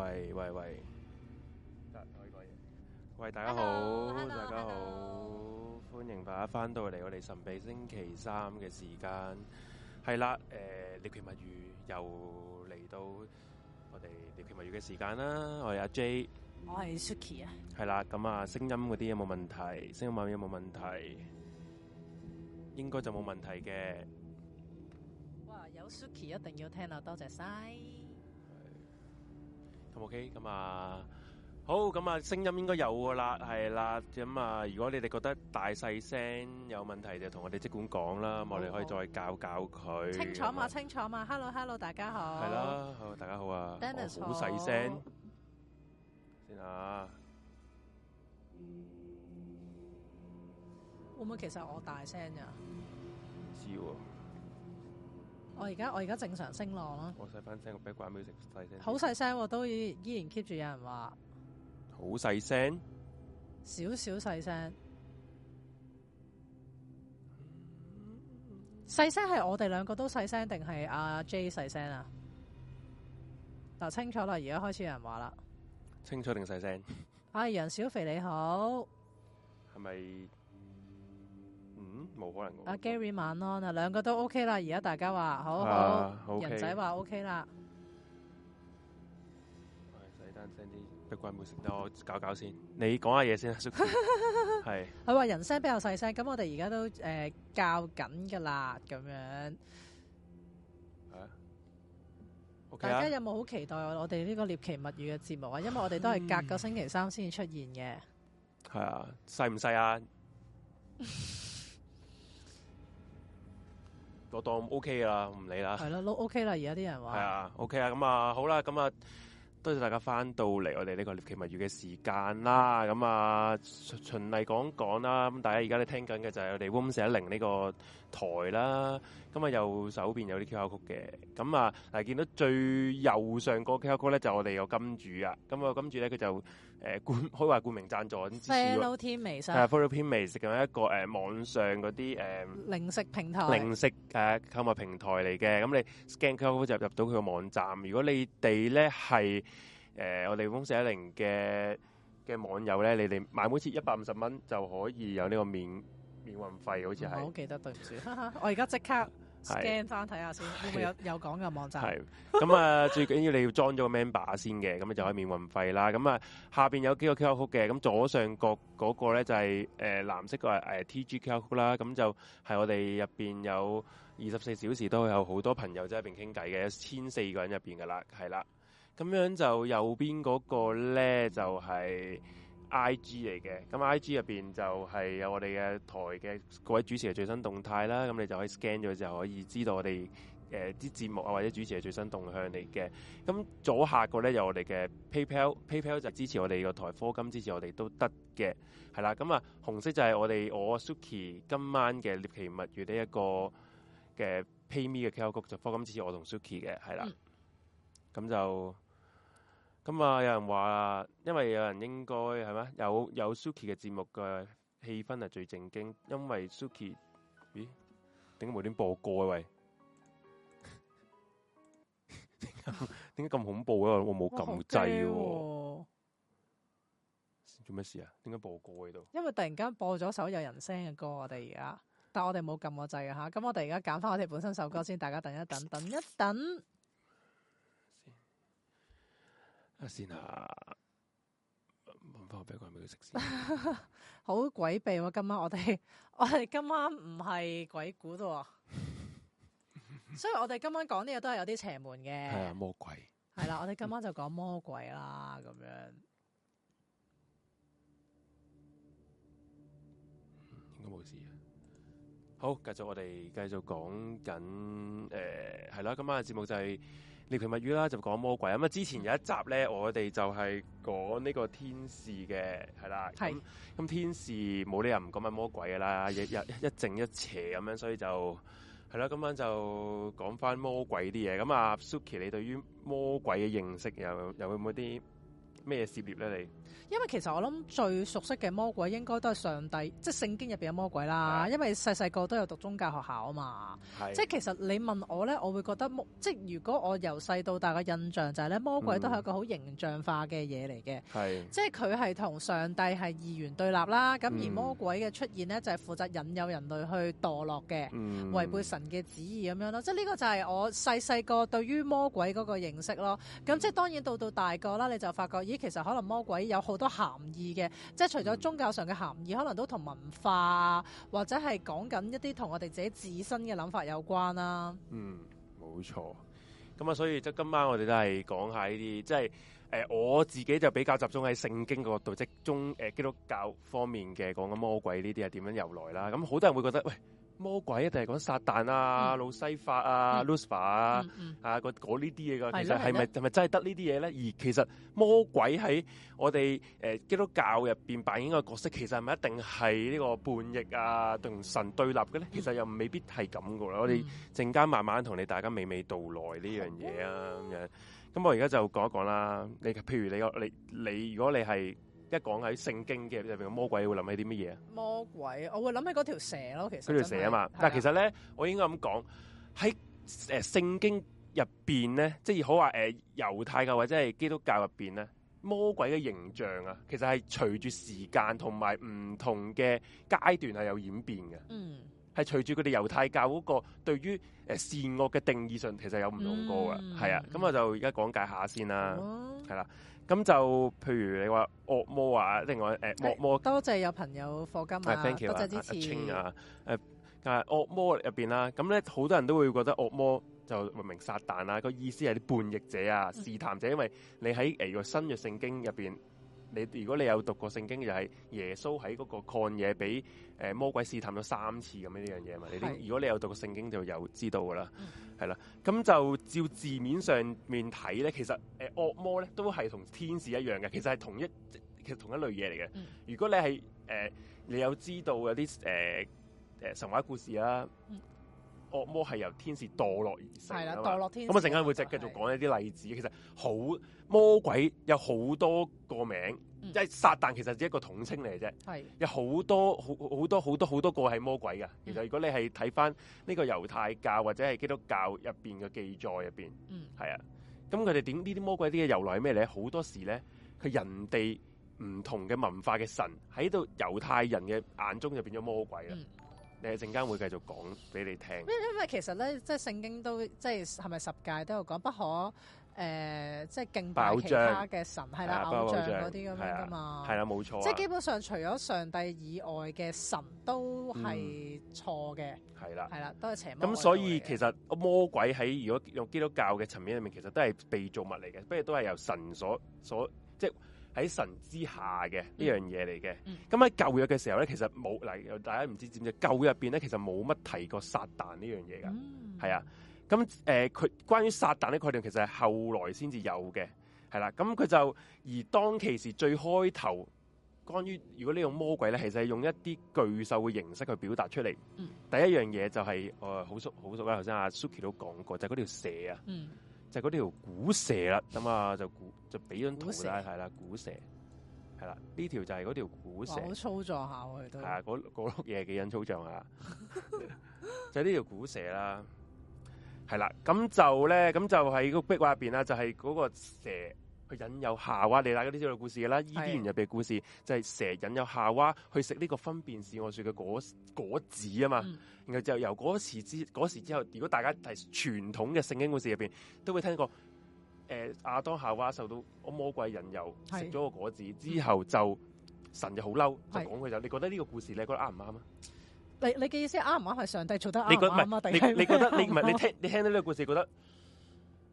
喂喂喂！喂大家好，大家好，歡迎大家翻到嚟我哋神秘星期三嘅時間，係啦，誒、呃，獵奇物語又嚟到我哋獵奇物語嘅時間啦，我係阿 J，我係 Suki 啊，係啦，咁啊，聲音嗰啲有冇問題？聲音方面有冇問題？應該就冇問題嘅。哇，有 Suki 一定要聽啊，多謝晒。OK，咁啊，好，咁啊，聲音應該有噶啦，係啦，咁啊，如果你哋覺得大細聲有問題，就同我哋即管講啦，咁我哋可以再教教佢。清楚嘛？清楚嘛？Hello，Hello，大家好。係啦，Hello，大家好啊。Dennis，好細聲，先啊？會唔會其實我大聲啊？唔知喎。我而家我而家正常聲浪啦。我細翻聲，我俾鬼妹食細聲。好細聲，都依依然 keep 住有人話。好細聲？少少細聲。細聲係我哋兩個都細聲，定係阿 J 細聲啊？嗱、啊，清楚啦，而家開始有人話啦。清楚定細聲？阿 楊小肥你好。係咪？嗯，冇可能。阿、啊、Gary 晚安，嗱，兩個都 OK 啦。而家大家話好好，好啊、人仔話 OK 啦。細聲啲，不怪冇食到。等等等等我搞搞先。你講下嘢先啊，係、okay 啊。佢話人聲比較細聲，咁我哋而家都誒教緊噶啦，咁樣。大家有冇好期待我哋呢個獵奇物語嘅節目啊？因為我哋都係隔個星期三先出現嘅。係、 嗯、 啊，細唔細啊？ 個檔 OK 啦，唔理啦。係咯，都 OK 啦。而家啲人話。係啊，OK 啊。咁啊，好啦，咁啊，多謝大家翻到嚟我哋呢個《獵奇物語》嘅時間啦。咁啊，循例講講啦。咁大家而家都聽緊嘅就係我哋 Room 410呢個台啦。咁啊，右手邊有啲卡拉曲嘅。咁啊，嗱，見到最右上個卡拉曲咧，就是，我哋有金主啊。咁啊，金主咧，佢就。誒冠、呃、可以話冠名贊助，follow 貼美食，誒 follow 貼美食咁樣一個誒、呃、網上嗰啲誒零食平台，零食誒、呃、購物平台嚟嘅。咁你 scan code 就入到佢個網站。如果你哋咧係誒我哋 Room 四一零嘅嘅網友咧，你哋買好似一百五十蚊就可以有呢個免免運費，好似係。我好記得，對唔住， 我而家即刻。scan 翻睇下先，會唔會有是有講嘅網站。係咁啊，最緊要你要裝咗個 member 先嘅，咁就可以免運費啦。咁、嗯、啊，下邊有幾個 QR Code 嘅，咁、嗯、左上角嗰個咧就係、是、誒、呃、藍色嘅誒、呃、TG QR Code 啦，咁、嗯、就係、是、我哋入邊有二十四小時都有好多朋友即係入邊傾偈嘅，一千四個人入邊噶啦，係啦。咁樣就右邊嗰個咧就係、是。I G 嚟嘅，咁 I G 入邊就係有我哋嘅台嘅各位主持嘅最新動態啦，咁你就可以 scan 咗就可以知道我哋誒啲節目啊或者主持嘅最新動向嚟嘅。咁左下角咧有我哋嘅 PayPal，PayPal 就支持我哋個台課金支持我哋都得嘅，係啦。咁啊，紅色就係我哋我 Suki 今晚嘅《獵奇物語》呢一個嘅 Pay Me 嘅曲就課金支持我同 Suki 嘅，係啦。咁、嗯、就。咁啊、嗯！有人話，因為有人應該係咩？有有 Suki 嘅節目嘅氣氛係最正經，因為 Suki 咦？點解冇點播歌啊？喂，點解咁恐怖啊？我冇撳掣喎，做咩、啊啊、事啊？點解播歌喺、啊、度？因為突然間播咗首有人聲嘅歌，我哋而家，但我哋冇撳個掣啊！吓，咁我哋而家揀翻我哋本身首歌先，大家等一等，等一等。先啊，問翻個比較咩叫食先？ 好鬼秘喎、啊！今晚我哋我哋今晚唔係鬼故嘅、哦， 所以我哋今晚講呢個都係有啲邪門嘅。係啊，魔鬼。係 啦、啊，我哋今晚就講魔鬼啦，咁樣。嗯、應該冇事啊！好，繼續我哋繼續講緊，誒、呃，係啦，今晚嘅節目就係、是。獵奇物語啦，就講魔鬼。咁、嗯、啊，之前有一集咧，我哋就係講呢個天使嘅，係啦。係是。咁、嗯、天使冇理由唔講乜魔鬼㗎啦，一一靜一正一邪咁樣，所以就係啦。今晚就講翻魔鬼啲嘢。咁、嗯嗯、啊，Suki，你對於魔鬼嘅認識又有有冇啲？咩嘢涉獵咧？你，因為其實我諗最熟悉嘅魔鬼應該都係上帝，即係聖經入邊嘅魔鬼啦。的因為細細個都有讀宗教學校啊嘛。的即係其實你問我咧，我會覺得，即係如果我由細到大嘅印象就係咧，魔鬼都係一個好形象化嘅嘢嚟嘅。係、嗯，即係佢係同上帝係二元對立啦。咁的而魔鬼嘅出現咧，就係、是、負責引誘人類去墮落嘅，違、嗯、背神嘅旨意咁樣咯。即係呢個就係我細細個對於魔鬼嗰個認識咯。咁即係當然到到大個啦，你就發覺。咦，其實可能魔鬼有好多含義嘅，即係除咗宗教上嘅含義，可能都同文化或者係講緊一啲同我哋自己自身嘅諗法有關啦、啊。嗯，冇錯。咁啊，所以即今晚我哋都係講下呢啲，即係誒我自己就比較集中喺聖經嘅角度，即係宗、呃、基督教方面嘅講緊魔鬼呢啲係點樣由來啦。咁好多人會覺得，喂，魔鬼一定係講撒旦啊、路西法啊、Lucifer 啊、嗯、啊嗰呢啲嘢㗎，的其實係咪，係咪真係得呢啲嘢咧？而其實魔鬼喺我哋誒、呃、基督教入邊扮演個角色，其實係咪一定係呢個叛逆啊同神對立嘅咧？其實又未必係咁嘅啦。嗯、我哋陣間慢慢同你大家娓娓道來呢樣嘢啊咁樣。咁的、啊、我而家就講一講啦。你譬如你你你，你你你你如果你係。一講喺聖經嘅入邊魔鬼會，會諗起啲乜嘢？魔鬼，我會諗起嗰條蛇咯。其實嗰條蛇啊嘛，的但係其實咧，我應該咁講喺誒聖經入邊咧，即係好話誒猶太教或者係基督教入邊咧，魔鬼嘅形象啊，其實係隨住時間同埋唔同嘅階段係有演變嘅。嗯，係隨住佢哋猶太教嗰個對於誒善惡嘅定義上，其實有唔同個㗎。係啊、嗯，咁、嗯嗯、我就而家講解下先啦。係啦、啊。咁就譬如你話惡魔啊，另外誒惡魔，多謝有朋友課金啊，world, 多謝支持啊，誒誒惡魔入邊啦，咁咧好多人都會覺得惡魔就明明撒旦啦，個意思係啲叛逆者啊、試探者，因為你喺誒個新約聖經入邊。你如果你有讀過聖經，就係、是、耶穌喺嗰個曠野俾誒魔鬼試探咗三次咁樣呢樣嘢嘛？你是如果你有讀過聖經，就有知道噶啦，係啦、嗯。咁就照字面上面睇咧，其實誒惡、呃、魔咧都係同天使一樣嘅，其實係同一其實同一類嘢嚟嘅。嗯、如果你係誒、呃、你有知道有啲誒誒神話故事啦、啊。嗯惡魔係由天使墮落而成，係啦墮落天。咁我陣間會再繼續講一啲例子。的其實好魔鬼有好多個名，即係、嗯、撒旦其實只係一個統稱嚟啫。係的有好多好多好好多好多好多個係魔鬼嘅。其實如果你係睇翻呢個猶太教或者係基督教入邊嘅記載入邊，嗯，係啊，咁佢哋點呢啲魔鬼啲嘅由來係咩咧？好、嗯、多時咧，佢人哋唔同嘅文化嘅神喺度，猶太人嘅眼中就變咗魔鬼啦。嗯你陣間會繼續講俾你聽，因為其實咧，即係聖經都即係係咪十戒都有講不可誒、呃，即係敬拜其他嘅神，係將啦，偶像嗰啲咁樣噶嘛，係啦，冇、啊啊、錯、啊。即係基本上除咗上帝以外嘅神都係、嗯、錯嘅的，係啦，係啦，都係邪魔、嗯。咁所以其實魔鬼喺如果用基督教嘅層面入面，其實都係被造物嚟嘅，不如都係由神所所即係。喺神之下嘅呢、嗯、樣嘢嚟嘅，咁喺舊約嘅時候咧，其實冇嗱，大家唔知點解舊約入邊咧，其實冇乜提過撒旦呢樣嘢噶，係啊，咁、呃、誒，佢關於撒旦呢概念，其實係後來先至有嘅，係啦，咁佢就而當其時最開頭，關於如果呢種魔鬼咧，其實係用一啲巨獸嘅形式去表達出嚟，嗯、第一樣嘢就係誒好熟好熟啦，頭先阿、啊、Suki 都講過，就係、是、嗰條蛇啊。嗯就嗰條古蛇啦，咁啊就古就俾張圖啦，係啦古蛇，係啦呢條就係嗰條古蛇，好粗壯下喎，係啊嗰嗰碌嘢幾樣粗壯下，就呢條古蛇啦，係啦咁就咧咁就係個壁畫入邊啦，就係嗰個蛇。去引誘夏娃，你大家都知道個故事嘅啦，伊甸園入邊嘅故事就係蛇引誘夏娃去食呢個分辨善惡樹嘅果果子啊嘛，嗯、然後就由嗰時之嗰時之後，如果大家係傳統嘅聖經故事入邊，都會聽過誒亞、呃、當夏娃受到魔鬼引誘食咗個果子之後就，就、嗯、神就好嬲，是就講佢就你覺得呢個故事你覺得啱唔啱啊？你嘅意思啱唔啱係上帝做得啱唔啱你你覺得是你唔你，你，你，你聽到呢個故事覺得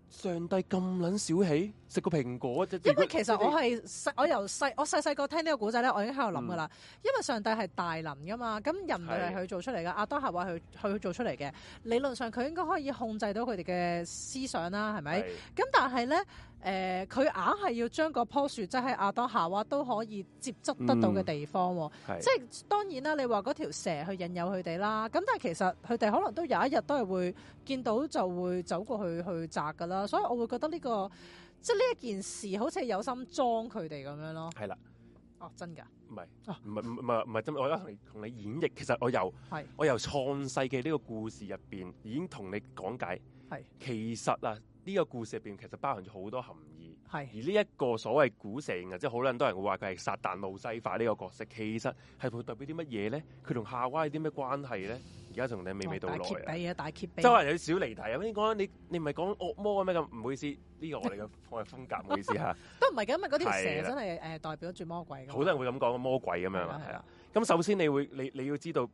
上帝咁撚小氣？食個蘋果啫。果因為其實我係細我由細我細細個聽呢個古仔咧，我已經喺度諗噶啦。嗯、因為上帝係大能噶嘛，咁人類係佢做出嚟噶是的 亞當夏娃佢佢做出嚟嘅理論上佢應該可以控制到佢哋嘅思想啦，係咪？咁是的 但係咧，誒佢硬係要將嗰棵樹即係、就是、亞當夏娃都可以接觸得到嘅地方、喎，嗯、即係是的 當然啦。你話嗰條蛇去引誘佢哋啦，咁但係其實佢哋可能都有一日都係會見到就會走過去去摘噶啦。所以我會覺得呢、呢個。即係呢一件事，好似有心裝佢哋咁樣咯。係啦，哦，真㗎？唔係，唔係唔唔唔係真。我而家同你同你演繹，其實我由是的 我由創世嘅呢個故事入邊已經同你講解係是的 其實啊呢、這個故事入邊其實包含咗好多含義係是的 而呢一個所謂古城啊，即係好多人會話佢係撒旦路西法呢個角色，其實係會代表啲乜嘢咧？佢同夏娃有啲咩關係咧？而家同你未未到嘅，大揭秘啊！大揭秘，周文有少離題啊！點講？你你唔係講惡魔咩咁？唔好意思，呢個我哋嘅我風格唔 好意思吓、啊。都唔係嘅，因為嗰條蛇真係誒、 呃呃、代表住魔鬼。好多人會咁講，魔鬼咁樣啊，係啊。咁的首先你會你你，你要知道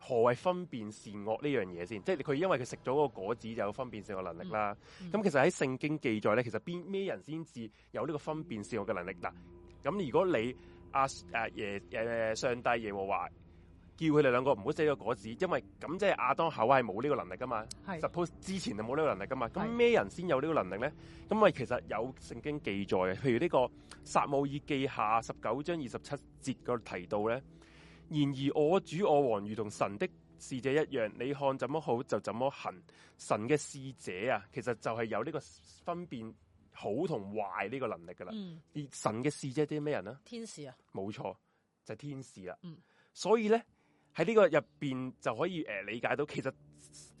何謂分辨善惡呢樣嘢先，即係佢因為佢食咗個果子就有分辨善惡能力啦。咁、嗯嗯嗯、其實喺聖經記載咧，其實邊咩人先至有呢個分辨善惡嘅能力？嗱，咁如果你阿誒耶誒上帝耶和華。叫佢哋兩個唔好食咗果子，因為咁即係亞當後裔冇呢個能力噶嘛。Suppose 是之前就冇呢個能力噶嘛。咁咩是人先有呢個能力咧？咁啊，其實有聖經記載譬如呢、呢個撒母耳記下十九章二十七節嗰度提到咧。然而我主我王如同神的使者一樣，你看怎麼好就怎麼行。神嘅使者啊，其實就係有呢個分辨好同壞呢個能力噶啦。嗯、而神嘅使者啲咩人咧、啊？天使啊，冇錯就係、是、天使啦、啊。嗯、所以咧。喺呢個入邊就可以誒、呃、理解到，其實誒、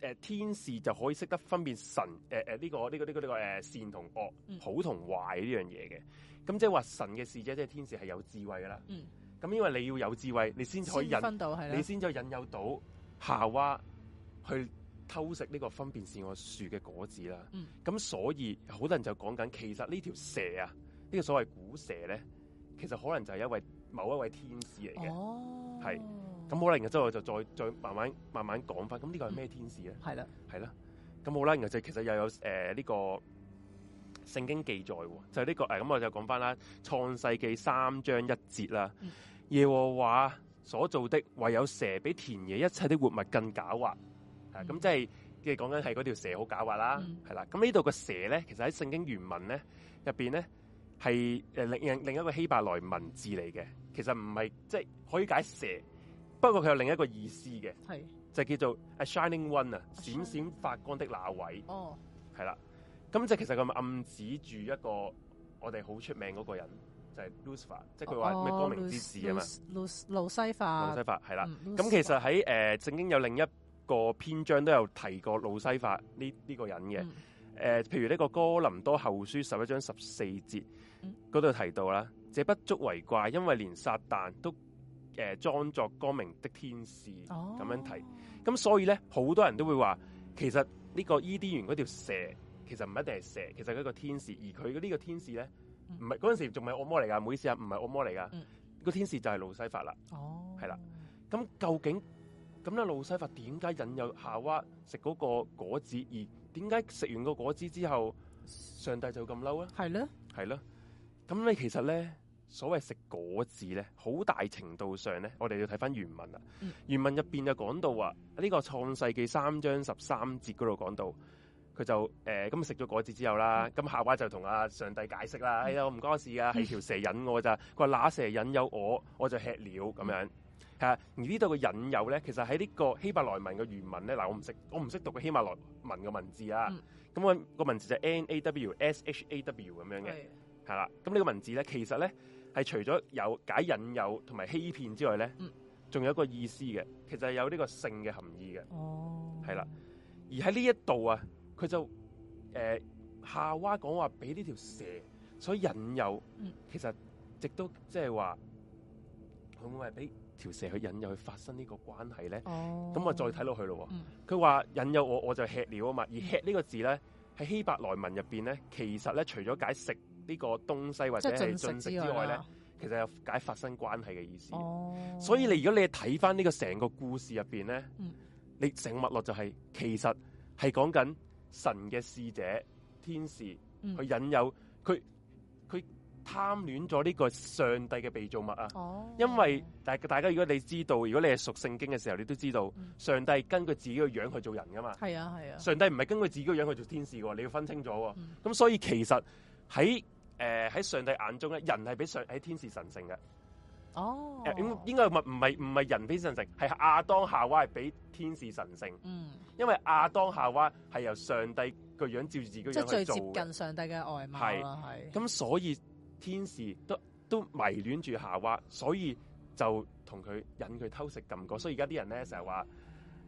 呃、天使就可以識得分辨神誒誒呢個呢、這個呢、這個呢個誒善惡同惡、好同壞呢樣嘢嘅。咁即係話神嘅使者即係、就是、天使係有智慧㗎啦。咁、嗯、因為你要有智慧，你先可以引，先你先可以引誘到夏娃去偷食呢個分辨善惡樹嘅果子啦。咁、嗯、所以好多人就講緊，其實呢條蛇啊，呢、這個所謂古蛇咧，其實可能就係一位某一位天使嚟嘅，係、哦的。咁好啦，然後之後我就再再慢慢慢慢講翻。咁呢個係咩天使咧？係啦的，係啦。咁好啦，然後就其實又有誒呢、呃這個聖經記載喎、哦，就呢、這個誒咁、呃嗯、我就講翻啦，《創世記》三章一節啦。嗯、耶和華所造的，唯有蛇比田野一切的活物更狡猾。係咁、嗯，即係嘅講緊係嗰條蛇好狡猾啦。係啦、嗯，咁呢度個蛇咧，其實喺聖經原文咧入邊咧係誒另一另一個希伯來文字嚟嘅，其實唔係即係可以解，解蛇。不過佢有另一個意思嘅，是就係叫做 A Shining One 啊，A 閃閃發光的那位，哦、oh.，係啦。咁即係其實佢暗指住一個我哋好出名嗰個人，就係、是、Lucifer，即係佢話咩光明之士啊嘛。路路、oh. oh. 西法。路西法係啦。咁其實喺誒、呃、聖經有另一個篇章都有提過路西法呢呢、這個人嘅。誒、嗯呃，譬如呢個哥林多後書十一章十四節嗰度提到啦，這、嗯嗯、不足為怪，因為連撒旦都。誒、呃，裝作光明的天使咁樣睇，咁、哦、所以咧，好多人都會話，其實呢個伊甸園嗰條蛇，其實唔一定係蛇，其實係一個天使，而佢呢個天使咧，唔係嗰陣時仲係惡魔嚟噶，唔好意思啊，唔係惡魔嚟噶，個、嗯、天使就係路西法啦，係啦、哦。咁究竟咁咧，路西法點解引誘夏娃食嗰個果子，而點解食完個果子之後，上帝就咁嬲咧？係咧的，係咧。咁咧其實咧？所謂食果子咧，好大程度上咧，我哋要睇翻原文啦。原文入邊就講到啊，呢個創世紀三章十三節嗰度講到，佢就誒咁食咗果子之後啦，咁夏娃就同阿上帝解釋啦，哎呀，唔關事啊，係條蛇引我咋，佢話那蛇引誘我，我就吃了咁樣。係啊，而呢度嘅引誘咧，其實喺呢個希伯來文嘅原文咧，嗱，我唔識，我唔識讀個希伯來文嘅文字啊。咁個個文字就 N A W S H A W 咁樣嘅，係啦。咁呢個文字咧，其實咧。係除咗有解引誘同埋欺騙之外咧，仲、嗯、有一個意思嘅，其實有呢個性嘅含義嘅，哦，係啦。而喺呢一度啊，佢就誒、呃、夏娃講話俾呢條蛇所引誘，嗯、其實直到即係話，會唔會係俾條蛇去引誘去發生呢個關係咧？咁我、哦、再睇落去咯，啊。佢話、嗯、引誘我，我就吃了啊嘛。而吃呢個字咧，喺希伯來文入邊咧，其實咧除咗解食。呢個東西或者係進食之外咧，其實有解發生關係嘅意思。哦、所以你如果你係睇翻呢個成個故事入邊咧，嗯、你成個脈絡就係、是、其實係講緊神嘅使者、天使去、嗯、引誘佢，佢貪戀咗呢個上帝嘅被造物啊。哦、因為大大家如果你知道，如果你係熟聖經嘅時候，你都知道上帝係根據自己嘅樣去做人噶嘛。係啊係啊，嗯、上帝唔係根據自己嘅樣去做天使嘅喎，你要分清楚喎、啊。咁所以其實喺誒，喺、呃、上帝眼中咧，人係比上喺天使神聖嘅。哦，呃、應該唔係唔係唔係人比神聖，係亞當夏娃係比天使神聖。嗯，因為亞當夏娃係由上帝個樣照住自己樣嚟做。即係最接近上帝嘅外貌。係咁是所以天使都都迷戀住夏娃，所以就同佢引佢偷食禁果。所以而家啲人咧成日話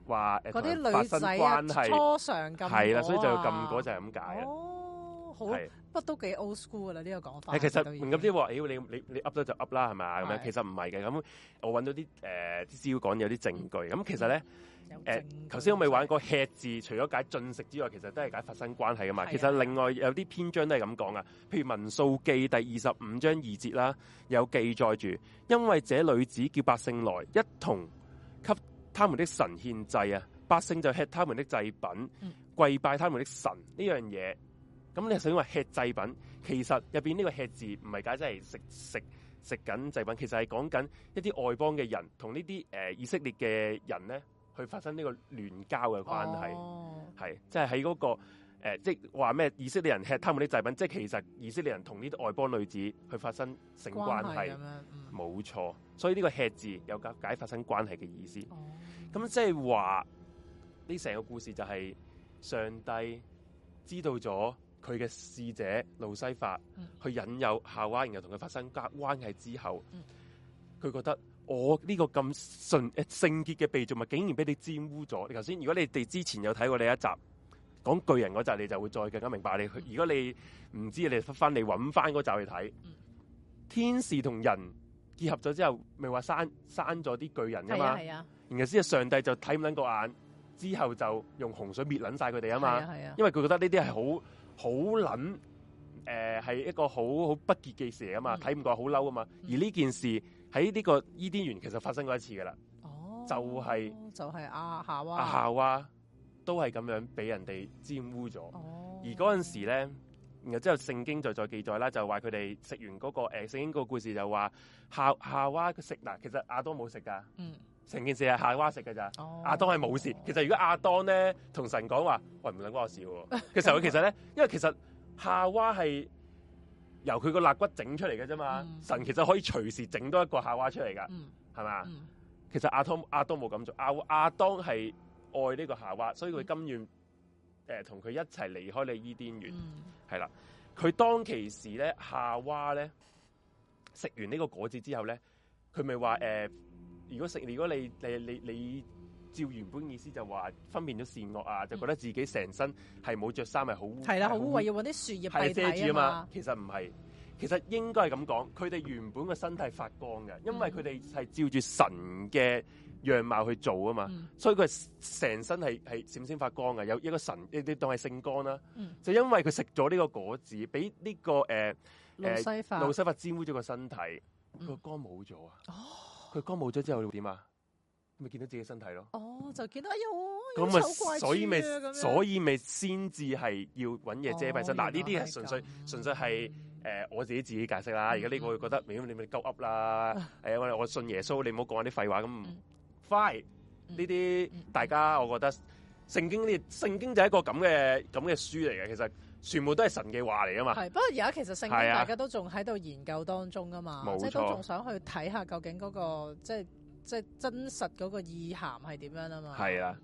話嗰啲女仔啊，關係初嘗禁果係啦、啊，所以就禁果就係咁解。哦，好、啊。是都幾 old school 噶啦，呢個講法。其實咁啲話，咦、哎？你你你噏咗就噏啦，係嘛咁樣？的其實唔係嘅。咁我揾到啲誒，資、呃、料講有啲證據。咁、嗯、其實咧，誒，頭先、呃、我咪玩過吃字，除咗解進食之外，其實都係解發生關係噶嘛。的其實另外有啲篇章都係咁講噶，譬如《民數記》第二十五章二節啦，有記載住，因為這女子叫百姓來一同給他們的神獻祭啊，百姓就吃他們的祭品，跪拜他們的神呢樣嘢。咁、嗯、你想話吃祭品，其實入邊呢個吃字唔係解，即係食食食緊祭品，其實係講緊一啲外邦嘅人同呢啲誒以色列嘅人咧，去發生呢個亂交嘅關係，係即係喺嗰個誒、呃，即係話咩以色列人吃他佢啲祭品，即係其實以色列人同呢啲外邦女子去發生性關係，冇錯。所以呢個吃字有解解發生關係嘅意思。咁即係話呢成個故事就係上帝知道咗。佢嘅使者路西法去引誘夏娃，然後同佢發生關關係之後，佢覺得我呢個咁純，聖潔嘅被造物，竟然俾你玷污咗。你頭先，如果你哋之前有睇過呢一集講巨人嗰集，你就會再更加明白你。你如果你唔知，你翻嚟揾翻嗰集去睇。天使同人結合咗之後，咪話生生咗啲巨人啊嘛？係啊，啊然後之後上帝就睇唔捻個眼，之後就用洪水滅捻晒佢哋啊嘛。係啊，啊因為佢覺得呢啲係好。好撚，誒係、呃、一個好好不潔嘅事嚟啊嘛，睇唔過好嬲啊嘛。嗯、而呢件事喺呢、這個伊甸園其實發生過一次噶啦，哦，就係、是、就係、是、阿、啊、夏娃，亞、啊、夏娃都係咁樣俾人哋沾污咗。哦，而嗰陣時咧，然之後聖經就再、再記載啦，就話佢哋食完嗰、那個誒聖、呃、經個故事就話夏夏娃食嗱，其實亞當冇食噶，嗯。成件事係夏娃食嘅咋，阿當係冇事。其實如果阿當咧同神講話，喂唔想關我事喎。其實佢其實咧，因為其實夏娃係由佢個肋骨整出嚟嘅啫嘛。神其實可以隨時整多一個夏娃出嚟㗎，係嘛？其實阿當阿當冇咁做，阿阿當係愛呢個夏娃，所以佢甘願誒同佢一齊離開你伊甸園係啦。佢當其時咧，夏娃咧食完呢個果子之後咧，佢咪話誒？如果食，如果你你你你，你照原本意思就話分辨咗善惡啊，嗯、就覺得自己成身係冇着衫，係好污係啦，好污穢，要揾啲樹葉遮住啊嘛。其實唔係，其實應該係咁講，佢哋原本個身體發光嘅，因為佢哋係照住神嘅樣貌去做啊嘛，嗯、所以佢成身係係閃閃發光嘅，有一個神，你你當係聖光啦。嗯、就因為佢食咗呢個果子，俾呢、這個誒、呃呃、路西法路西法沾污咗個身體，個光冇咗啊。哦佢光冇咗之後會點啊？咪見到自己身體咯。哦，oh, 就見到哎呀，有醜怪、啊、咁樣，咁咪所以咪所以咪先至係要揾嘢遮蔽身。嗱呢啲係純粹純粹係誒、嗯呃、我自己自己解釋啦。而家呢個會覺得，唔好你咪鳩噏啦。誒、嗯，我我信耶穌，你唔好講啲廢話。咁、嗯、fine 呢啲、嗯、大家，我覺得聖經呢聖經就係一個咁嘅咁嘅書嚟嘅。其實。全部都係神嘅話嚟啊嘛！係，不過而家其實聖經大家都仲喺度研究當中啊嘛，沒錯 即係都仲想去睇下究竟嗰個即係即係真實嗰個意涵係點樣啊嘛！係啊。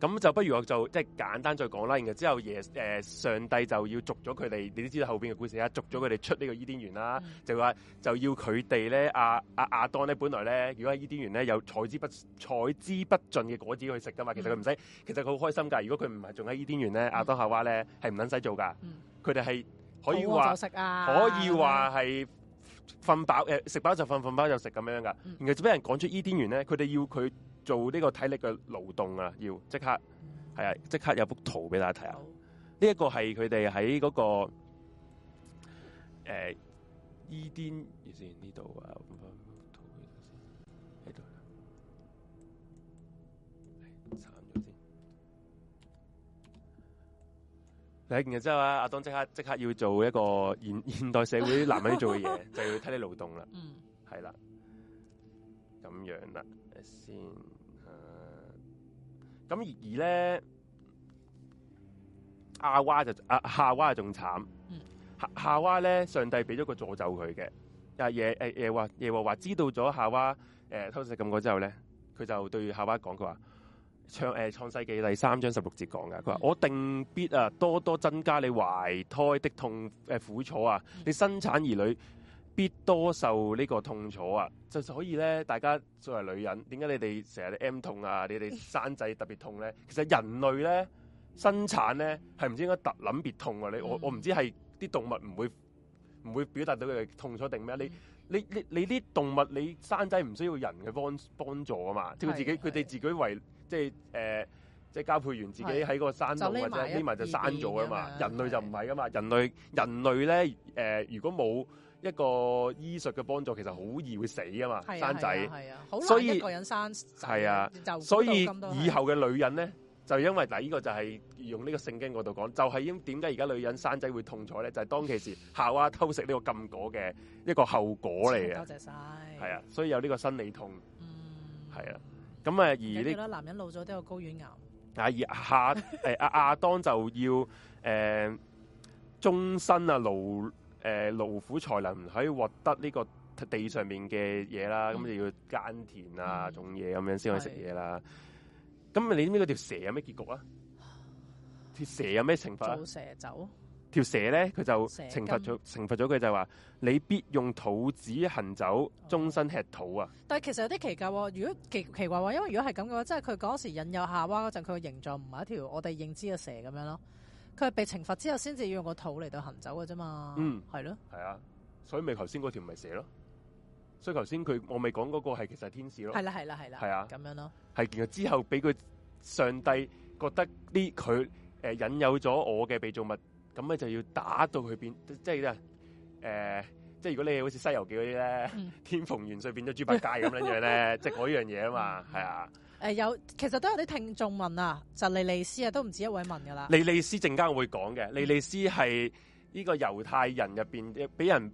咁就不如我就即係簡單再講啦。然後之後耶誒、呃、上帝就要逐咗佢哋，你都知道後邊嘅故事啦。逐咗佢哋出呢個伊甸園啦，就話就要佢哋咧阿阿亞當咧，本來咧如果喺伊甸園咧有採之不採之不盡嘅果子去食噶嘛。其實佢唔使，嗯、其實佢好開心㗎。如果佢唔係仲喺伊甸園咧，亞、嗯、當夏娃咧係唔撚使做㗎。佢哋係可以話、啊、可以話係瞓飽誒食飽就瞓，瞓飽就食咁樣噶、嗯。然後就俾人講出，後、嗯、出伊甸園咧，佢哋要佢。做呢個體力嘅勞動、嗯、啊，要即刻係啊，即刻有幅圖俾大家睇下。呢一個係佢哋喺嗰個誒伊甸以呢度啊。唔好唔好，先喺度。慘之後啊，阿東即刻即刻要做一個現現代社會啲男人做嘅嘢， 就要睇你勞動啦。嗯，係啦，咁樣啦、啊。先，咁、啊、而咧，阿娃就啊，夏娃仲慘、嗯。夏娃咧，上帝俾咗個詛咒佢嘅、啊。耶耶耶話耶和華、啊、知道咗夏娃誒、啊、偷食禁果之後咧，佢就對夏娃講：佢話創誒創世紀第三章十六節講嘅，佢話、嗯、我定必啊多多增加你懷胎的痛誒苦楚啊，你生產兒女。必多受呢個痛楚啊！就所以咧，大家作為女人，點解你哋成日都 M 痛啊？你哋生仔特別痛咧？其實人類咧生產咧係唔知點解特諗別痛啊。你我我唔知係啲動物唔會唔會表達到佢哋痛楚定咩？你你你你啲動物你生仔唔需要人嘅幫幫助啊嘛，佢自己佢哋是是 自己為即係誒、呃、即係交配完自己喺個山度或者匿埋就生咗啊嘛。人類就唔係噶嘛，人類人類咧誒如果冇。一個醫術嘅幫助其實好易會死啊嘛，生仔，所以一個人生係啊，所以以後嘅女人咧就因為，嗱，呢個就係用呢個聖經嗰度講，就係因點解而家女人生仔會痛楚咧，就係當其時夏娃偷食呢個禁果嘅一個後果嚟嘅。多謝晒，係啊，所以有呢個心理痛，係啊，咁啊，而呢男人老咗都有睾丸癌，啊，而夏誒阿亞當就要誒終身啊勞。誒勞苦才能喺獲得呢個地上面嘅嘢啦，咁、嗯、就要耕田啊、的種嘢咁樣先可以食嘢啦。咁的你知唔知嗰條蛇有咩結局啊？條、啊、蛇有咩懲罰、啊？做蛇走條蛇咧，佢就懲罰咗金懲罰咗佢就話：你必用肚子行走，終身吃土啊！嗯、但係其實有啲奇怪喎、哦，如果奇奇怪話，因為如果係咁嘅話，即係佢嗰時引誘夏娃嗰陣，佢嘅形狀唔係一條我哋認知嘅蛇咁樣咯。佢係被懲罰之後先至用個肚嚟到行走嘅啫嘛，嗯，係咯了，係啊，所以咪頭先嗰條咪蛇咯，所以頭先佢我咪講嗰個係其實天使咯，係啦係啦係啦，係啊，咁呀樣咯，係然之之後俾佢上帝覺得啲佢誒引誘咗我嘅被造物，咁咧就要打到佢變，即係誒、呃，即係如果你好似西遊記嗰啲咧，嗯、天蓬元帥變咗豬八戒咁 樣呢 樣咧，即係嗰樣嘢啊嘛，係啊。嗯誒，有其實都有啲聽眾問啊，就莉、是、莉斯啊，都唔止一位問噶啦。莉莉斯陣間會講嘅，莉莉、嗯、斯係呢個猶太人入邊，俾人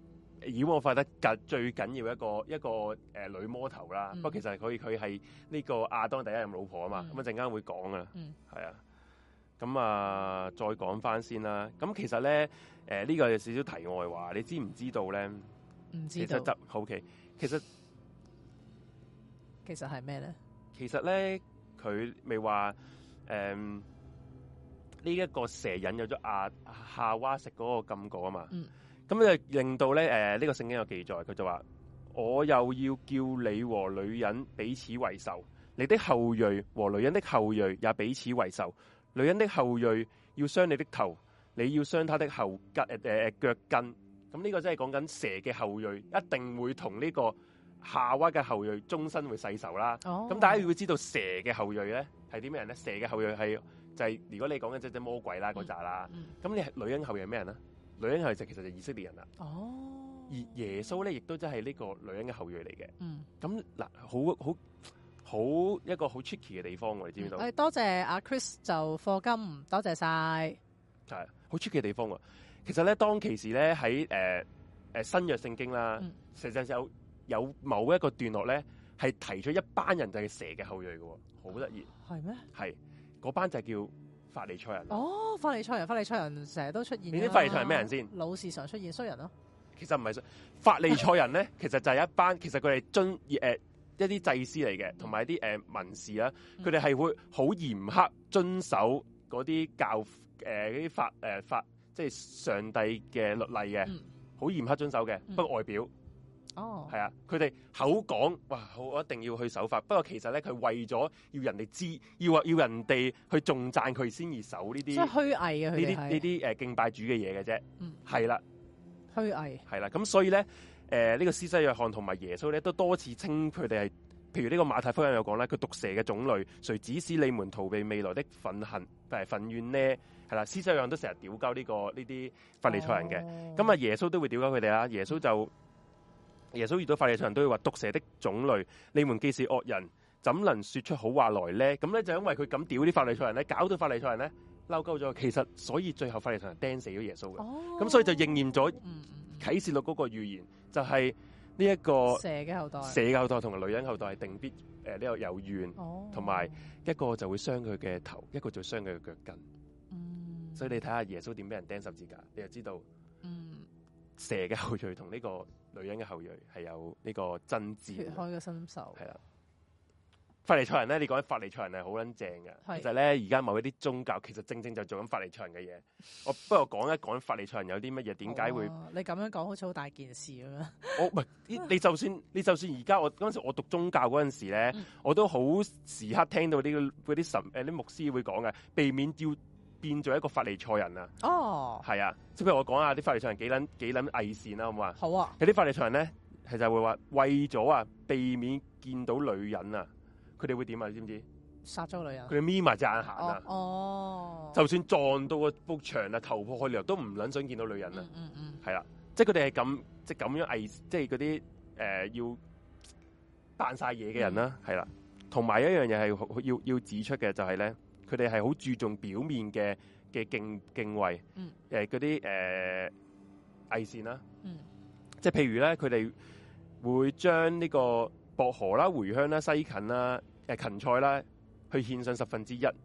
妖魔化得最最緊要一個一個誒、呃、女魔頭啦。不過、嗯、其實佢佢係呢個亞當第一任老婆啊嘛。咁啊陣間會講、嗯、啊，係啊。咁啊，再講翻先啦。咁其實咧，誒、呃、呢、這個有少少題外話，你知唔知道咧？唔知道，其實好奇，其實其實係咩咧？其實咧，佢未話誒，呢、嗯、一、這個蛇引有咗亞夏娃食嗰個禁果啊嘛。咁、嗯、就令到咧誒，呢、呃，這個聖經有記載，佢就話：我又要叫你和女人彼此為仇，你的後裔和女人的後裔也彼此為仇。女人的後裔要傷你的頭，你要傷她的後根誒誒腳跟。咁、呃、呢、呃嗯，這個真係講緊蛇嘅後裔，一定會同呢、這個。夏娃嘅後裔終身會世仇啦。咁大家會知道蛇嘅後裔咧係啲咩人咧？蛇嘅後裔係就係如果你講緊即係魔鬼啦嗰扎啦。咁你係女人後裔係咩人咧？女人後裔就其實就以色列人啦。哦，而耶穌咧亦都真係呢個女人嘅後裔嚟嘅。嗯，咁嗱，好好好一個好 tricky 嘅地方，你知唔知道？誒，多謝阿 Chris 就課金，多謝晒。係，好 tricky 嘅地方啊。其實咧，當其時咧喺誒誒新約聖經啦，成日有。有某一個段落咧，係提出一班人就係蛇嘅後裔嘅，哦，好得意。係咩嗎？係嗰班就叫法利賽人。哦，法利賽人，法利賽人成日都出現。你啲法利賽人咩人先？老是常出現衰人咯。其實唔係衰。法利賽人咧，其實就係一班， 其實佢哋遵誒、呃、一啲祭司嚟嘅，同埋一啲誒、呃、文士啦、啊，佢哋係會好嚴苛遵守嗰啲教誒嗰啲法誒、呃、法，即係上帝嘅律例嘅，好、嗯嗯嗯、嚴苛遵守嘅。不過外表。嗯哦，係啊，佢哋口講哇，好，我一定要去守法。不過其實咧，佢為咗要人哋知，要話要人哋去重讚佢先而守呢啲，即係虛偽嘅呢啲呢啲誒敬拜主嘅嘢嘅啫。嗯，係啦，虛偽係啦。咁所以咧，誒、呃這個、呢個施洗約翰同埋耶穌咧都多次稱佢哋係，譬如呢個馬太福音有講啦，佢毒蛇嘅種類，誰指使你們逃避未來的憤恨但係忿怨呢？係啦，施洗約翰都成日屌交呢個呢啲法利賽人嘅，咁啊、哦、耶穌都會屌交佢哋啦，耶穌就，就。耶穌遇到法利賽人都會話毒蛇的種類，你們既是惡人，怎能說出好話來呢？咁咧就因為佢咁屌啲法利賽人咧，搞到法利賽人咧嬲鳩咗。其實所以最後法利賽人釘死咗耶穌嘅，咁、哦、所以就應驗咗啟示錄嗰個預言，就係呢一個蛇嘅後代，蛇嘅後代同女人後代係定必誒呢、呃這個有怨，同埋、哦、一個就會傷佢嘅頭，一個就傷佢嘅腳跟。嗯、所以你睇下耶穌點俾人釘十字架，你就知道，蛇嘅後裔同呢、這個。女人嘅後裔係有呢個真摯脫開嘅新手，係啦。法利賽人咧，你講緊法利賽人係好撚正嘅，的其實咧而家某一啲宗教其實正正就做緊法利賽人嘅嘢。 我不過講一講法利賽人有啲乜嘢，點解會？啊、你咁樣講好似好大件事咁樣！ 我唔係，你就算你就算而家我嗰陣時我讀宗教嗰陣時咧，嗯、我都好時刻聽到呢啲神誒啲、呃、牧師會講嘅，避免要。變咗一個法利賽人啊。哦，係啊，即係譬如我講下啲法利賽人幾捻幾捻偽善啦、啊，好唔好，好啊。有啲法利賽人咧，其實會話為咗啊，避免見到女人啊，佢哋會點啊？你知唔知？殺咗女人。佢哋眯埋隻眼行啊。哦。Oh. Oh. 就算撞到個幅牆啊，頭破血流都唔捻想見到女人啊。嗯嗯。係啦，即係佢哋係咁，即係咁樣偽，即係嗰啲誒要扮晒嘢嘅人啦、啊。係啦、mm. 啊，同埋、啊、一樣嘢係要要，要，要指出嘅就係咧。佢哋係好注重表面嘅嘅敬敬畏，誒嗰啲誒偽善啦、啊，嗯、即係譬如咧，佢哋會將呢個薄荷啦、茴香啦、西芹啦、啊、誒芹菜啦，去獻上十分之一，咁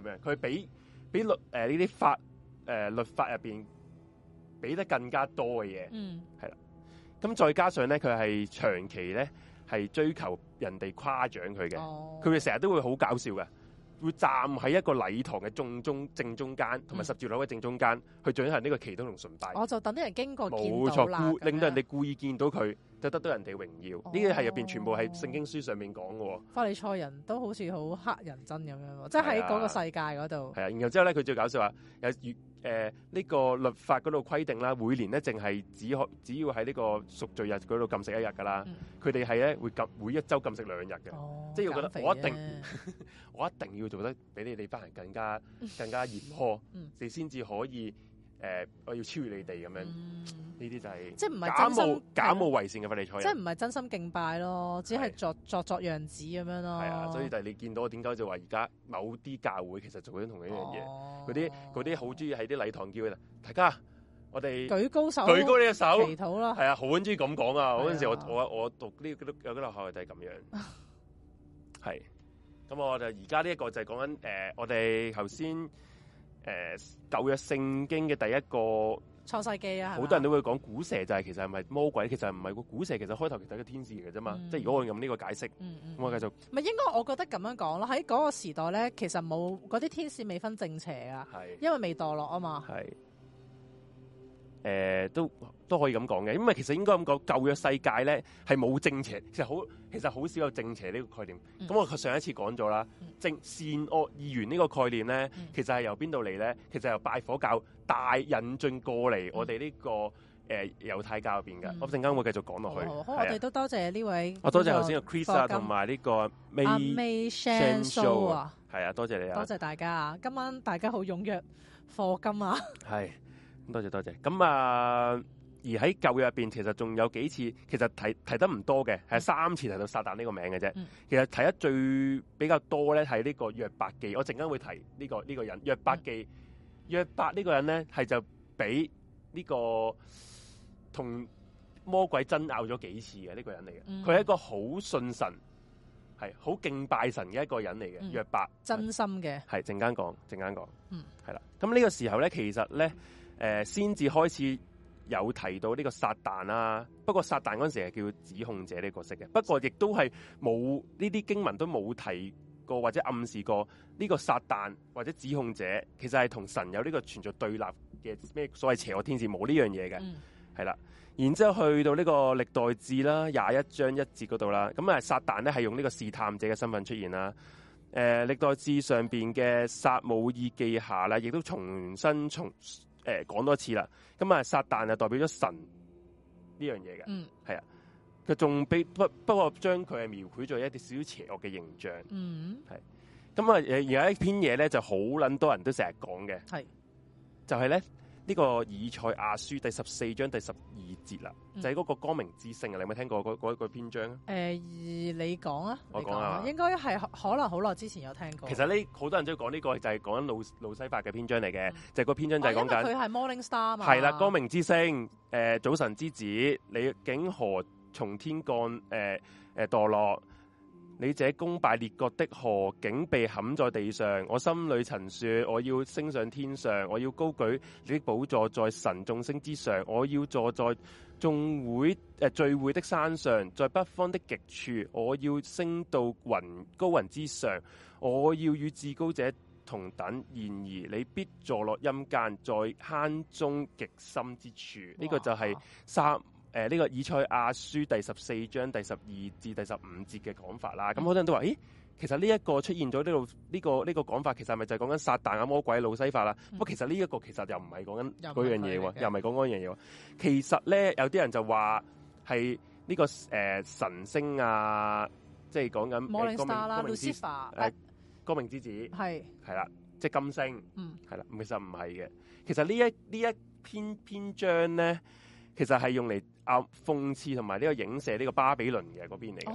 樣佢俾俾律誒呢啲法誒、呃、律法入邊俾得更加多嘅嘢，係啦、嗯。咁再加上咧，佢係長期咧係追求人哋誇獎佢嘅，佢哋成日都會好搞笑嘅。會站喺一個禮堂嘅正中間，正中間，同埋十字架嘅正中間，去進行呢個祈禱同崇拜。我就等啲人經過冇錯啦，令到人哋故意見到佢，就得到人哋榮耀。呢啲係入邊全部係聖經書上面講嘅喎。法利賽人都好似好乞人憎咁樣，即係喺嗰個世界嗰度。係啊，啊，然後之後咧，佢最搞笑話有。誒呢、呃，呢個律法嗰度規定啦，每年咧淨係只可只要喺呢個贖罪日嗰度禁食一日噶啦。佢哋係咧會禁每一週禁食兩日嘅，哦、即係我覺得我一定 我一定要做得比你哋班人更加更加嚴苛，嗯、你先至可以。誒、呃，我要超越你哋咁樣，呢啲就係、嗯、即係唔係真心，假冒偽善嘅法利賽人即係唔係真心敬拜咯，只係作是作作樣子咁樣咯。係啊，所以就係你見到點解就話而家某啲教會其實做緊同一樣嘢，嗰啲嗰啲好中意喺啲禮堂叫大家，我哋舉高手，舉高你嘅手祈禱禱咯、嗯。係、嗯、啊，好中意咁講啊。嗰陣時我我我讀呢啲有啲同學校就係咁樣，係、啊。 咁我就而家呢一個就係講緊誒，我哋頭先。誒、呃，舊約聖經嘅第一個創世記啊，好多人都會講古蛇就係、是、其實係咪魔鬼？其實唔係個古蛇，其實開頭其實係個天使嚟嘅啫嘛。嗯、即係如果我用呢個解釋，嗯嗯我繼續咪應該我覺得咁樣講咯。喺嗰個時代咧，其實冇嗰啲天使未分正邪啊，是因為未墮落啊嘛。係誒、呃，都都可以咁講嘅，因為其實應該咁講舊約世界咧係冇正邪，其實好。其實好少有正邪呢個概念，咁我上一次講咗啦，正善惡二元呢個概念咧，其實係由邊度嚟咧？其實由拜火教帶引進過嚟我哋呢個誒猶太教入邊嘅。我陣間會繼續講落去。好，我哋都多謝呢位。我多謝頭先嘅 Chris 同埋呢個 May Show 啊。係啊，多謝你啊！多謝大家啊！今晚大家好踴躍，課金啊！係多謝多謝。咁啊～而喺舊約入邊，其實仲有幾次，其實提提得唔多嘅，係、嗯、三次提到撒旦呢個名嘅啫。嗯、其實提得最比較多咧，係呢個約伯記。我陣間會提呢、呢個呢、呢個人。約伯記約伯呢個人咧，係就俾呢、呢個同魔鬼爭拗咗幾次嘅呢、呢個人嚟嘅。佢係、嗯、一個好信神，係好敬拜神嘅一個人嚟嘅。約伯、嗯、真心嘅，係陣間講，陣間講。嗯，係啦。咁呢個時候咧，其實咧，誒先至開始有提到呢個撒旦啦、啊，不過撒旦嗰陣時係叫指控者呢個角色嘅，不過亦都係冇呢啲經文都冇提過或者暗示過呢個撒旦或者指控者其實係同神有呢個存在對立嘅咩所謂邪惡天使冇呢樣嘢嘅，係啦、嗯。然之後去到呢個歷代志啦廿一章一節嗰度啦，咁啊、嗯、撒旦咧係用呢個試探者嘅身份出現啦。誒、呃、歷代志上邊嘅撒母耳記下咧，亦都重新重。誒、哎、講多次啦，咁啊撒旦就代表咗神呢樣嘢嘅，係、嗯、啊，佢仲俾不不過將佢係描繪咗一啲少少邪惡嘅形象，係咁啊！而、嗯、有一篇嘢咧，就好撚多人都成日講嘅，係、嗯、就係咧。呢個以賽亞書第十四章第十二節啦，嗯、就係嗰個光明之星啊！你有冇聽過嗰嗰一個篇章啊？誒、呃，你講啊！我講啊！應該係可能好耐之前有聽過。其實呢，好多人都要講呢個就係講緊路路西法嘅篇章嚟嘅，嗯、就個篇章就係講緊。佢係、啊、Morning Star 啊嘛。係啦，光明之星，誒、呃、早晨之子，你竟何從天降？誒誒墮落。你這攻敗列國的何竟被砍在地上？我心裏曾説：我要升上天上，我要高舉你的寶座在神眾星之上，我要坐在眾會誒、呃、聚會的山上，在北方的極處，我要升到雲高雲之上，我要與至高者同等。然而你必坐落陰間，在坑中極深之處。呢哇個就係三。誒呢個以賽亞書第十四章第十二至第十五節嘅講法啦，咁好多人都話：咦，其實呢一個出現咗呢度呢個呢個講法，其實係咪就係講緊撒旦啊、魔鬼、路西法啦？不過其實呢一個其實又唔係講緊嗰樣嘢喎，又唔係講嗰樣嘢喎。其實咧，有啲人就話係呢個誒神星啊，即係講緊，光明之子係係啦，即係金星，嗯，係啦，其實唔係嘅。其實呢一呢一篇篇章咧，其實係用嚟。啊！諷刺同埋呢個影射呢個巴比倫嘅嗰邊嚟嘅，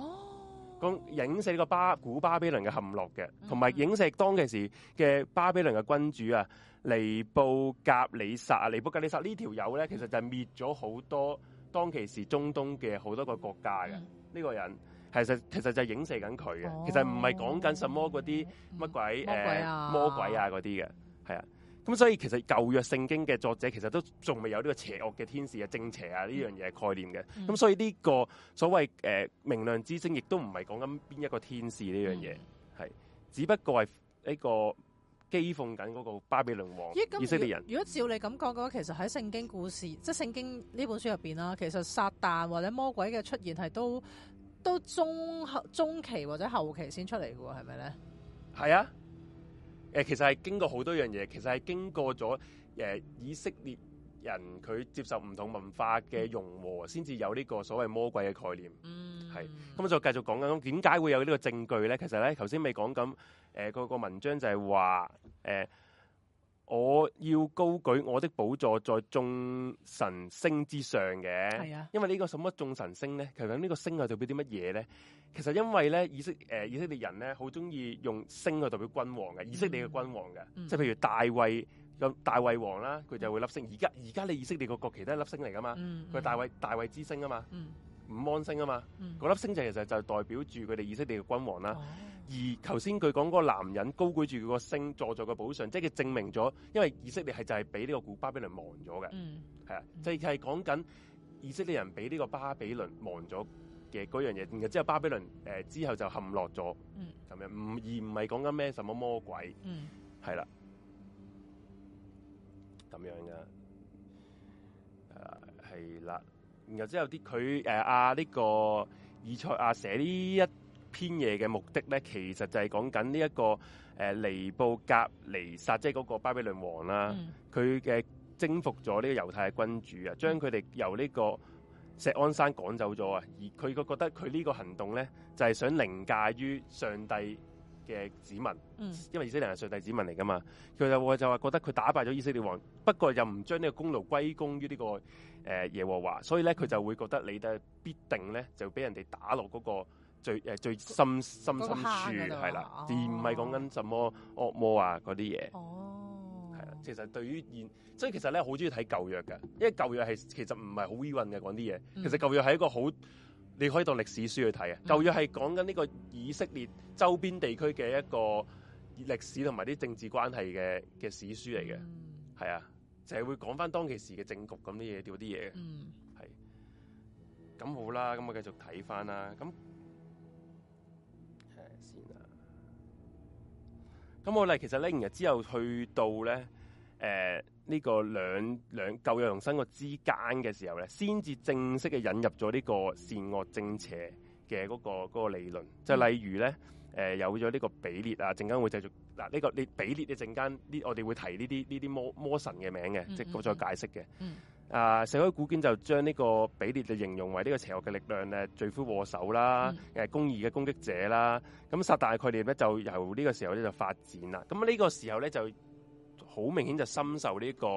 講、oh. 影射呢個巴古巴比倫嘅陷落嘅，同埋、mm hmm. 影射當其時嘅巴比倫嘅君主啊，尼布甲尼撒啊，尼布甲尼撒呢條友咧，其實就滅咗好多當其時中東嘅好多個國家嘅呢、mm hmm. 個人，其實、oh. 其實就影射緊佢嘅，其實唔係講緊什麼嗰啲乜鬼誒、mm hmm. 魔鬼啊嗰啲嘅，係啊。咁所以其實舊約聖經嘅作者其實都仲未有呢個邪惡嘅天使啊、正邪啊呢樣嘢概念嘅，咁所以呢個所謂誒、呃、明亮之星，亦都唔係講緊邊一個天使呢樣嘢，係、嗯嗯、只不過係一個譏諷緊嗰個巴比倫王以色列人。如果照你咁講嘅話，其實喺聖經故事，即係聖經呢本書入邊啦，其實撒旦或者魔鬼嘅出現係都都中後中期或者後期先出嚟嘅喎，係咪咧？係啊。誒其實係經過好多樣嘢，其實係經過咗誒、呃、以色列人佢接受唔同文化嘅融合，先至、嗯、有呢個所謂魔鬼嘅概念。嗯，係。咁我再繼續講緊，點解會有呢個證據咧？其實咧頭先未講緊誒嗰個文章就係話誒，我要高舉我的寶座在眾神星之上嘅。係啊。因為呢個什麼眾神星咧？其實呢個星係代表啲乜嘢咧？其實因為咧，以色誒以色列人咧，好中意用星去代表君王嘅，以色列嘅君王嘅，即係譬如大衛有大衛王啦，佢就會粒星。而家而家你以色列個國旗都係粒星嚟噶嘛，佢大衛大衛之星啊嘛，五芒星啊嘛，嗰粒星就其實就代表住佢哋以色列嘅君王啦。而頭先佢講嗰個男人高舉住佢個星坐在個寶上，即係佢證明咗，因為以色列係就係俾呢個古巴比倫亡咗嘅，係啊，就係講緊以色列人俾呢個巴比倫亡咗。嘅嗰樣嘢，然後之後巴比倫誒之後就陷落咗，就唔唔而唔係講緊咩什麼魔鬼，係啦咁樣噶，係、啊、啦。然後之後啲佢誒阿呢個以賽亞寫呢一篇嘢嘅目的咧，其實就係講緊呢一個誒、呃、尼布甲尼撒，即係嗰個巴比倫王啦、啊，佢嘅、嗯、征服咗呢個猶太嘅君主啊，將佢哋由呢、這個。石安山趕走咗啊！而佢個覺得佢呢個行動咧，就係、是、想凌駕於上帝嘅子民，嗯、因為以色列人係上帝子民嚟㗎嘛。佢就話就話覺得佢打敗咗以色列王，不過又唔將呢個功勞歸功於呢、這個誒、呃、耶和華，所以咧佢就會覺得你哋必定咧就俾人哋打落嗰個最誒、呃、最深深深深處係啦，而唔係講緊什麼惡魔啊嗰啲嘢。其實對於現，即係其實咧好中意睇舊約嘅，因為舊約係其實唔係好 weird 嘅講啲嘢。嗯、其實舊約係一個好，你可以當歷史書去睇嘅。嗯、舊約係講緊呢個以色列周邊地區嘅一個歷史同埋啲政治關係嘅嘅史書嚟嘅。係、嗯、啊，就係、是、會講翻當其時嘅政局咁啲嘢，啲嘢、嗯。係咁好啦，咁我繼續睇翻啦。咁係先啦。咁我嚟，其實咧，日之後去到咧。誒呢、呃這個兩兩舊約同新約之間嘅時候咧，先至正式嘅引入咗呢個善惡正邪嘅嗰、那個那個理論。就、嗯、例如咧，誒、呃、有咗呢個比列啊，陣間會繼續嗱呢個你比列，嘅陣間，呢我哋會提呢啲呢啲魔魔神嘅名嘅，即係再解釋嘅。嗯。啊，死、這、海古卷就將呢個比列就形容為呢個邪惡嘅力量咧，罪魁禍首啦，誒、啊、公義嘅攻擊者啦。咁撒旦概念咧，就由呢個時候咧就發展啦。咁、這、呢個時候咧就、呃好明顯就深受呢、這個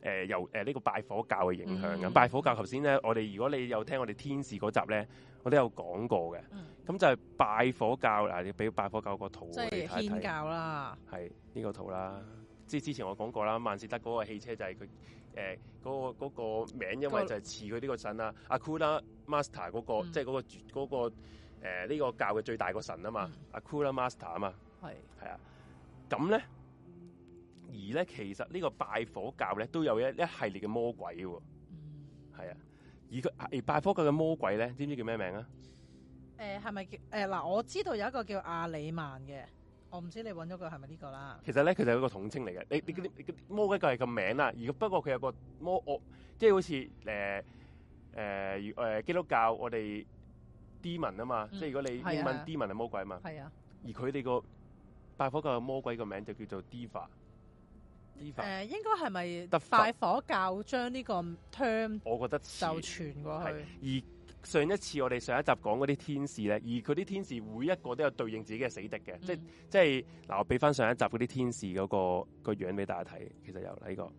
誒由誒呢個拜火教嘅影響嘅。嗯、拜火教頭先咧，我哋如果你有聽我哋天使嗰集咧，我都有講過嘅。咁、嗯、就係拜火教嗱，教嗯、你俾拜火教個圖我哋睇睇。即係天教啦。係呢、這個圖啦，即係、嗯、之前我講過啦，萬事德嗰個汽車就係佢誒嗰個嗰個名，因為就係似佢呢個神啦。Ahura Mazda 嗰個即係嗰個絕呢個教嘅最大個神啊嘛。Ahura Mazda 啊嘛。係。係啊。咁、嗯、咧。啊而咧，其實呢個拜火教咧都有一一系列嘅魔鬼喎、啊，係、嗯、啊。而佢而拜火教嘅魔鬼咧，知唔知叫咩名啊？誒係咪誒嗱？我知道有一個叫阿里曼嘅，我唔知你揾咗佢係咪呢個啦。其實咧，佢就係一個統稱嚟嘅。你你、嗯、魔鬼教係個名啦。而不過佢有個魔即係好似誒誒誒基督教我哋 demon 啊嘛。嗯、即係如果你英文 demon 係魔鬼嘛。係、嗯、啊。啊而佢哋個拜火教嘅魔鬼個名就叫做 Diva 誒應該係咪快火教將呢個 term，我覺得就傳過去。而上一次我哋上一集講嗰啲天使咧，而佢啲天使每一個都有對應自己嘅死敵嘅、嗯，即即係嗱，我俾翻上一集嗰啲天使嗰、嗰個個樣俾大家睇，其實有係一、呢個。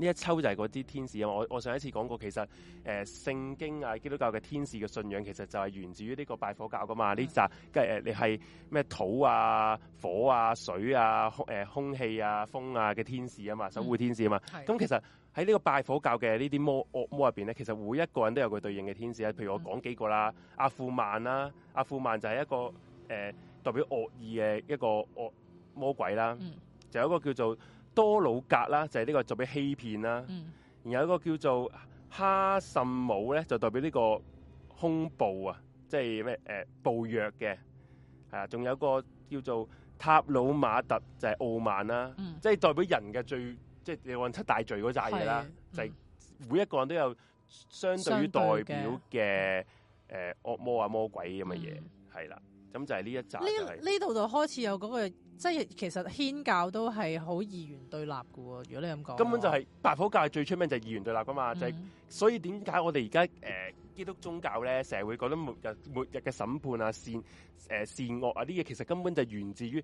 呢一抽就係嗰啲天使啊！我我上一次講過，其實誒、呃、聖經啊，基督教嘅天使嘅信仰其實就係源自於呢個拜火教㗎嘛。呢集即係你係咩土啊、火啊、水啊、空、呃、空氣啊、風啊嘅天使啊嘛，守護天使啊嘛。咁其實喺呢個拜火教嘅呢啲魔惡魔入邊咧，其實每一個人都有佢對應嘅天使啊。譬如我講幾個啦，阿、嗯啊、富曼啦、啊，阿、啊、富曼就係一個誒、呃、代表惡意嘅一個惡魔鬼啦，就有、嗯嗯、一個叫做。多魯格啦，就係、是、呢個做俾欺騙啦。嗯。然後一個叫做哈什姆咧，就代表呢個恐怖、就是呃、啊，即係咩誒暴虐嘅。係啊，仲有個叫做塔魯馬特，就係、是、傲慢啦。即係、嗯、代表人嘅罪，即係你講七大罪嗰扎嘢啦。嗯、就係每一個人都有相對於代表嘅誒、呃、惡魔啊、魔鬼咁嘅嘢。係啦、嗯。咁就係呢一扎、就是。呢呢度就開始有嗰、那個。即係其實祆教都係好二元對立噶喎，如果你咁講，根本就係拜火教係最出名就係二元對立噶嘛，嗯、就係、是、所以點解我哋而家誒基督宗教咧，成日會覺得末日末日嘅審判啊，善誒、呃、善惡啊啲嘢，其實根本就源自於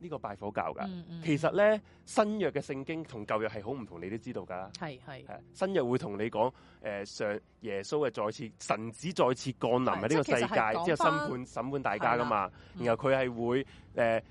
呢個拜火教噶。嗯嗯、其實咧新約嘅聖經同舊約係好唔同，你都知道噶。係係新約會同你講誒、呃、上耶穌嘅再次神子再次降臨喺呢個世界，之後審判審判大家噶嘛，嗯嗯、然後佢係會誒。嗯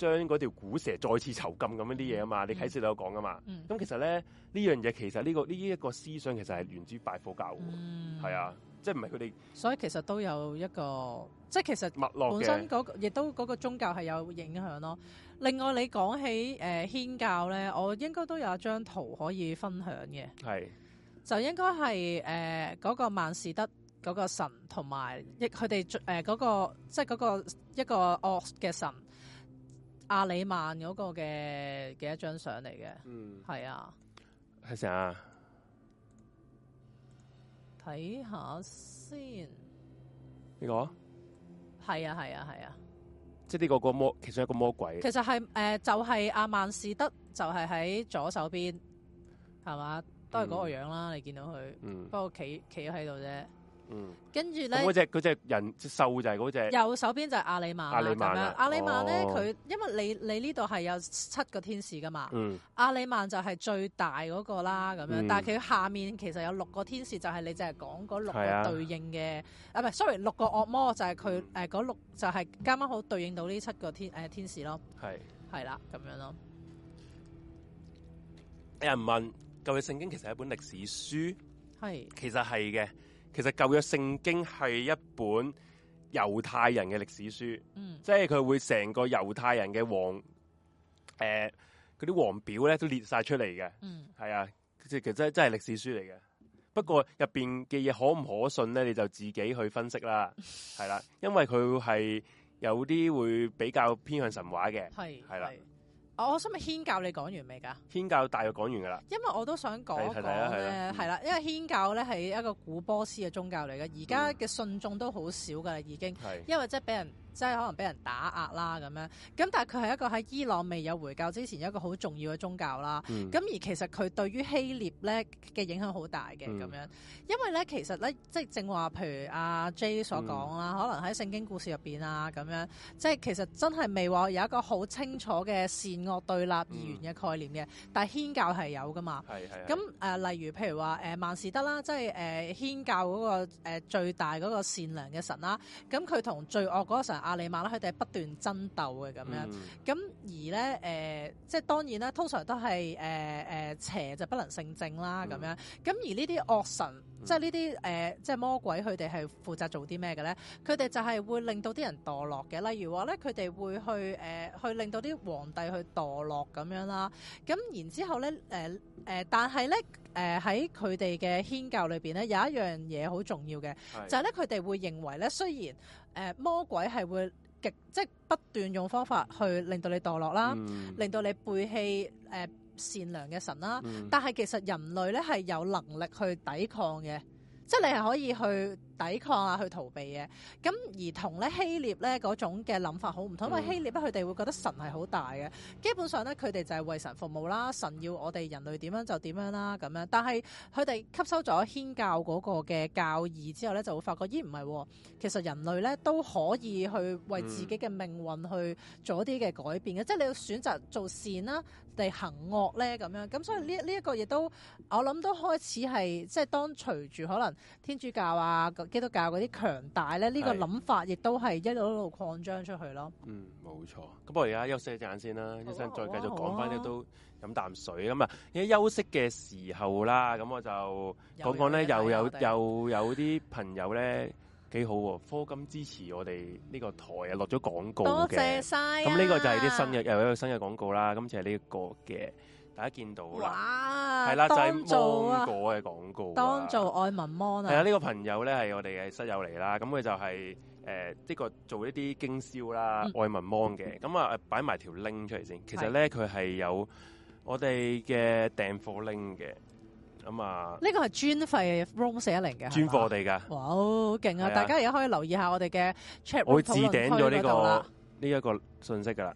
將嗰條古蛇再次囚禁咁嗰啲嘢啊嘛，你啟 s i 有講噶嘛？咁、嗯、其實咧呢樣嘢，其實呢、這個呢一、這個思想，其實係源自拜火教，係、嗯、啊，即係唔係佢哋。所以其實都有一個，即係其實，本身嗰、那、亦、個、樂都個宗教係有影響咯。另外你講起誒謙、呃、教咧，我應該都有一張圖可以分享嘅，係是就應該係誒嗰個萬事德嗰個神同埋一佢哋誒嗰個即係嗰、那個一個惡嘅神。阿里曼嗰個嘅幾多張相嚟嘅，係、嗯、啊，係成、這個、啊，睇下先。呢個係啊係啊係啊，啊啊即係呢個個魔，其實係個魔鬼。其實係誒、呃，就係、是、阿曼士德就，就係喺左手邊，係嘛，都係嗰個樣啦。嗯、你見到佢，嗯、不過企企喺度啫。跟住咧，嗰隻人，隻獸就係嗰隻，右手邊就係阿里曼啦。阿里曼咧，佢因為你你呢度係有七個天使噶嘛，阿里曼就係最大嗰個啦，咁樣。但係佢下面其實有六個天使，就係你淨係講嗰六個對應嘅，啊唔係，sorry，六個惡魔就係佢誒嗰六就係啱啱好對應到呢七個天誒天使咯。係係啦，咁樣咯。有人問，舊約聖經其實係一本歷史書，係，其實係嘅。其實舊約聖經係一本猶太人嘅歷史書，嗯、即係佢會成個猶太人嘅王，誒、呃，啲王表咧都列晒出嚟嘅，係、嗯、啊，即係其實真係歷史書嚟嘅。不過入邊嘅嘢可唔可信咧，你就自己去分析啦，係啦、啊，因為佢係有啲會比較偏向神話嘅，係、嗯，係啦、啊。我想問軒教你講完未㗎？軒教大約講完㗎啦。因為我都想講講咧，係啦，因為軒教咧係一個古波斯嘅宗教嚟嘅，而家嘅信眾都好少㗎喇，已經，嗯、因為即係俾人。即係可能俾人打壓啦咁樣，咁但係佢係一個喺伊朗未有回教之前一個好重要嘅宗教啦。咁、嗯、而其實佢對於希臘咧嘅影響好大嘅咁樣，因為咧其實咧即係正話，譬如阿、啊、J 所講啦，嗯、可能喺聖經故事入邊啊咁樣，即係其實真係未話有一個好清楚嘅善惡對立二元嘅概念嘅，嗯、但係祆教係有噶嘛。係咁誒，例如譬如話誒、呃、萬事得啦，即係誒、呃、祆教嗰、那個、呃、最大嗰個善良嘅神啦，咁佢同罪惡嗰神，阿里馬啦，佢哋係不斷爭鬥嘅咁樣，咁、嗯、而咧誒、呃，即係當然啦，通常都係誒誒邪就不能勝正啦咁、嗯、樣，咁而呢啲惡神，嗯、即係呢啲誒，即係魔鬼，佢哋係負責做啲咩嘅咧？佢哋就係會令到啲人墮落嘅，例如話咧，佢哋會去誒、呃、去令到啲皇帝去墮落咁樣啦，咁然之後咧誒誒，但係咧誒喺佢哋嘅祆教裏邊咧，有一樣嘢好重要嘅，就係咧佢哋會認為咧，雖然。誒、呃、魔鬼係會極即係不斷用方法去令到你墮落啦，嗯、令到你背棄誒、呃、善良嘅神啦。嗯、但係其實人類咧係有能力去抵抗嘅，即係你係可以去。抵抗啊，去逃避嘅。咁而同咧希臘咧嗰種嘅諗法好唔同，嗯、因為希臘咧佢哋會覺得神係好大嘅，基本上咧佢哋就係為神服務啦。神要我哋人類點樣就點樣啦咁樣。但係佢哋吸收咗祆教嗰個嘅教義之後咧，就會發覺咦唔係、哦，其實人類咧都可以去為自己嘅命運去做一啲嘅改變嘅，嗯、即係你要選擇做善啦，定行惡咧咁樣，咁所以呢呢一個亦都我諗都開始係即係當隨住可能天主教啊。基督教嗰啲強大咧，呢、呢個諗法亦都係一路一路擴張出去咯。嗯，冇錯。咁我而家休息一陣先啦，一陣再繼續講翻呢都飲啖水咁啊。而家休息嘅時候啦，咁、嗯、我就講講咧，又，又有們又有啲朋友咧幾好喎、啊，課金支持我哋呢個台謝謝啊，落咗廣告多謝晒！咁呢個就係啲新嘅，又一個新嘅廣告啦。今次就係呢個嘅。大家見到啦，係啦，就係芒果嘅廣告，當做愛文芒啊！係啊，呢個朋友咧係我哋嘅室友嚟啦，咁佢就係誒呢個做一啲經銷啦，愛文芒嘅，咁啊擺埋條 link 出嚟先。其實咧佢係有我哋嘅訂貨 link 嘅，咁啊呢個係專費 room 四一零嘅，專貨哋㗎。哇好勁啊！大家而家可以留意下我哋嘅 chat，我會置頂咗呢個呢一個信息㗎啦。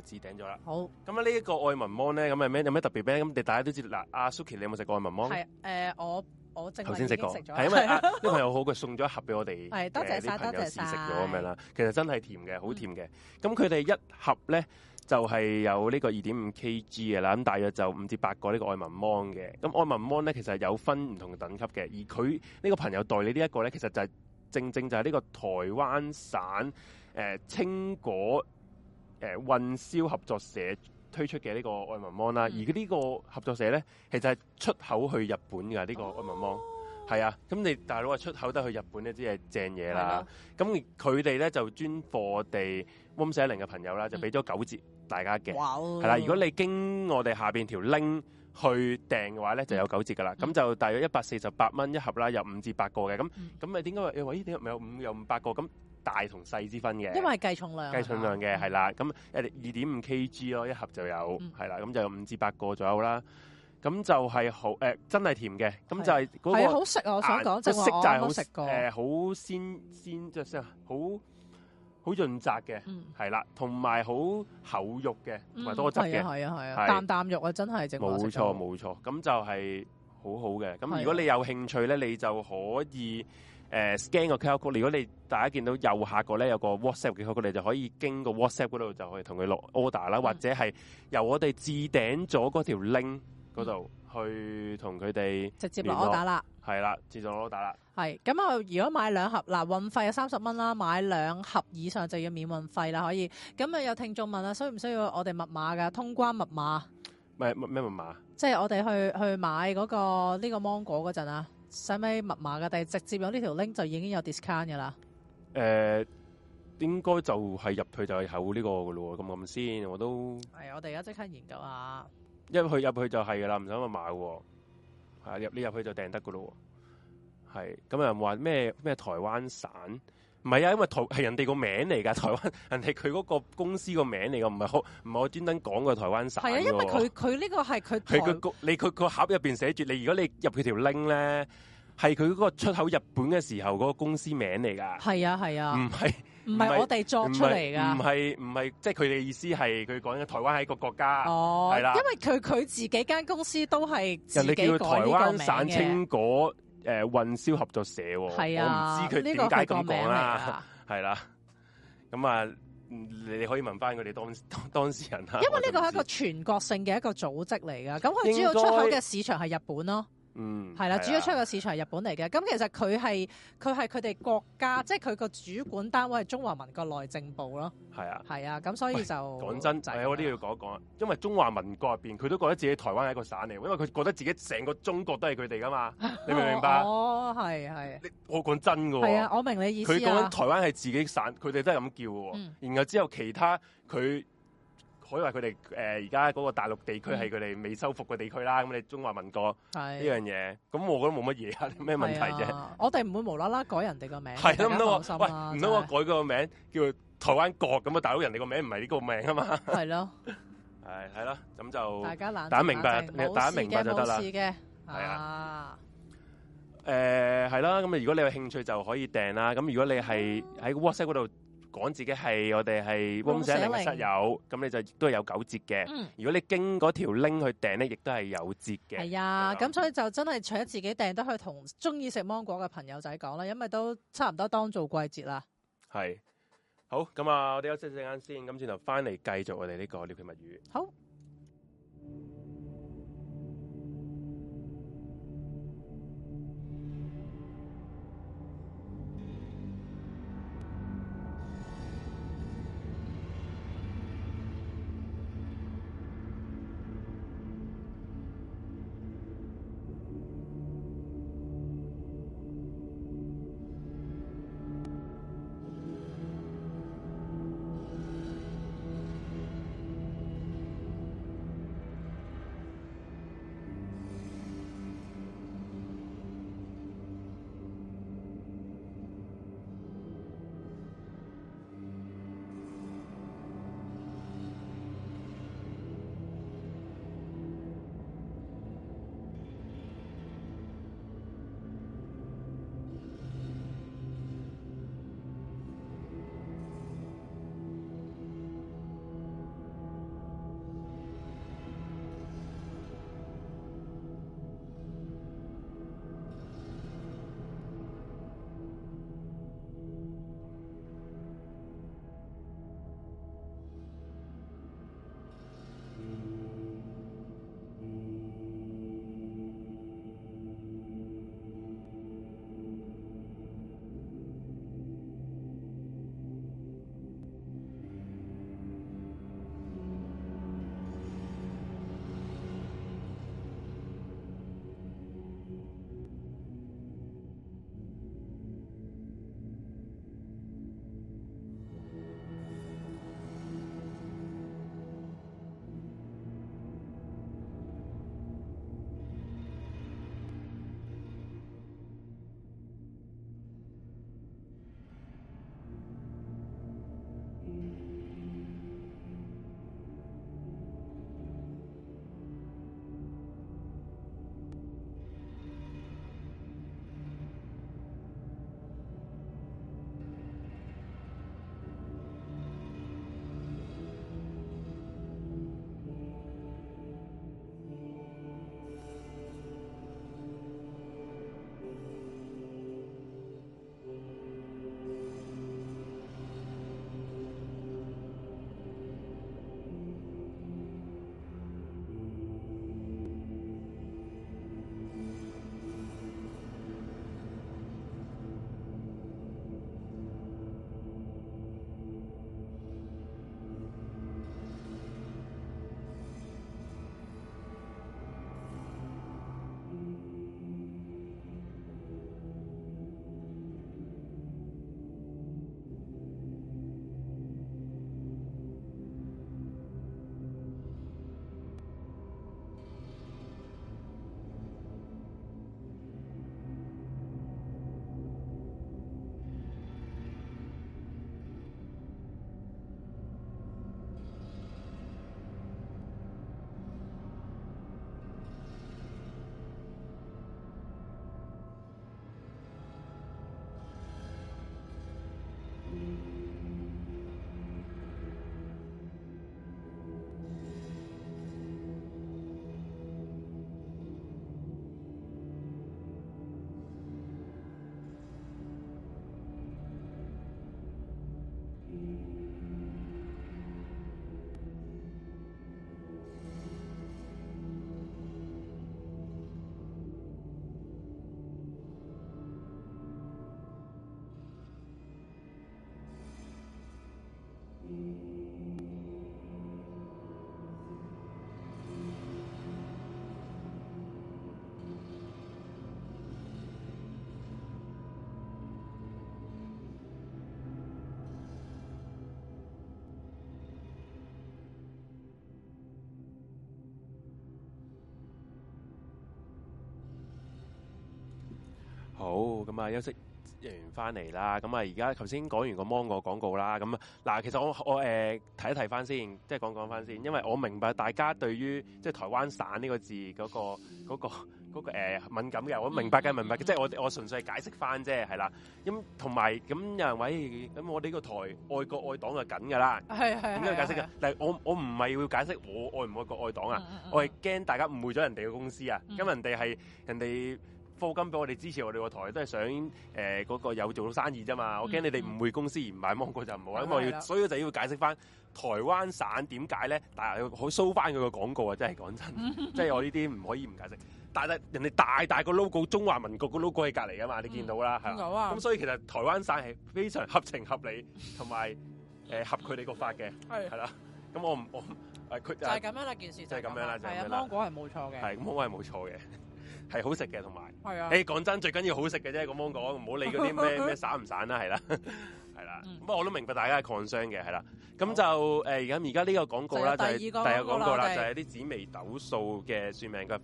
置頂咗啦，好。咁啊呢一個愛文芒咧，咁啊咩有咩特別咩？咁哋大家都知。嗱，阿 Suki 你有冇食過愛文芒？係誒，我我頭先食過，係因為啲朋友好，佢送咗一盒俾我哋。係，多謝曬，多謝食咗咁樣啦，其實真係甜嘅，好甜嘅。咁佢哋一盒咧就係有呢個二點五 kg 嘅啦，咁大約就五至八個呢個愛文芒嘅。咁愛文芒咧其實有分唔同嘅等級嘅，而佢呢個朋友代理呢一個咧，其實就係正正就係呢個台灣省誒青果。誒、呃、運銷合作社推出嘅呢個愛文芒啦，嗯、而呢個合作社咧，其實係出口去日本嘅呢、呢個愛文芒。係、哦、啊，咁你大佬話出口得去日本咧，啲係正嘢啦。咁佢哋咧就專貨地溫水靈嘅朋友啦，就俾咗九折大家嘅。係啦、嗯啊，如果你經我哋下邊條 link 去訂嘅話咧，就有九折噶啦。咁、嗯、就大約一百四十八蚊一盒啦，有五至八個嘅。咁咁咪點解話又話喂？哎、有五有五八個咁？.大同細之分嘅，因為計重量，計重量嘅係啦，咁誒二點五 Kg 咯，一盒就有係啦，咁、嗯、就有五至八個左右啦。咁就係好誒、呃，真係甜嘅，咁就係嗰個好食啊！我想講，即係色就係好食誒，好鮮鮮即係好，好潤澤嘅，係啦，同埋好厚肉嘅，同埋多汁嘅，係啊係啊，啖啖肉啊，真係正，冇錯冇錯，咁就係好好嘅。咁如果你有興趣咧，你就可以。誒、uh, scan 個 QR code 如果你大家見到右下角咧有個 WhatsApp 嘅 code，你就可以經過 WhatsApp 嗰度就可以同佢落 order 啦，嗯、或者係由我哋置頂咗嗰條 link 嗰度去同佢哋、嗯、了直接落 order 啦，係啦，自助 order 啦。係，咁啊，如果買兩盒，嗱運費有三十蚊啦，買兩盒以上就要免運費啦，可以。咁啊，有聽眾問啊，需唔需要我哋密碼噶通關密碼？唔係咩密碼？即係我哋去去買嗰、那個呢、這個芒果嗰陣啊。使咪密碼噶，但係直接用呢條 link 就已經有 discount 噶啦。誒、呃，應該就係入去就係有呢個嘅咯喎，咁咁先，我都係、哎、我哋而家即刻研究下。入去入去就係噶啦，唔使密碼喎。啊，入呢入去就訂得嘅咯喎。係，咁又唔話咩咩台灣省？唔係啊，因為台係人哋個名嚟㗎，台灣人哋佢嗰個公司個名嚟㗎，唔係好，唔係我專登講過台灣省。係啊，因為佢佢呢個係佢個你佢個盒入邊寫住，你如果你入佢條 link 咧，係佢嗰個出口日本嘅時候嗰個公司名嚟㗎。係啊係啊，唔係唔係我哋作出嚟㗎，唔係唔係即係佢哋意思係佢講緊台灣係一個國家。哦，係啦、啊，因為佢佢自己間公司都係人哋叫台灣省青果誒，運銷、呃、合作社，我唔知佢點解咁講啦，係啦，咁啊，你、 啊啊、你可以問翻佢哋當當，當事人啊，因為呢個係一個全國性嘅一個組織嚟噶，咁佢 主要出口嘅市場係日本咯。嗯，係啦，主要出嘅市場係日本嚟嘅，咁其實佢係佢係佢哋國家，即係佢個主管單位係中華民國內政部咯。係啊的，係啊，咁所以就講真，就係我呢度要講一講。因為中華民國入邊，佢都覺得自己台灣係一個省嚟，因為佢覺得自己成個中國都係佢哋噶嘛。 你明唔明白哦？哦，係係。我講真嘅喎、哦。啊，我明你意思啊。佢講緊台灣係自己省，佢哋都係咁叫喎。嗯。然後之後其他佢。他可以話佢哋誒而家嗰個大陸地區係佢哋未收復嘅地區啦，咁你中華民國呢樣嘢，咁我覺得冇乜嘢，咩問題啫？我哋唔會無啦啦改人哋個名，係唔通？唔通我改嗰個名叫台灣國咁啊？大佬人哋個名唔係呢個名啊嘛？係咯，係係咯，咁就大家大家明白，大家明白就得啦。係啊，誒係啦，咁啊，如果你有興趣就可以訂啦。咁如果你係喺 WhatsApp 嗰度。講自己係我哋係翁生明嘅室友，咁、嗯、你就亦都係有九折嘅。嗯、如果你經嗰條拎去訂咧，亦都係有折嘅。係啊呀，咁的所以就真係除咗自己訂得去，同中意食芒果嘅朋友仔講啦，因為都差唔多當做季節啦。係好，咁啊，我哋休息陣間先，咁轉頭翻嚟繼續我哋呢個獵奇物語。好。咁啊，休息完翻嚟啦，咁啊，而家頭先講完個芒果廣告啦，咁、嗯、嗱，其實我我誒睇、呃、一睇翻先，即係講講翻先，因為我明白大家對於即係台灣省呢個字嗰、嗰個嗰、嗰個、嗰個呃、敏感嘅，我明白嘅，嗯嗯、明白嘅，即係我我純粹係解釋翻啫，係啦，咁同埋咁有人話，咁、哎、我哋個台愛國愛黨就緊㗎啦，係係點解要解釋嘅？的但係我我唔係要解釋我愛唔愛國愛黨啊，嗯嗯、我係驚大家誤會咗人哋嘅公司啊，因為人哋係人哋。人資金俾我哋，支持我哋個台都係想誒嗰個有做到生意啫嘛，我驚你哋誤會公司而唔買芒果就唔好，咁我所以就要解釋翻台灣省點解咧，但係好 show 翻佢個廣告啊！真係講真，即係我呢啲唔可以唔解釋。但係人哋大大個 logo，中華民國個 logo 喺隔離噶嘛，你見到啦，係啊。咁所以其實台灣省係非常合情合理同埋誒合佢哋個法嘅，係啦。咁我唔我就係咁樣啦，件事就係咁樣啦，係啊，芒果係冇錯嘅，係咁，芒果係冇錯嘅。係好食嘅，同埋，誒講是、啊、真，最緊要好食嘅啫，咁樣講，唔好理嗰啲咩咩散唔散啦，係啦， 係啦，咁啊、嗯、我都明白大家係 concern 嘅，係啦，咁就誒而家而家呢個廣告啦，就係第，第一個廣告啦，們就係啲紫微斗數嘅算命嘅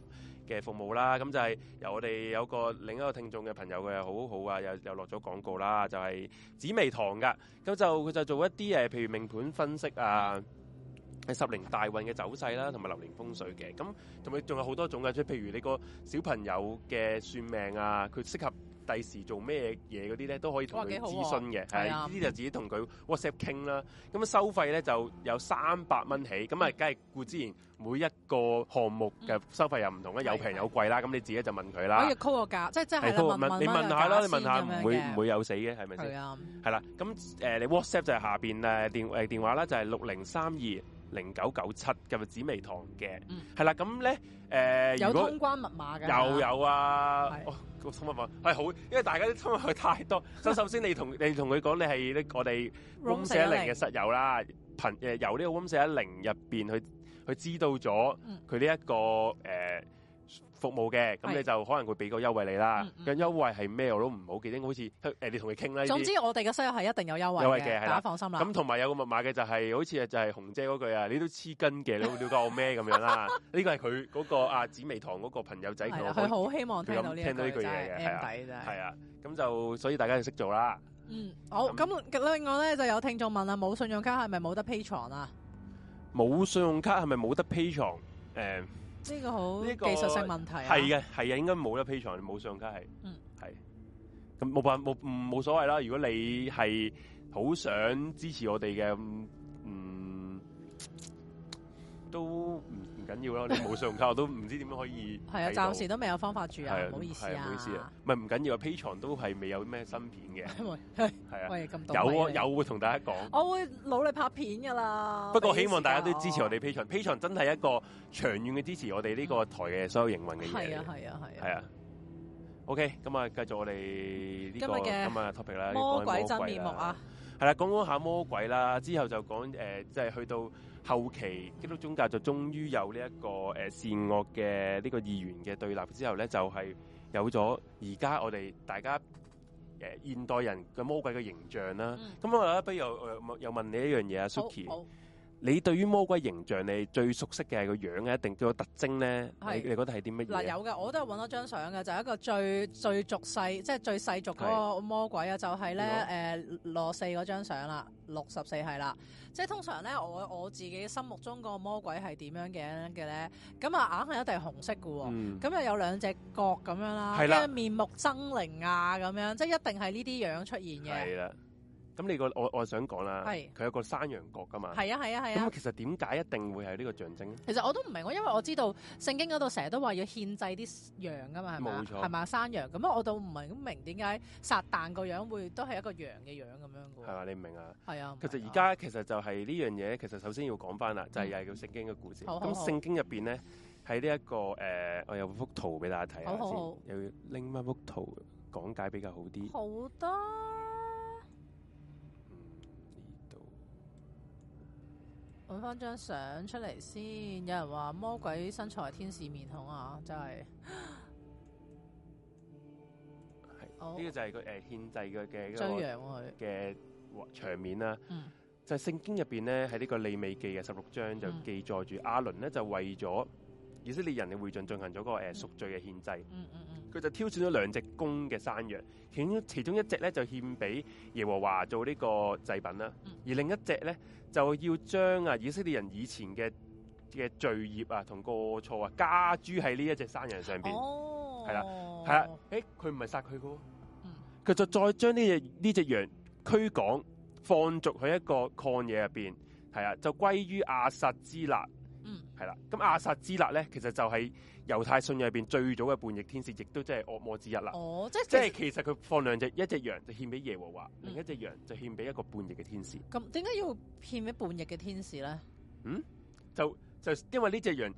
嘅服務啦，咁就係由我哋有個另一個聽眾嘅朋友嘅好好啊，又又落咗廣告啦，就係、是、紫微堂㗎，咁就佢就做一啲誒，譬如命盤分析、嗯、啊。係十年大運嘅走勢啦，同埋流年風水嘅。咁同埋仲有好多種嘅，即係譬如你個小朋友嘅算命啊，佢適合第時做咩嘢嗰啲咧，都可以同佢諮詢嘅。係呢啲就自己同佢 WhatsApp 傾啦。咁樣收費咧就有三百蚊起，咁啊，梗係固之然每一個項目嘅收費又唔同啦，有平有貴啦。咁你自己就問佢啦。可以溝個價，即係即係問問啦，你問下唔會有 dis 嘅，係咪先？咁樣嘅。係啦，咁誒你 WhatsApp 就係下邊誒電誒電話啦，就係六零三二。零九九七，今日紫薇堂嘅，嗯，係啦，咁、呃、咧，誒，有通關密碼嘅，啊，又有啊，是的 哦，個通關密碼，係、哎、好，因為大家都通關密碼太多，即 首先你同你同佢講，你係呢，我哋 Room 四一零嘅室友啦，朋誒 4 10、呃、由呢個 Room 四一零入邊去去知道咗佢呢一個誒。嗯呃服務嘅，咁你就可能會俾個優惠你啦。咁優惠係咩？我都唔好記得，好似誒，你同佢傾啦。總之，我哋嘅收入係一定有優惠嘅，大家放心啦。咁同埋有個密碼嘅，就係好似誒，就係紅姐嗰句啊，你都黐筋嘅，你會了解我咩咁樣啦？呢個係佢嗰個啊紫薇堂嗰個朋友仔講嘅，佢好希望聽到呢句嘢嘅，係啊，咁就所以大家要識做啦。嗯，好。咁另外咧就有聽眾問啦，冇信用卡係咪冇得 Patreon 啊？冇信用卡係咪冇得 Patreon 誒。呢個好技術性問題啊，呢個，係嘅，係嘅，應該冇得 Patreon，冇信用卡係嗯，係咁冇辦冇，嗯，冇所謂啦。如果你係好想支持我哋嘅，嗯，都唔緊要咯，你冇信用卡我都唔知點樣可以。係啊，暫時都未有方法住啊，唔好意思啊。唔好意思啊。唔係唔緊要啊，Patreon 都係未有咩新片嘅。係啊，咁有啊，有會同大家講。我會努力拍片㗎啦。不過希望大家都支持我哋 Patreon，Patreon 真係一個長遠嘅支持我哋呢個台嘅所有營運嘅嘢。係啊，係啊，係啊。OK，咁啊，繼續我哋呢個咁啊 topic 啦，魔鬼真面目啊。係啦，講講下魔鬼啦，之後就講誒，即係去到。後期基督宗教就終於有呢、這、一個誒、呃、善惡嘅呢個二元嘅對立之後咧，就係、是、有咗而家我哋大家誒、呃、現代人嘅魔鬼嘅形象啦。咁、嗯、我咧不如又、呃、又問你一樣嘢啊，Suki。你對於魔鬼形象，你最熟悉嘅係個樣一定都有特徵咧？你是你覺得係啲乜嘢？嗱、啊，有嘅，我都係揾咗張相嘅，就係、是、一個最最俗世，即係最世俗嗰個魔鬼啊！的就係咧，誒的、呃，羅四嗰張相啦，六十四係啦。即係通常咧，我我自己心目中嗰個魔鬼係點樣嘅咧？咁啊，眼係一定紅色嘅喎，咁又、嗯、有兩隻角咁樣啦，跟住的面目猙獰啊咁樣，即係一定係呢啲樣出現嘅。咁、嗯、你個我我想講啦，佢有個山羊角噶嘛？係啊係啊係啊！咁、啊啊、其實點解一定會係呢個象徵？其實我都唔明喎，因為我知道聖經嗰度成日都話要獻祭啲羊噶嘛，係咪啊？係咪山羊咁啊，我到唔係咁明點解撒旦個樣會都係一個羊嘅樣咁樣嘅？係嘛？你唔明啊？係啊！啊啊，其實而家其實就係呢樣嘢，其實首先要講翻啦，就係、是、又係叫聖經嘅故事。咁、嗯、聖經入邊咧，喺呢一個誒、呃，我有幅圖俾大家睇下先，又要拎一幅圖講解比較好啲。好多。搵翻張相出嚟先，有人話魔鬼身材、天使面孔啊，真係係呢個就係個誒獻祭嘅嘅嘅場面啦。嗯，就聖經入邊咧，喺呢個利未記嘅十六章就記載住，嗯、亞倫咧就為咗以色列人嘅會眾進行咗、那個誒贖、呃、罪嘅獻祭。嗯嗯。嗯嗯嗯佢就挑選咗兩隻公嘅山羊，其中其中一隻咧就獻俾耶和華做呢個祭品啦，而另一隻咧就要將啊以色列人以前嘅嘅罪孽啊同過錯啊加諸喺呢一隻山羊上邊，係啦、哦，係啦，誒佢唔係殺佢噶，佢、嗯、就再將呢隻呢隻羊驅趕放逐去一個曠野入邊，係啊，就歸於阿薩茲勒。係啦，咁亞撒之勒咧，其實就係猶太信入邊最早嘅叛逆天使，亦都真係惡魔之一啦。哦，即即係其實佢放兩隻，一隻羊就獻俾耶和華，嗯、另一隻羊就獻俾一個叛逆嘅天使。咁點解要獻俾叛逆嘅天使咧？嗯，就就因為呢隻羊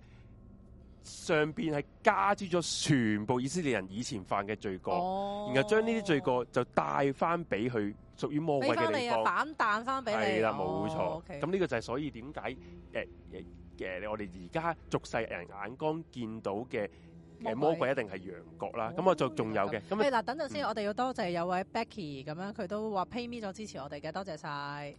上邊係加諸咗全部以色列人以前犯嘅罪過，哦、然後將呢啲罪過就帶翻俾佢屬於魔鬼嘅地方，啊、反彈翻俾你啦，冇了、哦、錯。咁呢 okay 個就係所以點解誒？嗯哎哎嘅，我哋而家俗世人眼光見到嘅嘅魔鬼一定係羊角啦。咁我就仲有嘅。咁誒，嗱，等陣先，我哋要多謝有位 Becky 咁樣，佢都話 pay me 咗支持我哋嘅，多謝晒，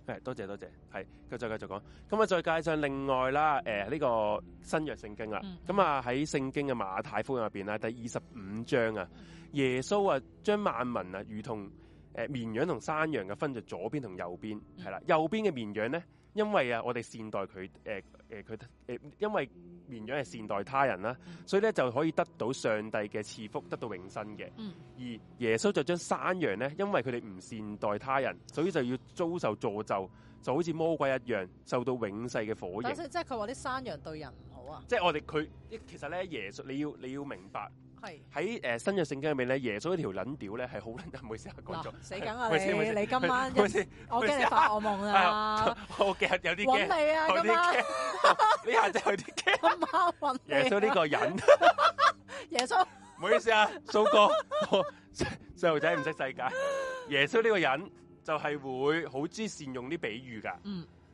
係，多謝多謝。係，繼續繼續講。咁啊，再介紹另外啦，誒呢個新約聖經啦。咁啊，喺聖經嘅馬太福音入邊啦，第二十五章啊，耶穌啊，將萬民啊，如同誒綿羊同山羊嘅分咗左邊同右邊，係啦，右邊嘅綿羊咧。因為啊，我哋善待佢，誒誒佢，誒因為綿羊係善待他人啦，嗯、所以咧就可以得到上帝嘅賜福，得到永生嘅。嗯、而耶穌就將山羊咧，因為佢哋唔善待他人，所以就要遭受詛咒，就好似魔鬼一樣，受到永世嘅火刑。即係即係佢話啲山羊對人唔好啊？即係我哋佢，其實咧耶穌，你要你要明白。係喺誒新約聖經入面咧，耶穌呢條撚屌咧係好。唔好意思啊，講咗死梗啊，你今晚我驚你發惡夢，啦，我驚有啲驚，有啲驚，呢下真係有啲驚。耶穌呢個人，耶穌唔好意思啊，蘇哥細路仔唔識世界，耶穌呢個人就係會好知善用啲比喻噶，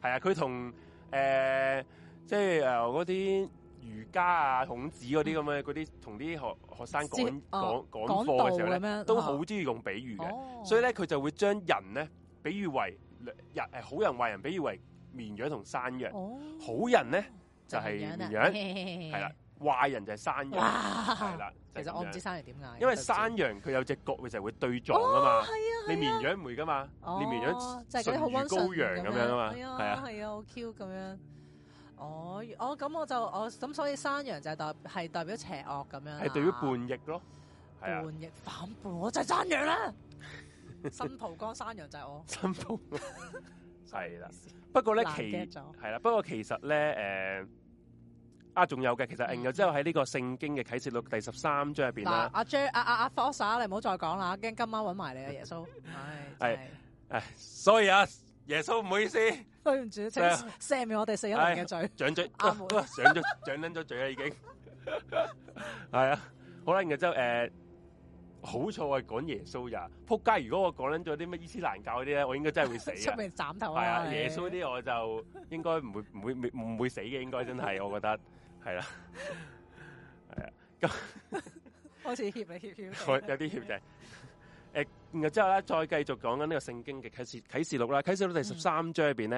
係啊，佢同誒即係誒嗰啲，儒家啊、孔子嗰啲咁嘅嗰啲，同啲學學生講講講課嘅時候咧，都好中意用比喻嘅，所以咧佢就會將人咧比喻為人係好人壞人，比喻為綿羊同山羊。哦，好人咧就係綿羊，係啦，壞人就係山羊，係啦。其實我唔知山羊點解，因為山羊佢有隻角嘅時候會對撞啊嘛，你綿羊唔會噶嘛，你綿羊即係好似羔羊咁樣啊嘛，係啊係啊，好 cute 咁樣。哦，哦，哦，我咁我就我咁所以山羊就係代係代表邪惡咁樣，係代表叛逆咯，叛逆反叛，我就山羊啦。新蒲崗山羊就係我，新蒲係啦。不過咧其係啦，不過其實咧誒啊，仲有嘅，其實然又之後喺呢個聖經嘅啟示錄第十三章入邊啦。阿阿阿阿 Fo 你唔好再講啦，驚今晚揾埋你啊，耶穌。係係誒，所以啊，耶穌唔好意思。對唔住，赦赦免我哋四一零嘅嘴，哎，掌嘴阿門，掌捻咗嘴啦已經，係 啊，好啦，然之後誒，好彩我係講耶穌咋？仆街！如果我講緊咗啲乜伊斯蘭教啲咧，我應該真係會死 啊，出面斬頭啊，係啊，耶穌啲我就應該唔會唔 會唔會，會死嘅，應該真係我覺得係啦，係啊，今開始協你協協，有啲協啫。誒、呃，然後之後咧，再繼續講緊呢個聖經嘅啟示啟示錄啦，啟示錄第十三章入邊咧，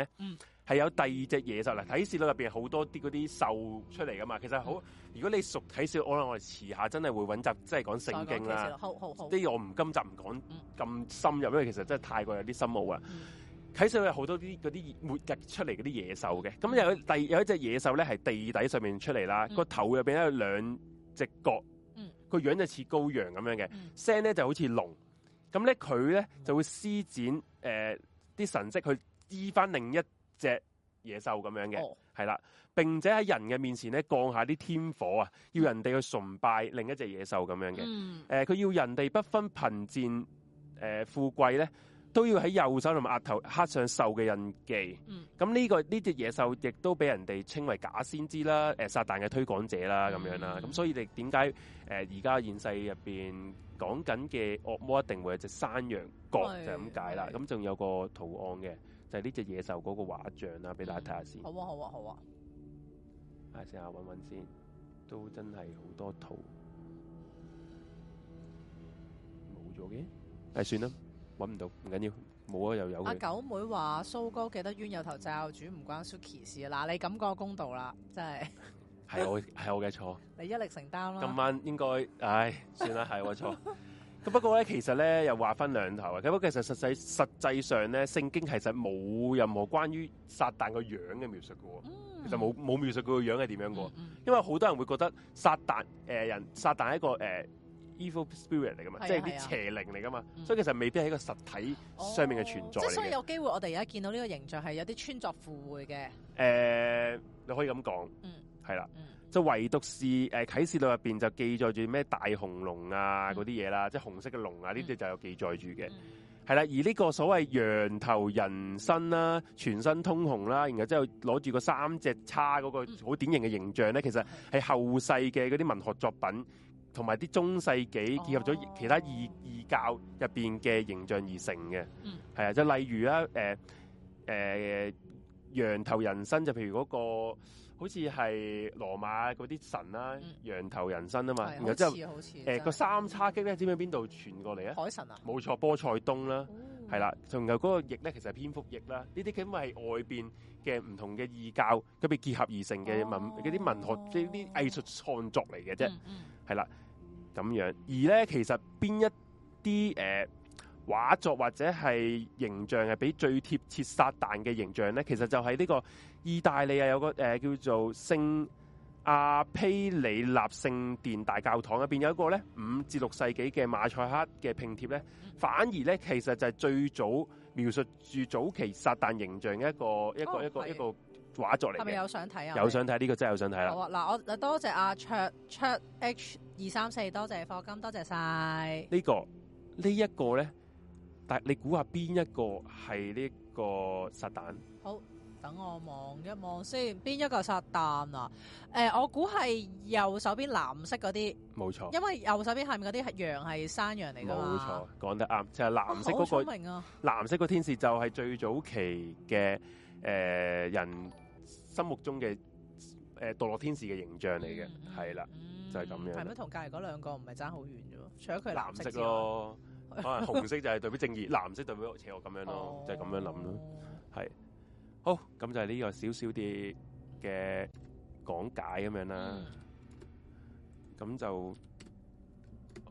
係、嗯、有第二隻野獸。嗱，啟示錄入邊好多啲嗰啲獸出嚟噶嘛，其實好，嗯、如果你熟啟示錄，我諗我哋遲下真係會揾集，即係講聖經啦。即我唔今集唔講咁深入，因為其實真係太過有啲深奧啦。啟、嗯、示錄好多啲嗰啲末日出嚟嗰啲野獸嘅，咁有第、嗯、有一隻野獸咧，係地底上面出嚟啦，個頭入邊有兩隻角，個、嗯、樣就似羔羊咁樣嘅，聲咧、嗯、就好似龍。咁咧，佢咧、嗯、就會施展誒啲、呃、神跡去醫翻另一隻野獸咁樣嘅，係啦、哦。並且喺人嘅面前咧降下啲天火啊，要人哋去崇拜另一隻野獸咁樣嘅。誒、嗯，佢、呃、要人哋不分貧賤誒、呃、富貴咧，都要喺右手同埋額頭刻上獸嘅印記。咁呢個呢隻野獸亦都俾人哋稱為假先知啦，誒撒旦嘅推廣者啦咁樣啦。咁、嗯嗯嗯嗯、所以你點解誒而家現世入邊，講緊嘅惡魔一定會有隻山羊角，的就咁解啦。咁仲的有個圖案嘅，就係呢隻野獸嗰個畫像啦，俾大家睇下先、嗯。好啊，好啊，好啊。啊，試下揾揾先，都真係好多圖冇咗嘅。唉、哎，算啦，揾唔到，唔緊要，冇啊，又有。阿、啊、九妹話：蘇哥記得冤有頭，債有主唔關 Suki 事。嗱，你咁講公道啦，真係。 係 我係我嘅錯，你一力承擔咯。今晚應該，唉，算啦，係我錯。咁 不過咧，其實咧又話分兩頭嘅。咁其實實際實際上咧，聖經其實冇任何關於撒旦個樣嘅描述嘅、哦。嗯、其實冇冇描述佢個樣係點樣嘅。嗯嗯嗯、因為好多人會覺得撒旦誒人、呃，撒旦係一個誒、呃、evil spirit 嚟噶嘛，即係啲邪靈嚟噶嘛。嗯、所以其實未必係一個實體上面嘅存在、哦。即係、哦、所以有機會，我哋而家見到呢個形象係有啲穿鑿附會嘅。誒、呃，你可以咁講。嗯。係啦，就唯獨是誒、呃《啟示錄》入邊就記載住咩大紅龍啊嗰啲嘢啦，即、就、係、是、紅色嘅龍啊呢啲、嗯、就有記載住嘅。係啦、嗯，而呢個所謂羊頭人身啦，全身通紅啦，然後之後攞住個三隻叉嗰個好典型嘅形象咧，其實係後世嘅嗰啲文學作品同埋啲中世紀結合咗其他異異教入邊嘅形象而成嘅。係啊、嗯，即係例如啊誒誒羊頭人身就譬如嗰、嗰個。好似係羅馬嗰啲神啦、啊，嗯、羊頭人身啊嘛，是然後之後誒個三叉戟咧，知唔知邊度傳過嚟啊？海神啊！冇錯，波塞冬啦、啊，係啦、哦，同埋嗰個翼咧，其實係蝙蝠翼啦。呢啲咁係外邊嘅唔同嘅異教佢被結合而成嘅文啲、哦、文學即啲、哦、藝術創作嚟嘅啫，係啦咁樣。而咧其實邊一啲誒、呃、畫作或者係形象係畀最貼切撒旦嘅形象咧，其實就係呢、這個。意大利啊，有個誒叫做聖阿披里納聖殿大教堂入邊，有一個咧五至六世紀嘅馬賽克嘅拼貼咧，反而咧其實就係最早描述住早期撒旦形象嘅一個、哦、一個的一個的一個畫作嚟。係咪有想睇、這個、啊？有想睇呢個真係有想睇啦！嗱，我多謝阿卓卓 H 二三四，多謝課、啊、金，多謝晒呢、這個這個這個呢一個咧，但你估下邊一個係呢個撒旦？好。等我望一望先，邊一個撒旦啊？誒、呃，我估係右手邊藍色嗰啲，冇錯錯，因為右手邊下面嗰啲係羊，係山羊嚟噶，冇錯，講得啱，就係藍色嗰、嗰個。哦、好明啊！藍色個天使就係最早期嘅誒、呃、人心目中嘅誒墮落天使嘅形象嚟嘅，係啦、嗯，就係、係、咁樣。係咪同隔籬嗰兩個唔係爭好遠啫？除咗佢藍，藍色咯，可能紅色就係代表正義， 藍色代表似我咁樣咯， 就係咁樣諗咯，係。好，咁就係呢個少少啲嘅講解咁樣啦，咁就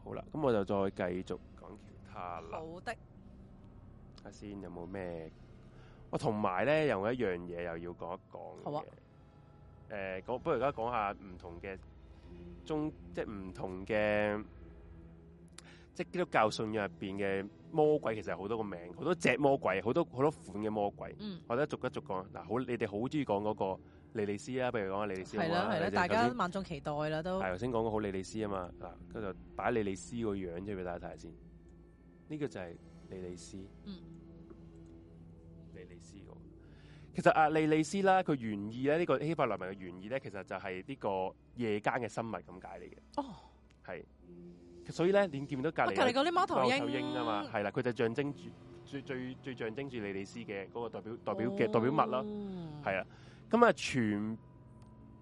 好啦，咁我就再繼續講其他啦。好的，阿先有冇咩？我同埋咧，又有一樣嘢又要講一講嘅。誒，講不如而家講下唔同嘅中，即係唔同嘅。即基督教信仰入邊嘅魔鬼，其實好多個名，好多隻魔鬼，好多好多款嘅魔鬼。或者逐一逐個嗱，好，你哋好中意講嗰個莉莉絲啦，不如講下莉莉絲啦，係啦係啦，大家萬眾期待啦，都係頭、啊啊、先講嘅好莉莉絲啊嘛嗱，跟住擺莉莉絲個樣出俾大家睇下先，呢、呢個就係莉莉絲，嗯，莉莉絲個，其實阿莉莉絲啦，佢原意咧呢、呢個希伯來文嘅原意咧，其實就係呢個夜間嘅生物咁解嚟嘅，哦，係。所以咧，你見唔見到隔籬？隔籬嗰啲貓頭鷹。貓頭鷹啊嘛，係啦，佢就象徵住最最最象徵住利利斯嘅嗰個代表代表嘅、哦、代表物咯，係啊。咁、嗯、啊，嗯、全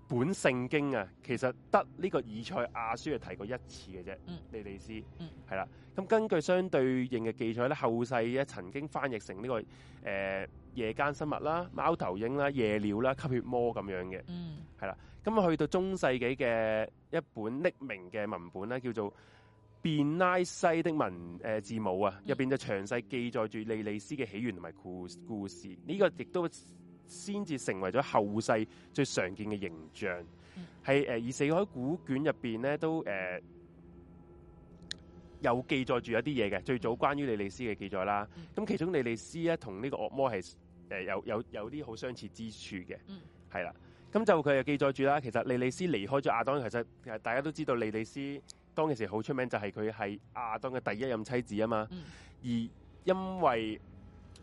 本聖經啊，其實得呢個以賽亞書係提過一次嘅啫。嗯，利利斯，嗯，係啦。咁根據相對應嘅記載咧，後世咧曾經翻譯成呢、這個誒、呃、夜間生物啦、貓頭鷹啦、夜鳥啦、吸血魔咁樣嘅。嗯，係啦、嗯。咁啊，去到中世紀嘅一本匿名嘅文本咧，叫做變拉西的文誒字母啊，入邊就詳細記載住莉莉斯嘅起源同埋故故事。呢、這個亦都先至成為咗後世最常見嘅形象。係誒、嗯呃，而死海古卷入邊咧都誒、呃、有記載住一啲嘢嘅，最早關於莉莉斯嘅記載啦。咁、嗯、其中莉莉斯咧同呢個惡魔係誒、呃、有有有啲好相似之處嘅。係啦、嗯，咁就佢又記載住啦。其實莉莉斯離開咗亞當，其實誒大家都知道莉莉斯。當其時好出名，就係佢係亞當嘅第一任妻子啊嘛。嗯、而因為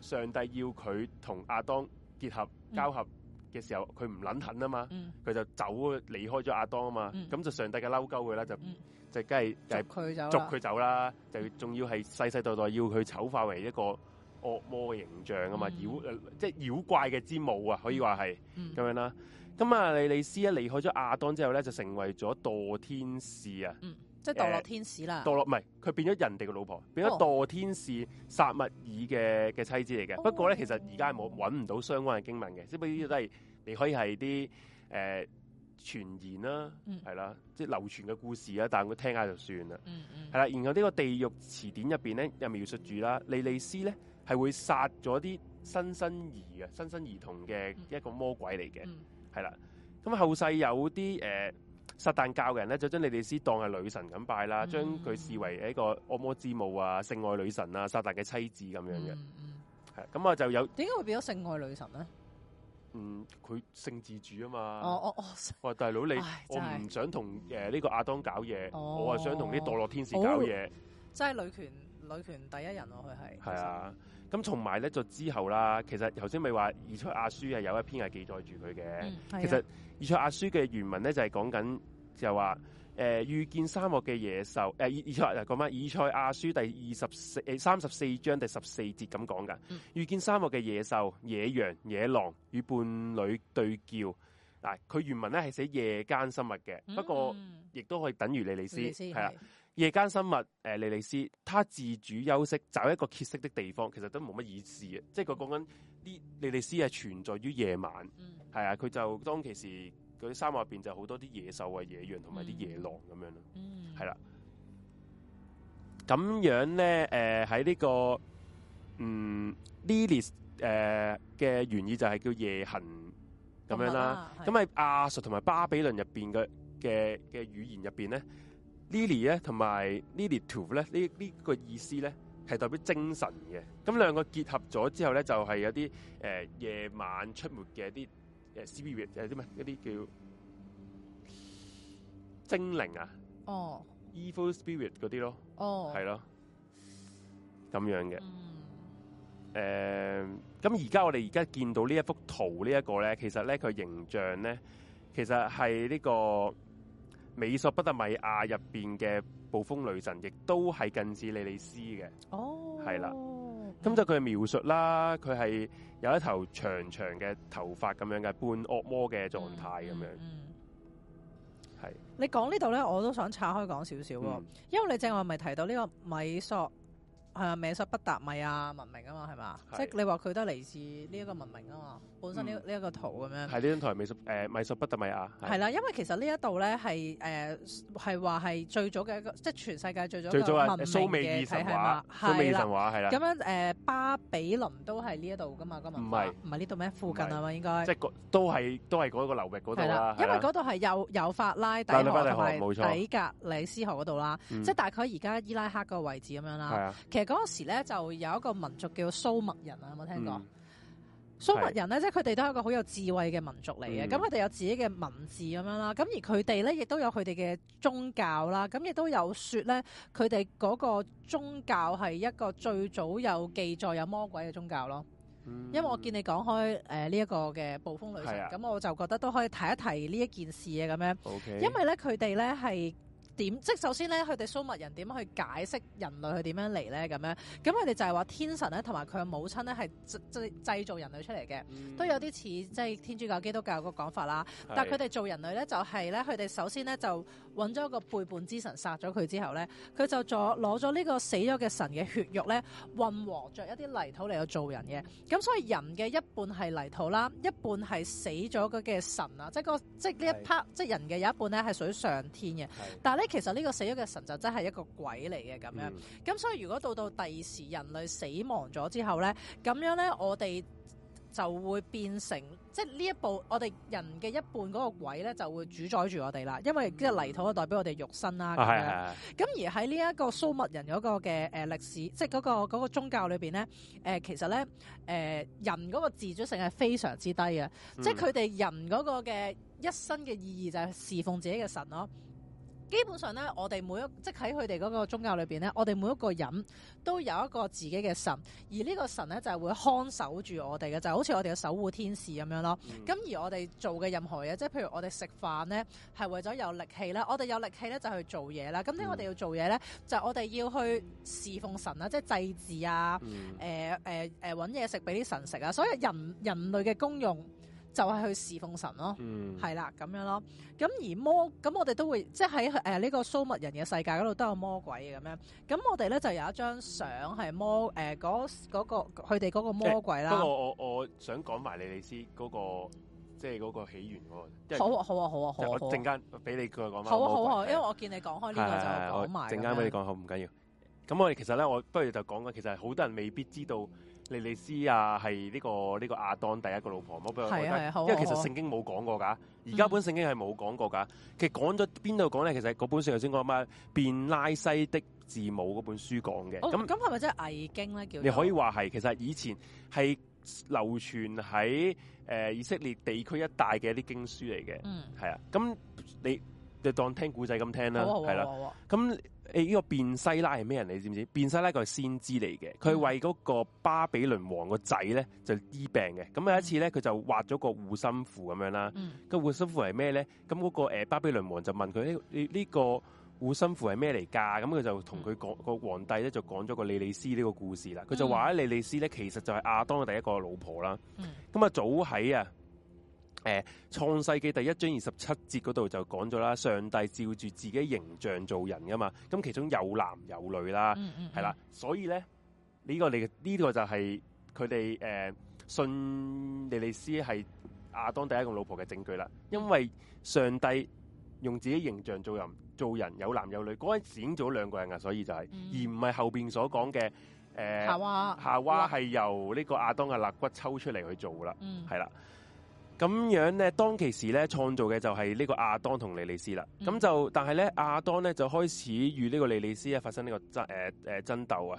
上帝要佢同亞當結合交合嘅時候，佢唔捻狠啊嘛，佢、嗯、就走離開咗亞當啊嘛。咁、嗯、就上帝嘅嬲鳩佢啦，就就梗係就佢捉佢走啦，就仲要係世世代代要佢醜化為一個惡魔嘅形象啊嘛，妖即係妖怪嘅之母啊，可以話係咁樣啦。咁啊，莉莉絲一離開咗亞當之後咧，就成為咗墮天使啊。嗯即係墮落天使啦、呃，墮落唔係佢變咗人哋嘅老婆，變咗墮天使薩麥爾嘅嘅妻子嚟嘅。Oh. 不過咧，其實而家係冇揾唔到相關嘅經文嘅，只不過都係你可以係啲誒傳言啦、啊，係、嗯、啦，即係流傳嘅故事啊。但係佢聽下就算啦，係、嗯嗯、啦。然後呢個地獄詞典入面咧，又描述住啦，莉莉斯咧係會殺咗啲新生兒嘅新生兒童嘅一個魔鬼嚟嘅，係、嗯嗯、啦。咁後世有啲誒。呃呃撒旦教嘅人咧，就將莉莉絲當係女神咁拜啦，將佢視為一個惡魔之母啊、性愛女神啊、撒旦嘅妻子咁樣嘅。係咁啊，就有點解會變咗性愛女神咧？嗯，佢性自主啊嘛。哦哦哦！喂、哦哦，大佬你唉我唔想同誒呢個亞當搞嘢，哦、我啊想同啲墮落天使搞嘢、哦。真係女權，女權第一人咯，佢係。係啊。的咁同埋咧，就之後啦，啊、其實頭先咪話《以賽亞書》係有一篇係記載住佢嘅。其實《以賽亞書》嘅原文咧就係、是、講緊就話誒遇見沙漠嘅野獸，誒、呃《以賽、啊、亞書 20,、呃》以賽亞書》第二十四誒三十四章第十四節咁講㗎。遇、嗯、見沙漠嘅野獸，野羊、野狼與伴侶對叫嗱。佢原文咧係寫夜間生物嘅，不過亦都、嗯、可以等於利利斯係啦。理理夜間生物，誒、呃，莉莉斯，它自主休息，找一個歇息的地方，其實都冇乜意思嘅，即係佢講緊啲莉莉斯係存在於夜晚，係、嗯、啊，佢就當其時嗰啲沙漠入邊就好多啲野獸、啊、野羊同埋啲野狼咁、嗯、樣咯，係啦、嗯，咁、啊、樣咧，誒、呃，喺呢、這個，嗯，莉莉絲，誒嘅原意就係叫夜行咁樣啦，咁喺、嗯嗯、亞述同埋巴比倫入邊嘅嘅嘅語言入邊咧。Lily 咧，同埋 Lily Two 咧，呢呢個意思咧，係代表精神嘅。咁兩個結合咗之後咧，就係有啲誒夜晚出沒嘅一啲誒 spirit，即啲咩？一啲叫精靈啊。哦。Oh. Evil spirit 嗰啲咯。哦。係咯。咁樣嘅。嗯、mm. 呃。咁而家我哋而家見到呢一幅圖，呢一個咧，其實咧佢形象咧，其實係呢個，美索不達米亞入邊嘅暴風女神亦都係近似莉莉絲嘅，哦、oh.，係啦，咁就佢嘅描述啦，佢係有一頭長長嘅頭髮咁樣嘅半惡魔嘅狀態咁樣，嗯、mm，係、hmm. 的。你講呢度咧，我都想拆開講少少，mm hmm. 因為你正話咪提到呢個米索。係啊，美索不達米亞文明啊嘛，係嘛？即係你話佢都嚟自呢一個文明啊嘛，本身呢呢一個圖咁樣。係呢張圖，美索誒美索不達米亞。係啦，因為其實呢一度咧係誒係話係最早嘅一個，即係全世界最早一個文明蘇美神話。係啦，咁樣誒巴比倫都係呢一度噶嘛，個文化。唔係唔係呢度咩？附近啊嘛，應該。即係都係都係嗰個流域嗰度啦。因為嗰度係有有法拉底河、底格里斯河嗰度啦，即係大概而家伊拉克個位置咁樣啦。其實。嗰時咧就有一個民族叫蘇墨人啊，有冇聽過？蘇墨人咧，即係佢哋都係一個好有智慧嘅民族嚟嘅，咁佢哋有自己嘅文字咁樣啦，咁而佢哋咧亦都有佢哋嘅宗教啦，咁亦都有說咧，佢哋嗰個宗教係一個最早有記載有魔鬼嘅宗教咯。嗯，因為我見你講開誒呢一個嘅暴風旅程，咁，啊，我就覺得都可以提一提呢一件事嘅咁樣。Okay, 因為咧佢哋咧係。點即係首先咧，佢哋蘇美人點樣去解釋人類去點樣嚟咧？咁樣咁佢哋就係話天神咧，同埋佢嘅母親咧係製製製造人類出嚟嘅，嗯、都有啲似即係天主教基督教個講法啦。是但係佢哋做人類咧，就係咧佢哋首先咧就。揾咗個背叛之神殺咗佢之後咧，佢就做攞咗呢個死咗嘅神嘅血肉咧，混和着一啲泥土嚟去做人嘅。咁所以人嘅一半係泥土啦，一半係死咗嘅神啊，即係個即係呢一 part，對即係人嘅有一半咧係屬於上天嘅。對但係咧，其實呢個死咗嘅神就真係一個鬼嚟嘅咁樣。咁、嗯嗯、所以如果到到第時人類死亡咗之後咧，咁樣咧我哋。就會變成即係呢一步，我哋人嘅一半嗰個鬼咧就會主宰住我哋啦，因為即係泥土就代表我哋肉身啦。係咁、啊、而喺呢一個蘇美人嗰個嘅誒歷史，即係嗰、那個那個宗教裏邊咧，誒、呃、其實咧誒、呃、人嗰個自主性係非常之低嘅，嗯、即係佢哋人嗰個嘅一生嘅意義就係侍奉自己嘅神咯。基本上咧，我哋每一即喺佢哋嗰個宗教裏邊咧，我哋每一個人都有一個自己嘅神，而呢個神咧就係、是、會看守住我哋嘅，就好似我哋嘅守護天使咁樣咯。咁、嗯、而我哋做嘅任何嘢，即係譬如我哋食飯咧，係為咗有力氣啦，我哋有力氣咧就去做嘢啦。咁點解我哋要做嘢咧，就我哋要去侍奉神啦，即係祭祀啊，誒誒誒揾嘢食俾啲神食啊。所以人人類嘅功用就係去侍奉神咯，係啦咁樣咯。咁而魔咁，我哋都會即喺誒呢個蘇物人嘅世界嗰度都有魔鬼咁樣。咁我哋咧就有一張相係魔誒嗰個佢哋嗰個魔鬼啦。欸、不過我我想講埋利利斯嗰，那個即係嗰個起源喎。好啊好啊好啊好啊！我陣間俾你繼續講。好啊好啊，好啊好啊好啊，因為我見你講開呢個，嗯、就講埋對。陣間俾你講，嗯、好唔緊要。咁我哋其實咧，我不如就講啊。其實好多人未必知道。莉莉絲啊，係呢個呢個亞當第一個老婆，我不覺得，因為其實聖經冇講過㗎，而家本聖經係冇講過㗎，其實講咗邊度講咧？其實嗰本書頭先講咩，便拉西的字母嗰本書講嘅，咁咁係咪真係偽經咧叫？你可以話係，其實以前係流傳喺誒以色列地區一帶嘅一啲經書嚟嘅，係啊，咁你就當聽古仔咁聽啦，係啦，咁。誒呢、哎這個便西拉係咩人？你知唔知？便西拉佢係先知嚟嘅，佢為嗰個巴比倫王個仔咧就醫病嘅。咁有一次咧，佢就畫咗個護身符咁樣啦。嗯、個護身符係咩咧？咁嗰、那個、呃、巴比倫王就問佢呢呢個護、這個、身符係咩嚟㗎？咁佢就同佢講個皇帝咧就講咗個莉莉斯呢個故事啦。佢、嗯、就話咧莉莉斯咧其實就係亞當嘅第一個老婆啦。咁啊早喺啊。誒、呃、創世記第一章二十七節嗰度就講咗啦，上帝照住自己形象做人噶嘛，咁其中有男有女啦，係、嗯嗯、啦，所以咧呢、呢個你呢、呢個就係佢哋誒信利利斯係亞當第一個老婆嘅證據啦，因為上帝用自己形象做人，做人有男有女，嗰陣時已經做咗兩個人噶，所以就係、是嗯、而唔係後邊所講嘅誒夏娃夏娃係由呢個亞當嘅肋骨抽出嚟去做噶啦，係、嗯、啦。嗯。咁樣咧，當其時咧，創造嘅就係呢個亞當同利利斯啦。咁就、嗯，但係咧，亞當咧就開始與呢個利利斯啊發生呢個、呃呃、爭誒誒爭鬥啊。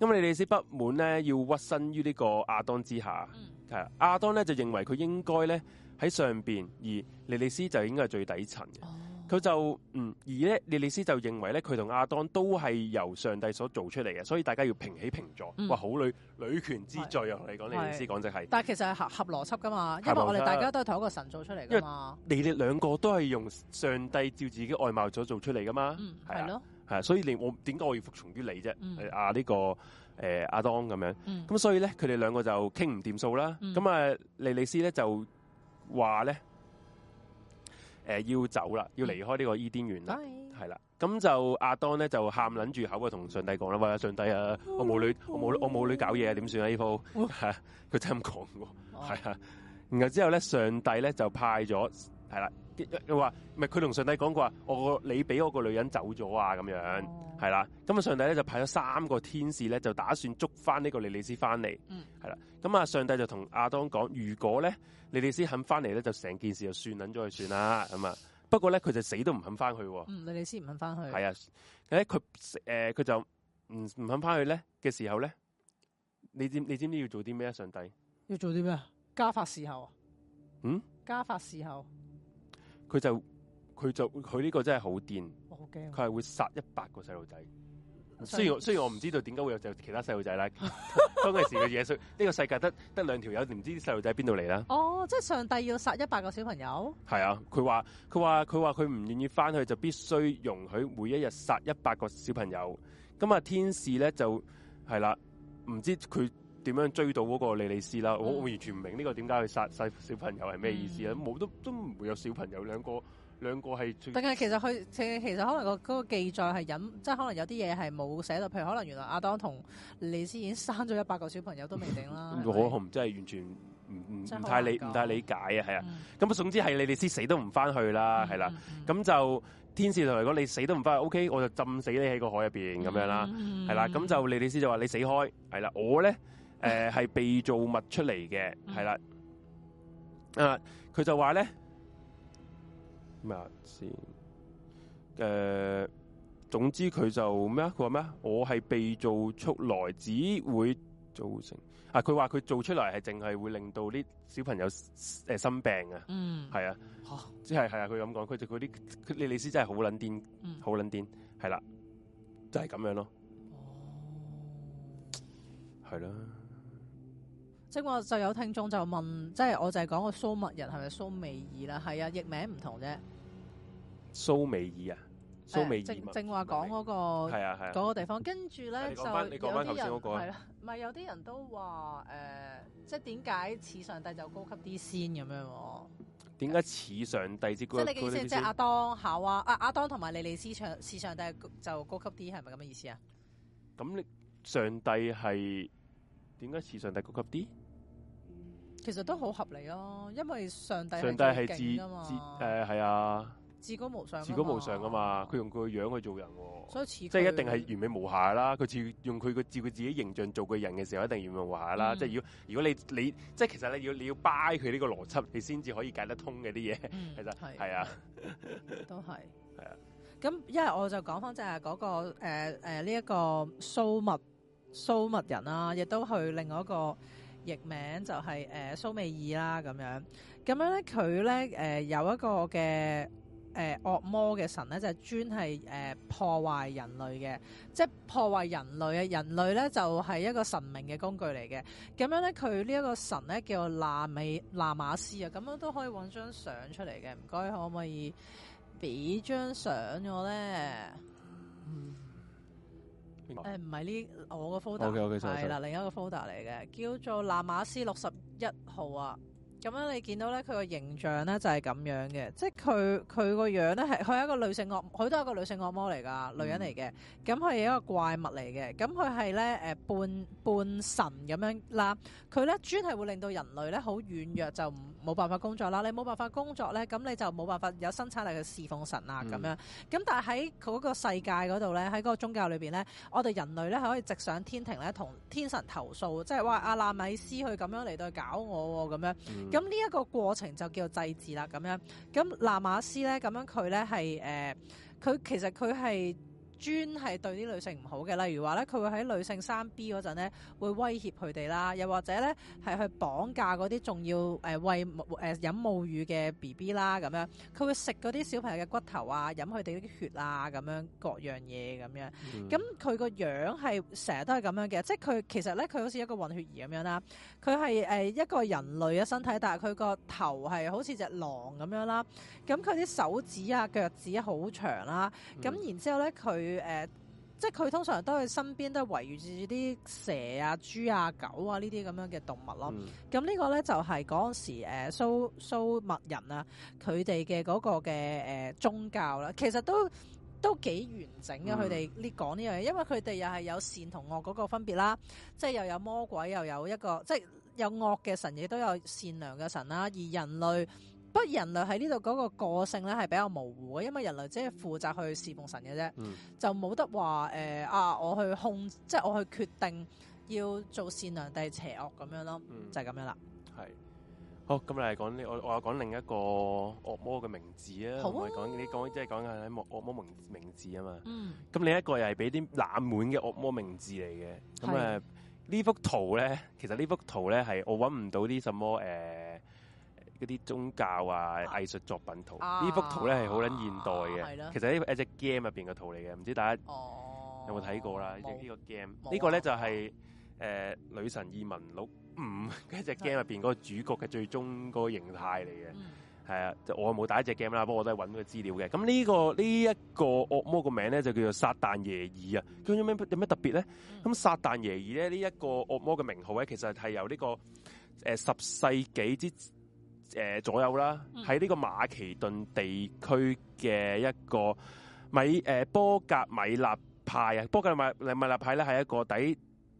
咁、嗯、利利斯不滿咧，要屈身於呢個亞當之下。係亞、嗯、當咧就認為佢應該咧喺上邊，而利利斯就應該係最底層嘅。哦佢就嗯，而咧利利斯就認為咧，佢同亞當都係由上帝所做出嚟嘅，所以大家要平起平坐。話好女女權之罪啊，是你講利利斯講就係。但係其實係合合邏輯噶嘛，因為我哋大家都係同一個神做出嚟噶嘛。你哋兩個都係用上帝照自己外貌所做出嚟噶嘛？係咯、嗯，係所以你我點解我要服從於你啫？嗯、啊呢、呢個誒亞當咁樣，咁、嗯嗯啊、所以咧佢哋兩個就傾唔掂數啦。咁、嗯、啊利利斯咧就話咧。誒、呃、要走啦，要離開呢個伊甸園啦，係啦 Bye.，咁就阿當咧就喊撚住口啊，同上帝講啦，喂上帝啊，我冇女，oh, oh. 女，我冇女，我冇女搞嘢 啊，點算啊呢，佢真係咁講喎，啊、oh.，然後之後咧，上帝咧就派咗係啦。佢話唔係佢同上帝講過話，我你俾我個女人走咗啊，咁樣係啦。咁啊、嗯，上帝咧就派咗三個天使咧，就打算捉翻呢個莉莉斯翻嚟。嗯，係啦。咁啊，上帝就同亞當講，如果咧莉莉斯肯翻嚟咧，就成件事就算捻咗佢算啦。咁啊，不過咧佢就死都唔肯翻去，啊、去。嗯，莉莉斯唔肯翻去。係啊，喺佢誒，佢就唔唔肯翻去咧嘅時候咧，你知你知唔知要做啲咩啊？上帝要做啲咩啊？家法侍候啊？嗯，家法侍候。佢就佢就佢呢個真係好癲，好驚，佢係會殺一百個細路仔。雖然雖然我唔知道點解會有就其他細路仔啦，當其時嘅嘢，呢個世界得得兩條友，唔知啲細路仔邊度嚟啦。哦，即係上帝要殺一百個小朋友？係啊，佢話佢話佢話佢唔願意翻去，就必須容許每一日殺一百個小朋友。咁啊，天使咧就係啦，唔知佢。點樣追到嗰個莉莉絲啦？我我完全唔明呢個點解去殺細小朋友係咩意思啊？冇都都唔會有小朋友兩個兩個係。但係其實佢其實可能個嗰個記載係隱，即係可能有啲嘢係冇寫到，譬如可能原來亞當同莉莉絲已經生咗一百個小朋友都未定啦。好，唔真係完全唔唔太理唔太理解啊，係啊。咁啊，總之係莉莉絲死都唔翻去啦，係啦。咁就天使同佢講：你死都唔翻去，OK，我就浸死你喺個海入邊咁樣啦，係啦。咁就莉莉絲就話：你死開，係啦，我咧。誒，係、 呃、被造物出嚟嘅，係啦、嗯。啊，佢就話咧，乜先？誒、呃，總之佢就咩啊？佢話咩？我係被造出來，只會造成啊！佢話佢做出嚟係淨係會令到啲小朋友誒生、呃、病、嗯、啊，嗯，係啊，只係係啊，佢咁講，佢就佢啲莉莉斯真係好撚癲，好撚癲，係啦，就係咁樣咯。哦、 啊，係啦。即係就有聽眾就問，即係我就係講個蘇密人係咪蘇美爾啦？係啊，譯名唔同啫。蘇美爾啊，蘇美爾。正正話講嗰個係啊係啊嗰個地方。跟住咧就有啲人係啦，唔係有啲人都話誒，即係點解似上帝就高級啲先咁樣？點解似上帝先？即係阿當考啊，阿阿當同埋利利斯上，似上帝就高級啲，係咪咁嘅意思啊？咁你上帝係點解似上帝高級啲？其實都好合理咯，因為上帝上帝係自誒係啊，至高無上，至高無上噶嘛，佢用佢個樣去做人，所以即係一定係完美無瑕啦。佢照用佢個照佢自己形象做嘅人嘅時候，一定完美無瑕啦。即係要如果你你即係其實你要你要掰佢呢個邏輯，你先至可以解得通嘅啲嘢，其實係啊，都係係啊。咁因為我就講翻就係嗰個誒誒呢一個蘇密蘇密人啊，亦都去另外一個。譯名就係、是、誒、呃、蘇美爾啦，咁樣咁樣咧，佢咧誒有一個嘅誒惡魔嘅神咧，就係專係誒破壞人類嘅，即係破壞人類啊！人類咧就係、是、一個神明嘅工具嚟嘅。咁樣咧，佢呢一個神咧叫做拿美拿馬斯啊，咁樣都可以揾張相出嚟嘅。唔該，可唔可以俾張相我咧？嗯誒唔係呢，我個 folder 係啦，另一個 folder 嚟嘅，叫做納馬斯六十一號啊。咁樣、嗯嗯、你見到咧，佢個形象咧就係咁樣嘅，即係佢佢個樣咧係佢係一個女性惡，佢都係一個女性惡魔嚟㗎，女人嚟嘅。咁佢係一個怪物嚟嘅，咁佢係咧誒半半神咁樣啦。佢咧專係會令到人類咧好軟弱，就冇、啊、辦法工作啦。你冇辦法工作咧，咁你就冇辦法有生產力去侍奉神啊咁樣。咁但係喺佢個世界嗰度咧，喺嗰個宗教裏邊咧，我哋人類咧係可以直上天庭咧，同天神投訴，即係話阿納米斯去咁樣嚟到搞我咁樣。嗯。咁呢一個過程就叫做祭祀啦，咁樣。咁拿馬斯呢？咁樣佢呢係誒，佢其實佢係。專係對啲女性唔好嘅，例如話咧，佢會喺女性生 B 嗰陣咧，會威脅佢哋啦，又或者咧係去綁架嗰啲仲要誒、呃、喂誒、呃、飲母乳嘅 B B 啦，咁樣佢會食嗰啲小朋友嘅骨頭啊，飲佢哋啲血啊，咁樣各樣嘢咁樣。咁佢個樣係成日都係咁樣嘅，即係佢其實咧佢好似一個混血兒咁樣啦。佢係誒一個人類嘅身體，但係佢個頭係好似隻狼咁樣啦。咁佢啲手指啊腳趾好長啦。咁然之後咧佢。嗯佢誒、啊，即係佢通常都係身邊都係圍住啲蛇啊、豬啊、狗啊呢啲咁樣嘅動物咯。咁、嗯嗯嗯、呢、就係啊啊、個咧就係嗰時誒蘇蘇密人啦，佢哋嘅嗰個嘅誒宗教啦，其實都都幾完整嘅、啊。佢哋呢講呢樣嘢，因為佢哋又係有善同惡嗰個分別啦，即係又有魔鬼，又有一個即係有惡嘅神，亦都有善良嘅神啦，而人類。不過人類喺呢度嗰個個性咧係比較模糊嘅，因為人類只係負責去侍奉神嘅啫，嗯、就冇得話誒啊！我去控，即係我去決定要做善良定係邪惡咁樣咯，嗯、就係咁樣啦。係，好，咁嚟講呢，我我又講另一個惡魔嘅名字好啊可可，同埋講即係講下啲惡惡魔名名字啊嘛。嗯，咁另一個又係俾啲冷門嘅惡魔名字嚟嘅。咁誒是的，呢、呃、幅圖咧，其實呢幅圖咧係我揾唔到啲什麼誒。呃嗰啲宗教啊、藝術作品圖呢幅、啊、圖咧係好撚現代嘅，的其實呢一隻 game 入邊嘅圖嚟嘅，唔知大家有冇睇過啦？呢個 game 呢個咧就係、是、誒、呃、女神異聞錄五一隻 game 入邊個主角嘅最終個形態嚟嘅，係啊，就、嗯、我冇打呢隻 game 啦，不過我都係揾過資料嘅。咁呢、這個呢一、這個惡魔個名咧就叫做撒旦耶爾啊。佢有咩有咩特別咧？咁、嗯嗯、撒旦耶爾咧呢一、這個惡魔嘅名號咧，其實係由呢、這個誒、呃、十世紀之。誒、呃，左右啦，喺呢個馬其頓地區嘅一個米誒波格米納派啊，波格米納波格米納派咧係一個底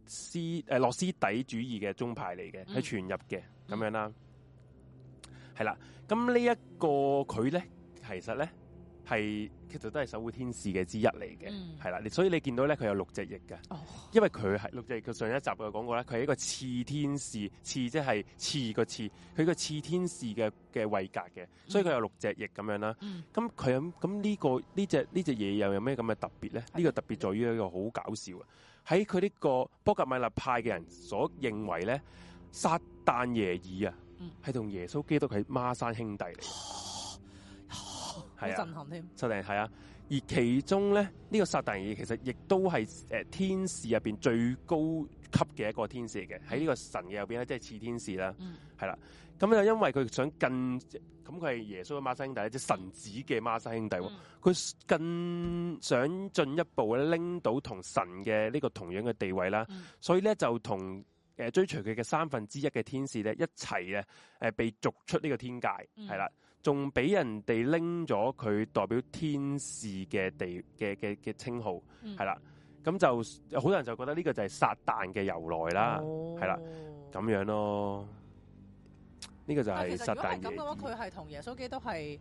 斯誒諾斯底主義嘅宗派嚟嘅，係傳入嘅咁樣啦，係啦、嗯，咁呢一個佢咧，其實咧。係，其實都係守護天使嘅之一嚟嘅，係啦、嗯。所以你見到咧，佢有六隻翼嘅，哦、因為佢係六隻翼。佢上一集嘅講過咧，佢係一個次天使，次即係次個次，佢個次天使嘅嘅位格嘅，所以佢有六隻翼咁樣啦。咁佢咁呢個呢隻呢隻嘢又有咩咁嘅特別咧？呢的個特別在於一個好搞笑啊！喺佢呢個波格米勒派嘅人所認為咧，撒旦耶爾啊，係同耶穌基督係孖生兄弟嚟。哦。係啊，撒旦係啊，而其中咧呢個撒旦嘢，其實亦都係誒天使入邊最高級嘅一個天使嚟嘅，喺呢個神嘅入邊咧，即係熾天使啦，係、嗯、啦。咁就因為佢想近，咁佢係耶穌嘅孖生兄弟，即神子嘅孖生兄弟，佢更想進一步咧拎到同神嘅呢個同樣嘅地位啦，所以咧就同誒追隨佢嘅三分之一嘅天使咧一齊咧誒被逐出呢個天界，係啦。仲俾人哋拎咗佢代表天使嘅地嘅嘅嘅稱號。係啦、嗯，咁就好多人就覺得呢個就係撒旦嘅由來啦，係啦、哦，咁樣咯，呢、這個就係撒旦。其實如果係咁嘅話，佢係同耶穌基督係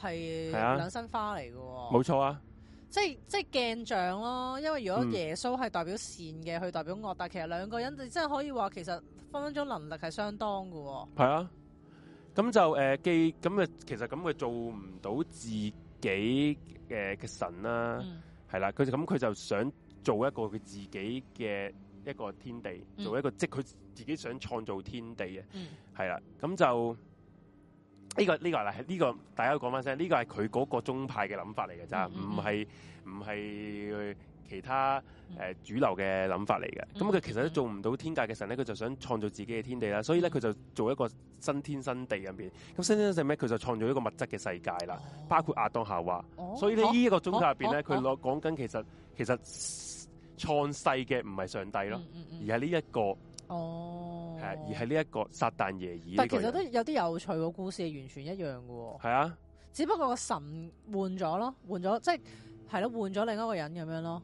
係兩生花嚟嘅。哦，冇錯啊，錯啊即係即係鏡像咯。哦。因為如果耶穌係代表善嘅，佢代表惡，嗯、但其實兩個人真係可以話其實分分鐘能力係相當嘅，係啊。咁就誒既咁嘅其實咁佢做唔到自己誒嘅，呃、神啦，係、嗯、啦，佢就咁佢就想做一個佢自己嘅一個天地，做一個、嗯、即佢自己想創造天地嘅，係、嗯、啦，咁就呢、這個呢、這個嗱呢、這個大家講返聲，呢、這個係佢嗰個宗派嘅諗法嚟嘅咋，唔係唔係。其他誒主流嘅諗法嚟嘅，咁佢其實都做唔到天界嘅神咧，佢就想創造自己嘅天地啦，所以咧佢就做一個新天新地入邊。咁新天新地咩？佢就創造一個物質嘅世界啦，包括亞當夏娃。所以呢，呢一個宗教入邊咧，佢攞講緊其實其實創世嘅唔係上帝咯，而係呢一個哦，係而係呢一個撒旦耶爾。但其實都有啲有趣嘅故事，完全一樣嘅喎。係啊，只不過個神換咗咯，換咗即係。係咯，換咗另一個人咁樣咯。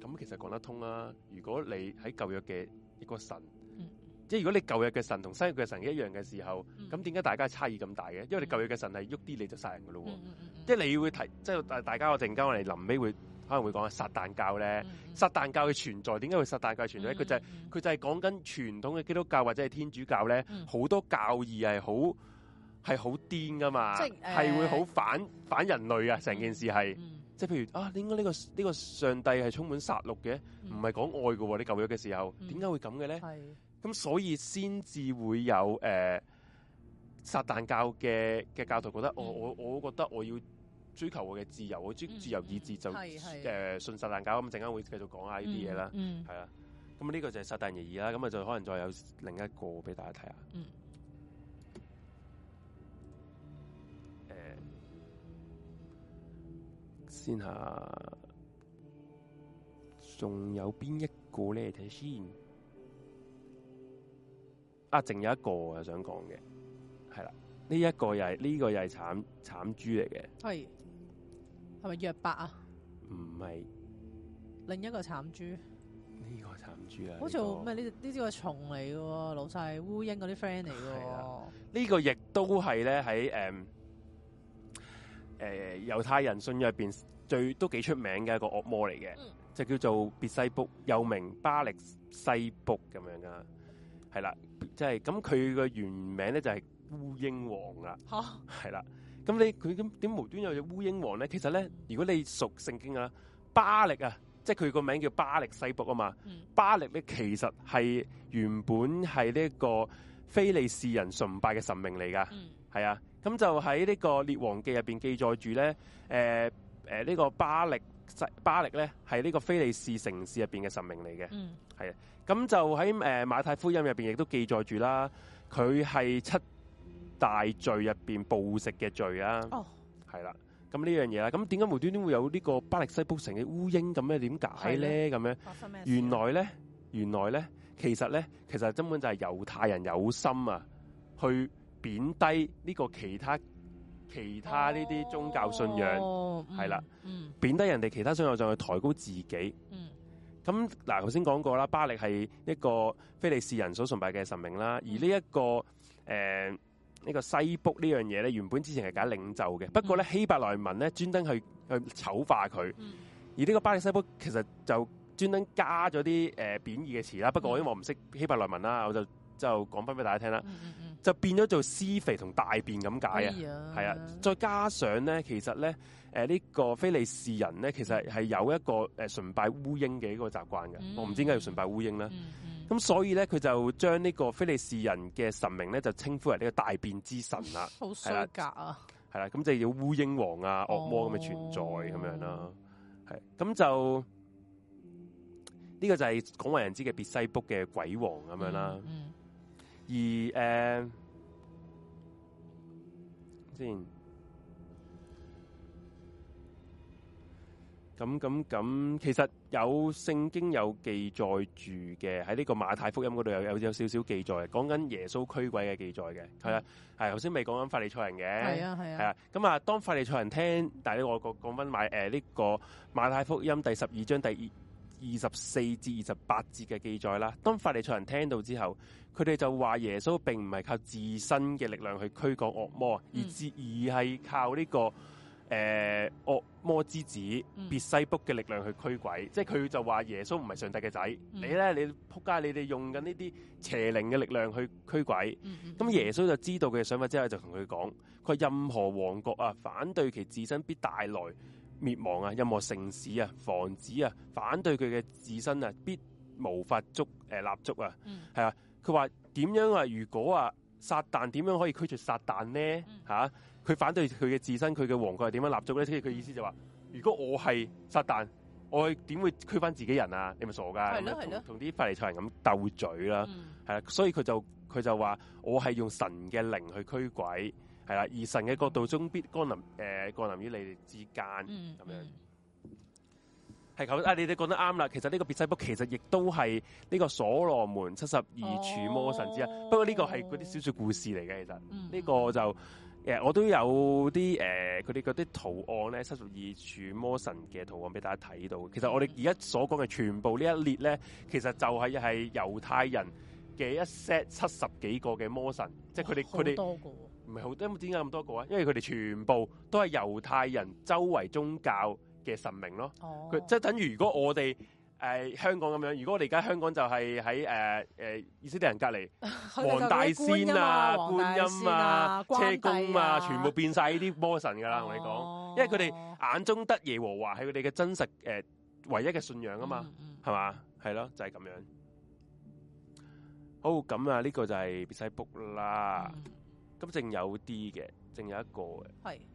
咁、嗯、其實講得通啦、啊。如果你喺舊約嘅一個神，嗯、即係如果你舊約嘅神同新約嘅神一樣嘅時候，咁點解大家差異咁大嘅？因為你舊約嘅神係喐啲你就殺人噶咯喎。嗯嗯嗯、即係你會提，即係大家我陣間我哋臨尾會可能會講下撒旦教咧，嗯嗯、撒旦教嘅存在點解會撒旦教嘅存在？佢、嗯嗯、就係、是、佢就係講緊傳統嘅基督教或者係天主教咧，好、嗯、多教義係好係好癲噶嘛，係、呃、會好反反人類啊！成件事係。嗯嗯即係譬如啊，你應該呢、這個呢、這個上帝係充滿殺戮嘅，唔係講愛嘅，喎，你舊約嘅時候點解、嗯、會咁嘅咧？咁係、嗯、所以先至會有誒、呃、撒旦教嘅嘅教徒覺得我我、嗯、我覺得我要追求我嘅自由，我追求自由意志就誒信撒旦教咁。陣間會繼續講下呢啲嘢啦，係啦。咁呢個就係撒旦而已啦。咁啊就可能再有另一個俾大家睇下。先下，仲有邊一個咧？睇先，啊，剩有一個我想講嘅，係啦，呢一個又係呢個又係慘慘豬嚟嘅，係，係咪約伯啊？唔係，另一個慘豬，呢個慘豬啊，好似唔係呢？呢啲係蟲嚟嘅，老細烏蠅嗰啲 friend 嚟嘅，呢個亦都係咧喺誒誒猶太人信入邊。最都幾出名嘅一個惡魔嚟嘅，嗯、就叫做別西卜，又名巴力西卜咁樣噶，係啦，即係咁佢個原名咧就係烏蠅王啊，係啦。咁你佢咁點無端有隻烏蠅王咧？其實咧，如果你熟聖經啊，巴力啊，即係佢個名叫巴力西卜啊嘛，嗯、巴力咧其實係原本係呢一個非利士人崇拜嘅神明嚟噶，係啊、嗯。咁就喺呢個列王記入邊記載住咧，誒、呃。誒，呃這個、呢個巴力西巴力咧，係呢個非利士城市入邊嘅神明嚟嘅，係的樣啊。咁就喺誒馬太福音入邊亦都記載住啦，佢係七大罪入邊暴食嘅罪啊。哦，係啦。咁呢樣嘢啦，咁點解無端端會有呢個巴力西卜城嘅烏蠅咁咧？點解咧？咁樣，原來咧，原來咧，其實咧，其實根本就係猶太人有心啊，去貶低呢個其他。其他呢啲宗教信仰係啦，貶低人哋其他信仰，就去抬高自己。咁嗱、嗯，頭先講過啦，巴力係一個非利士人所崇拜嘅神明啦。嗯、而呢、這、一個誒呢、呃這個西卜呢樣嘢咧，原本之前係解領袖嘅，嗯、不過咧希伯來文咧專登去去醜化佢。嗯、而呢個巴力西卜其實就專登加咗啲誒貶義嘅詞啦。不過因為我唔識希伯來文啦，我就就講翻俾大家聽啦。就變咗做施肥同大便咁解啊！係啊，再加上咧，其實咧，誒呢個非利士人咧，其實係有一個誒崇拜烏蠅嘅一個習慣嘅。我唔知點解要崇拜烏蠅啦。咁所以咧，佢就將呢個非利士人嘅神明咧，就稱呼為呢個大便之神啦。好衰格啊！係啦，咁就要烏蠅王啊、惡魔咁嘅存在咁樣啦。係，咁就呢個就係廣為人知嘅別西卜嘅鬼王咁樣啦。而誒、呃，先咁咁咁，其實有聖經有記載住嘅，喺呢個馬太福音嗰度有有有少少記載，講緊耶穌驅鬼嘅記載嘅，係啊，係頭先未講緊法利賽人嘅，係啊係啊，係啊，咁啊，啊，當法利賽人聽，但係咧我講講翻買誒呢個馬太福音第十二章第二。二十四至二十八節嘅記載啦，當法利賽人聽到之後，佢哋就話耶穌並唔係靠自身嘅力量去驅趕惡魔，嗯、而至而係靠呢、呢個誒、呃、惡魔之子別西卜嘅力量去驅鬼。即係佢就話耶穌唔係上帝嘅仔、嗯，你咧你撲街，你哋用緊呢啲邪靈嘅力量去驅鬼。咁、嗯、哼耶穌就知道佢嘅想法之後就，就同佢講：佢任何王國啊，反對其自身必帶來滅亡啊！任何城市啊、房子啊，反對佢嘅自身啊，必無法足誒立足啊。係、嗯、啊，佢話點樣啊？如果啊，撒旦點樣可以驅除撒旦呢？吓、嗯，佢、啊、反對佢嘅自身，佢嘅王國係點樣立足咧？即係佢意思就話，如果我係撒旦，我點會驅翻自己人啊？你咪傻噶、啊，同同啲法利賽人咁鬥嘴啦、啊。係啦、啊，所以佢就佢就話，我係用神嘅靈去驅鬼。係啦，而神嘅角度終必降臨誒降臨於你哋之間，咁樣係咁啊。你哋講得啱啦。其實呢個別西卜其實亦都係呢個所羅門七十二柱魔神之一。哦、不過呢個係嗰啲小說故事嚟嘅。其實呢、嗯、個就誒、呃、我都有啲誒佢哋嗰啲圖案咧，七十二柱魔神嘅圖案俾大家睇到。其實我哋而家所講嘅全部呢一列咧，其實就係係猶太人嘅一 set 七十幾個嘅魔神，即係佢哋佢哋。唔係好，因點解咁多個啊？因為佢哋全部都係猶太人周圍宗教嘅神明咯。即係等於如果我哋誒、呃、香港咁樣，如果我哋而家香港就係喺誒誒以色列人隔離，黃他們 大仙啊、觀音啊、車公啊，啊啊全部變晒呢啲魔神噶啦！我哋講，哦、因為佢哋眼中得耶和華係佢哋嘅真實誒、呃、唯一嘅信仰啊嘛，係嘛、嗯？係咯，就係、是、咁樣。好，咁啊，呢個就係別西 k 啦。咁，正有啲嘅，正有一個嘅，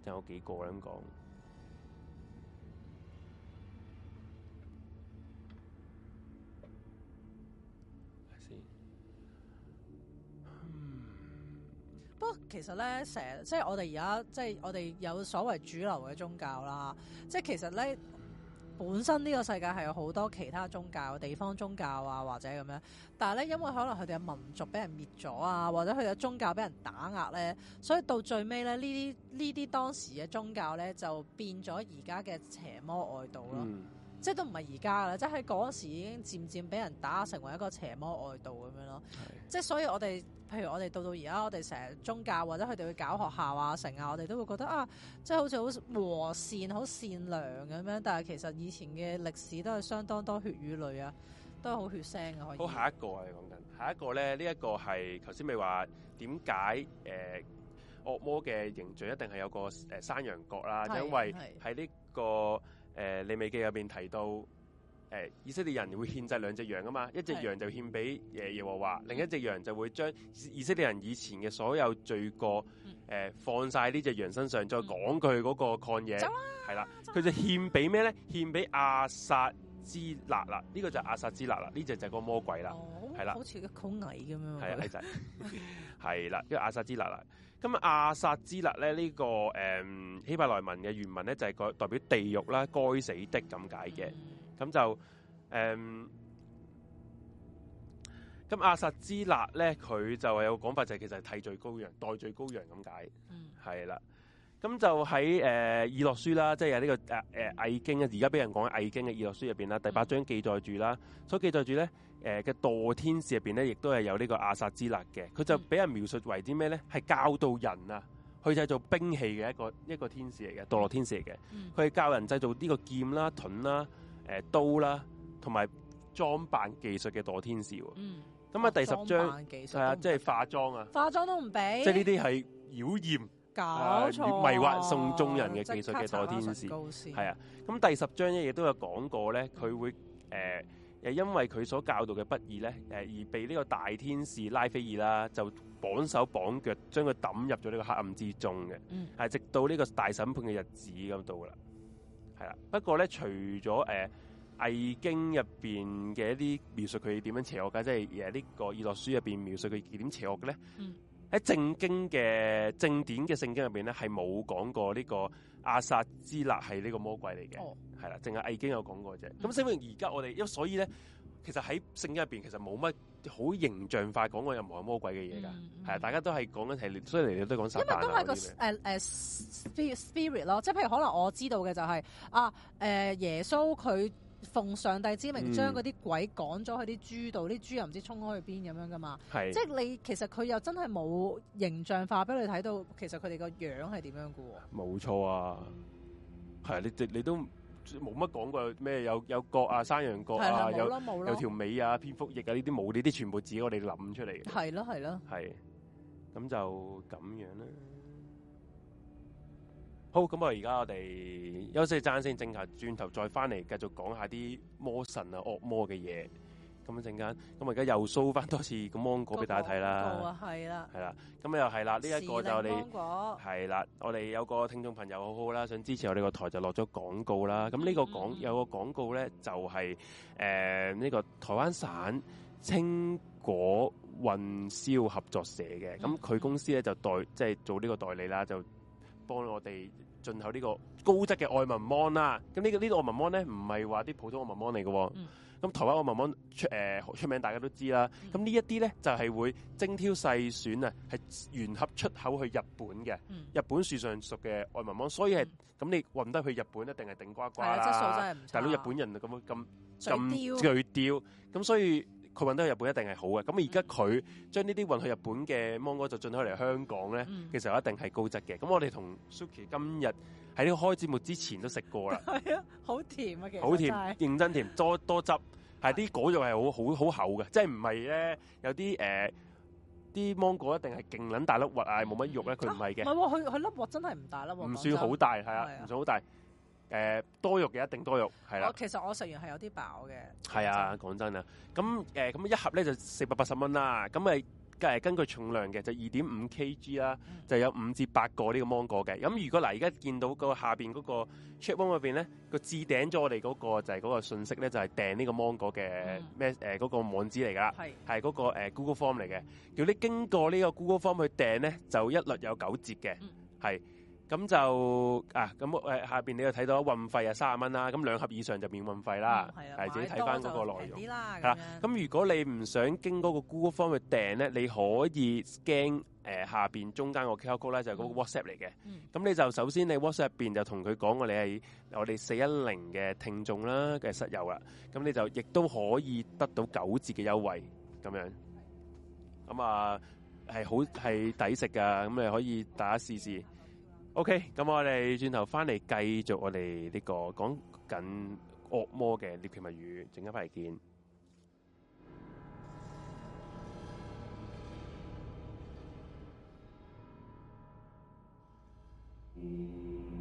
正有幾個咁講。係、嗯、先。不過是其實咧，成即係我哋而家，即係我哋有所謂主流嘅宗教啦，即係其實咧。本身呢個世界係有好多其他宗教、地方宗教啊，或者咁樣，但係咧，因為可能佢哋嘅民族俾人滅咗啊，或者佢哋嘅宗教俾人打壓咧，所以到最尾咧，呢啲呢啲當時嘅宗教咧，就變咗而家嘅邪魔外道咯。嗯即係都唔係而家啦，即係喺嗰時已經漸漸俾人打成為一個邪魔外道咁樣咯。是的 即係所以我哋，譬如我哋到到而家，我哋成日宗教或者佢哋會搞學校啊成啊，我哋都會覺得啊，即係好似好和善、好善良咁樣，但係其實以前嘅歷史都係相當多血與淚啊，都係好血腥啊。可以講。好，下一個啊，你講緊下一個咧？呢、這、一個係頭先咪話點解誒惡魔嘅形象一定係有個誒、呃、山羊角啦？的因為喺呢、這個。誒，利未、呃、記入邊提到，誒、呃，以色列人會獻祭兩隻羊噶嘛？一隻羊就獻俾耶耶和華，的另一隻羊就會將以色列人以前嘅所有罪過，誒、嗯呃，放晒呢隻羊身上，嗯、再講佢嗰個抗嘢，係啦，佢就獻俾咩咧？獻俾阿撒之辣啦，呢、這個就係亞撒之辣啦，呢隻、嗯、就係個魔鬼啦，係啦、哦，了好似個螞蟻咁樣，係啊， 矮仔，係啦，因為亞撒之辣啦。咁、嗯嗯嗯、阿撒之勒咧，呢個誒希伯來文嘅原文咧就係個代表地獄啦，該死的咁解嘅，咁就誒，咁阿撒之勒咧，佢就係有個講法就係、是、其實係替罪羔羊，代罪羔羊咁解，係啦、嗯。咁就喺誒《以、呃、諾書》啦、這個，即係有呢個誒誒《偽經》啊，而家俾人講《偽經》嘅《以諾書》入邊啦，第八章記載住啦，所記載住咧誒嘅墮天使入邊咧，亦都係有呢個亞薩之勒嘅，佢就俾人描述為啲咩咧？係教導人啊，去製造兵器嘅一個一個天使嚟嘅墮落天使嚟嘅，佢、嗯、係教人製造呢個劍啦、盾啦、誒、呃、刀啦，同埋裝扮技術嘅墮天使喎。嗯。咁啊、嗯，第十章係啊，妝即係化妝啊。化妝都唔俾。即係呢啲係妖艷。搞錯、啊、迷惑送眾人嘅技術嘅代天使，係使事啊，咁第十章亦都都有講過咧，佢會誒，誒、呃、因為佢所教導嘅不義咧，誒、呃、而被呢個大天使拉斐爾啦，就綁手綁腳將佢抌入咗呢個黑暗之中嘅，係、嗯、直到呢個大審判嘅日子咁到啦，係啦、啊。不過咧，除咗誒《偽、呃、經》入邊嘅一啲描述佢點樣邪惡嘅，即係誒呢個《以諾書》入邊描述佢點邪惡嘅咧。嗯喺正經嘅正典嘅聖經入邊咧，係冇講過呢個阿撒之辣係呢個魔鬼嚟嘅，係啦、哦，淨係《偽經》有講過啫。咁所以而家我哋，因所以咧，其實喺聖經入邊，其實冇乜好形象化講過任何魔鬼嘅嘢㗎，係啊、嗯，大家都係講緊係列，所以嚟哋都講神。因為都係個誒誒、啊啊啊、spirit, spirit 咯，即係譬如可能我知道嘅就係、是、啊誒、啊、耶穌佢。奉上帝之名，將嗰啲鬼趕咗去啲豬度，啲豬又唔知衝開去邊咁樣㗎嘛？嗯、即係你其實佢又真係冇形象化俾你睇到，其實佢哋個樣係點樣㗎喎？冇錯啊，係、嗯、你你都冇乜講過咩有有角啊，山羊角啊，有有條尾啊，蝙蝠翼啊呢啲冇，呢啲全部自己我哋諗出嚟嘅。係咯係咯，係咁就咁樣啦。好，咁啊！而家我哋休息一陣先，正頭轉頭再翻嚟，繼續講下啲魔神啊、惡魔嘅嘢。咁一陣間，咁我而家又 show 翻多次個芒果俾大家睇啦。芒果係啦，係啦，咁又係啦。呢、這、一個就我哋，芒果，係啦，我哋有個聽眾朋友好好啦，想支持我呢個台，就落咗廣告啦。咁呢個廣有個廣告咧、嗯，就係誒呢個台灣省青果運銷合作社嘅。咁佢公司咧就代即係、就是、做呢個代理啦，就。幫我哋進口呢個高質嘅愛文芒啦，咁、這個這個、呢個呢個愛文芒咧唔係話啲普通愛文芒嚟嘅，咁、嗯、台灣愛文芒出誒、呃、出名，大家都知啦。咁、嗯、呢一啲咧就係、是、會精挑細選啊，係原盒出口去日本嘅，嗯、日本樹上熟嘅愛文芒，所以係咁、嗯、你運得去日本一定係頂呱呱啦。係啦，質素真係唔。大佬日本人咁咁咁巨雕，咁所以。佢運到去日本一定係好嘅，咁而家佢將呢啲運去日本嘅芒果就進到嚟香港咧，嗯、其實一定係高質嘅。咁我哋同 Suki 今日喺呢個開節目之前都食過啦。係啊，好甜啊，其實好甜，啊、甜，真係認真甜， 多多汁，係啲果肉係好好好厚嘅，即係唔係咧？有啲誒啲芒果一定係勁撚大粒核啊，冇乜肉咧，佢唔係嘅。唔係，佢佢粒核真係唔大粒，唔算好大，係好 啊，唔算好大。誒多肉嘅一定多肉，係啦。其實我食完係有啲飽嘅。係啊，講真啊，咁誒咁一盒咧就四百八十蚊啦。咁咪誒根據重量嘅就二點五 Kg 啦，就，g,、嗯、就有五至八個呢個芒果嘅。咁如果嗱，而家見到個下邊嗰個 chat room 裏邊咧，個置頂咗我哋嗰個就係嗰個信息咧，就係、是、訂呢個芒果嘅咩誒嗰個網址嚟㗎喇，係嗰個的 Google Form 嚟嘅。嗯、如果你經過呢個 Google Form 去訂咧，就一律有九折嘅，係。嗯咁就啊，咁誒下邊你就睇到運費啊，三十蚊啦。咁兩盒以上就免運費啦。係、嗯、自己睇翻嗰個內容，啦咁咁如果你唔想經嗰個 Google Form 去訂咧，你可以 scan 誒、呃、下邊中間、K K、K, 個 QR code 咧，就係嗰個 WhatsApp 嚟嘅。咁你就首先你 WhatsApp 入邊就同佢講，我你係我哋四一零嘅聽眾啦，嘅室友啦。咁你就亦都可以得到九折嘅優惠咁樣。咁啊係好係抵食㗎，咁你可以大家試試。OK，咁我哋轉頭翻嚟繼續我哋呢個講緊惡魔嘅獵奇物語，陣間翻嚟見。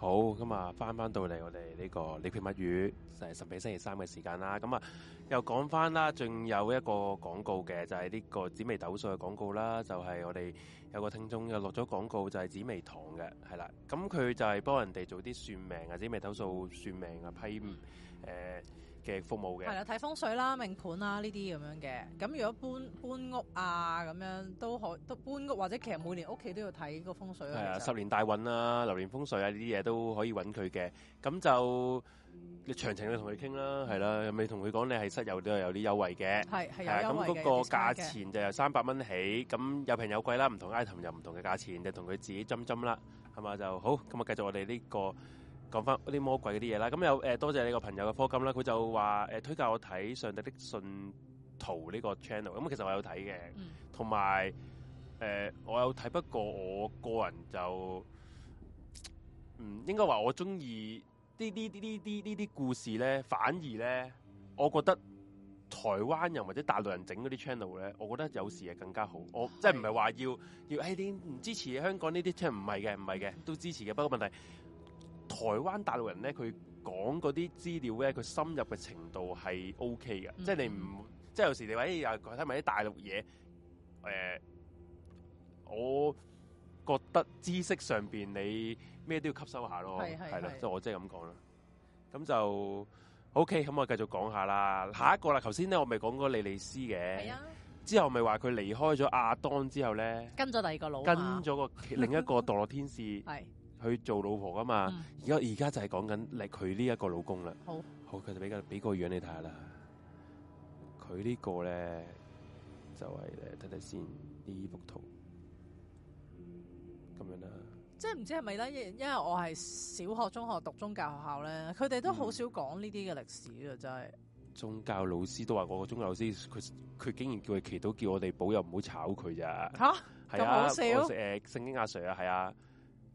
好，咁啊，翻翻到嚟，我哋呢個獵奇物語，就係神秘星期三嘅時間啦。咁、嗯、啊，又講翻啦，仲有一個廣告嘅，就係、是、呢個紫微斗數嘅廣告啦。就係我哋有個聽眾又落咗廣告，就係、是就是、紫微堂嘅，係啦。咁、嗯、佢就係幫人哋做啲算命啊，紫微斗數算命啊，批誒。呃嘅服務嘅，係啦，睇風水啦、命盤啦呢啲咁樣嘅，咁如果搬搬屋啊咁樣都可，都搬屋或者其實每年屋企都要睇個風水。係啊，十年大運啊，流年風水啊呢啲嘢都可以揾佢嘅，咁就你詳情去同佢傾啦，係啦，咪同佢講你係室友都有啲優惠嘅，係係啊，咁嗰個價錢就係三百蚊起，咁有平有貴啦，唔同 item 又唔同嘅價錢，就同佢自己斟斟啦，係嘛就好，咁啊繼續我哋呢個。講翻啲魔鬼啲嘢啦，咁有誒、呃、多謝你個朋友嘅課金啦，佢就話誒、呃、推介我睇上帝的信徒呢個 channel，咁、嗯、其實我有睇嘅，同埋誒我有睇，不過我個人就，嗯，應該話我中意呢啲啲啲啲呢啲故事咧，反而咧，我覺得台灣人或者大陸人整嗰啲 channel 咧，我覺得有時係更加好，我的即係唔係話要要誒、哎、你唔支持香港呢啲 channel，唔係嘅，唔係嘅，嗯、都支持嘅，不過問題。台灣大陸人咧，佢講嗰啲資料咧，佢深入嘅程度係 OK 嘅，即係你唔，即係有時你話咦，又睇埋啲大陸嘢，誒、呃，我覺得知識上邊你咩都要吸收下咯，係啦，即係我即係咁講啦。咁就 OK，咁我繼續講下啦，下一個啦，頭先咧我咪講過莉莉絲嘅，是啊、之後咪話佢離開咗亞當之後咧，跟咗第二個佬跟個。跟咗個另一個墮落天使。 去做老婆噶嘛。而家而家就係講緊咧佢呢一個老公啦。好，好，佢就俾個俾個樣你睇下啦。佢呢個咧就係睇睇先呢幅圖咁樣啦。即係唔知係咪咧？因因為我係小學、中學讀宗教學校咧，佢哋都好少講呢啲嘅歷史嘅，真係。宗教老師都話我個宗教老師，佢佢竟然叫佢祈禱，叫我哋保佑唔、啊啊、好炒佢咋？吓，咁好少誒？聖經阿 Sir 啊，係啊。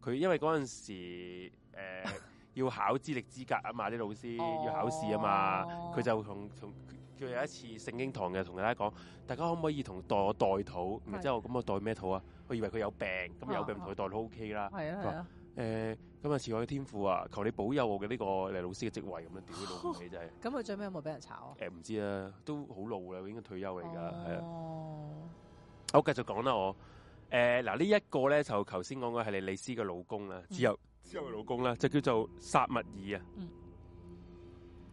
佢因為嗰陣時、呃、要考資歷資格啊嘛，啲老師要考試啊嘛，佢、oh. 就同同佢有一次聖經堂嘅同大家講，大家可唔可以同代我代禱？然之後咁我代咩禱是啊？我以為佢有病，咁有病同佢、oh. 代都 OK 啦。係啊係咁啊，慈愛天父啊，求你保佑我嘅呢個老師嘅職位咁樣。屌呢個老母閪真係的佢、哦、最尾有冇俾人炒啊？唔、欸、知啊，都好老啦，佢應該退休嚟㗎係啊。好、oh. okay, 繼續講啦我。誒，嗱呢、呃、一個咧就頭先講嘅係莉莉斯嘅老公啦、嗯，只有只有佢老公啦，就叫做撒密爾、嗯、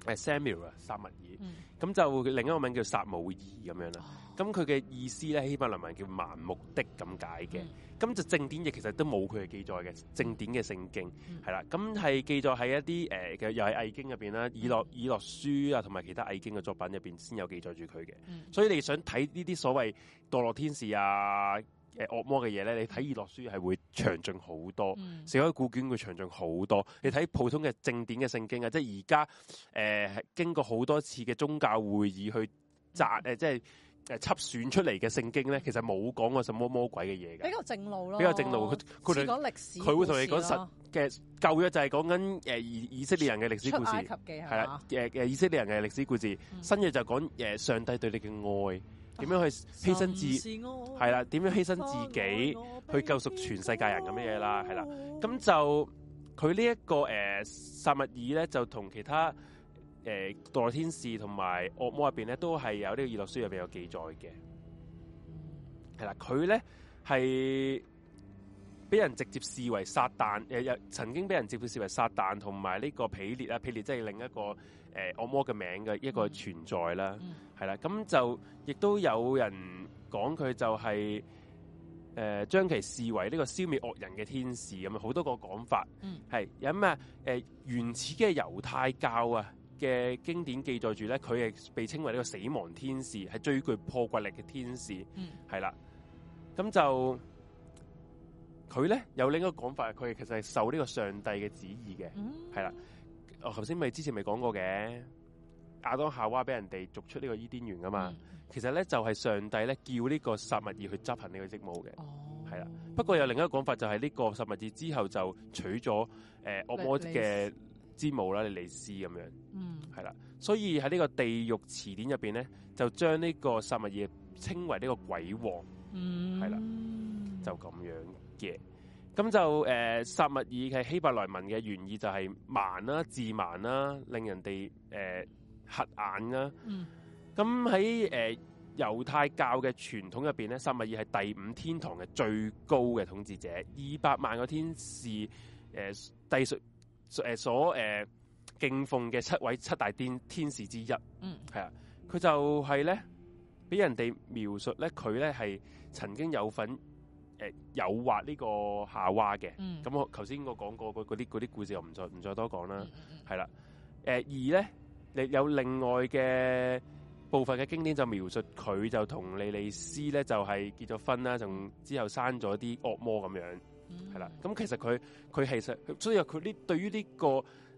啊，誒 Samuel 啊，撒密爾，咁、嗯、就另一個名叫撒母耳咁樣啦。咁佢嘅意思咧，希伯來文叫盲目的咁解嘅。咁、嗯、就正典亦其實都冇佢嘅記載嘅，正典嘅聖經係、嗯、啦。咁係記載喺一啲誒、呃、又係《偽經、嗯》入邊啦，《以諾》《以諾書》啊，同埋其他《偽經》嘅作品入邊先有記載住佢嘅。嗯、所以你想睇呢啲所謂墮落天使啊？誒惡、呃、魔嘅嘢咧，你睇以諾書係會詳盡好多，嗯、死海古卷佢詳盡好多。你睇普通嘅正典嘅聖經啊，即係而家誒經過好多次嘅宗教會議去摘，誒、嗯呃，即係誒篩選出嚟嘅聖經咧，其實冇講過什麼魔鬼嘅嘢嘅。比較正路咯，比較正路。佢佢同你講歷史，佢會同你講實嘅舊約就係講緊誒以色列人嘅歷史故事，係啦，誒誒、啊呃、以色列人嘅歷、嗯呃、歷史故事。新約就講誒上帝對你嘅愛。嗯點樣去犧牲自係啦？點樣犧牲自己去救贖全世界人咁嘅嘢啦？係啦，咁就佢、這個呃、呢一個誒撒麥爾咧，就同其他誒墮、呃、天使同埋惡魔入邊咧，都係有呢個以諾書入邊有記載嘅。係啦，佢咧係俾人直接視為撒旦誒、呃，曾經俾人直接視為撒旦同埋呢個彼列啊，彼列即係另一個。誒，惡魔嘅名嘅一個存在啦，係啦、嗯，咁就亦都有人講佢就係、是、誒、呃，將其視為呢個消滅惡人嘅天使咁，好多個講法，係有咩誒原始嘅猶太教啊嘅經典記載住咧，佢係被稱為呢個死亡天使，係最具破壞力嘅天使，係啦、嗯，咁就佢咧有另一個講法，佢其實係受呢個上帝嘅旨意嘅，係啦、嗯。我頭先咪之前咪講過嘅，亞當夏娃俾人哋逐出呢個伊甸園噶嘛，嗯、其實咧就係、是、上帝咧叫呢個撒密爾去執行呢個職務嘅，係啦、哦。不過有另一個講法就係呢個撒密爾之後就娶咗誒惡魔嘅之母啦，利利斯咁樣，係啦、嗯。所以喺呢個地獄詞典入邊咧，就將呢個撒密爾稱為呢個鬼王，係啦、嗯，就咁樣嘅。咁就誒薩、呃、密爾係希伯來文嘅原意就係盲啦、啊、自盲啦、啊，令人哋誒瞎眼啦、啊。咁喺誒猶太教嘅傳統入邊咧，薩密爾係第五天堂嘅最高嘅統治者，二百萬個天使誒低屬誒所誒、呃、敬奉嘅七位七大天天使之一。嗯，係啊，佢就係咧俾人哋描述咧，佢咧係曾經有份誘惑呢個夏娃嘅，咁、嗯嗯、我頭先我講過嗰啲啲故事又，我唔再唔再多講啦，係啦、嗯。誒二咧，誒、呃、有另外嘅部分嘅經典就描述佢就同莉莉絲咧就係、是、結咗婚啦，仲之後生咗啲惡魔咁樣，係啦、嗯。咁、嗯嗯嗯、其實佢佢其實，所以佢呢對於呢、這個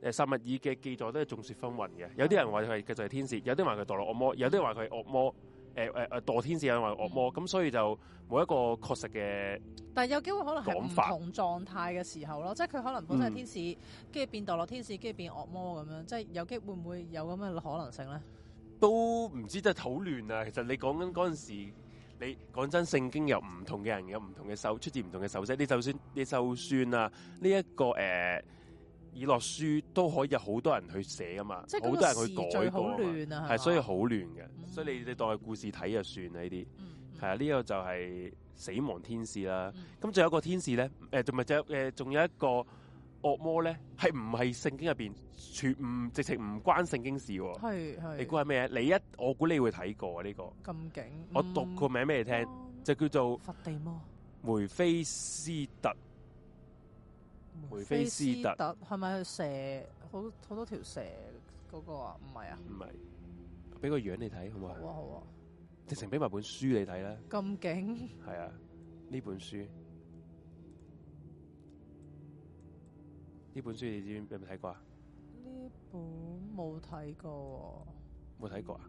誒撒麥爾嘅記載都係眾說紛紜嘅，嗯、有啲人話佢係繼續係天使，有啲話佢墮落惡魔，有啲話佢係惡魔。嗯誒誒誒墮天使，因為惡魔，咁、嗯、所以就冇一個確實嘅。但係有機會可能係唔同狀態嘅時候咯，即係佢可能本身係天使，跟住、嗯、變墮落天使，跟住變惡魔咁樣，即係有機會唔會，會有咁嘅可能性咧。都唔知真係好亂啊！其實你講緊嗰陣時，你講真聖經有唔同嘅人，有唔同嘅手，出自唔同嘅手勢。你就算你就算啊，呢、這、一個誒。呃以落書都可以有好多人去寫㗎嘛，好即是 多人去改㗎嘛，係所以好亂嘅、啊，所以你、嗯、你當係故事睇就算啦呢啲，係啊，呢個就係死亡天使啦。咁仲、嗯、有一個天使咧，誒仲咪仲誒仲有一個惡魔咧，係唔係聖經入邊全唔直情唔關聖經事喎？係你估係咩啊？你一我估你會睇過呢、啊呢個。咁勁！我讀個名俾你聽，嗯、就叫做佛地魔梅菲斯，斯特。梅菲斯特特係咪蛇？好好多條蛇嗰個啊？唔係啊？唔係，俾個樣你睇好唔好啊？好啊，好啊，直情俾埋本書你睇啦。咁勁？嗯，係啊，呢本書呢本書你知唔知有冇睇過，過，過啊？呢本冇睇過，冇睇過啊？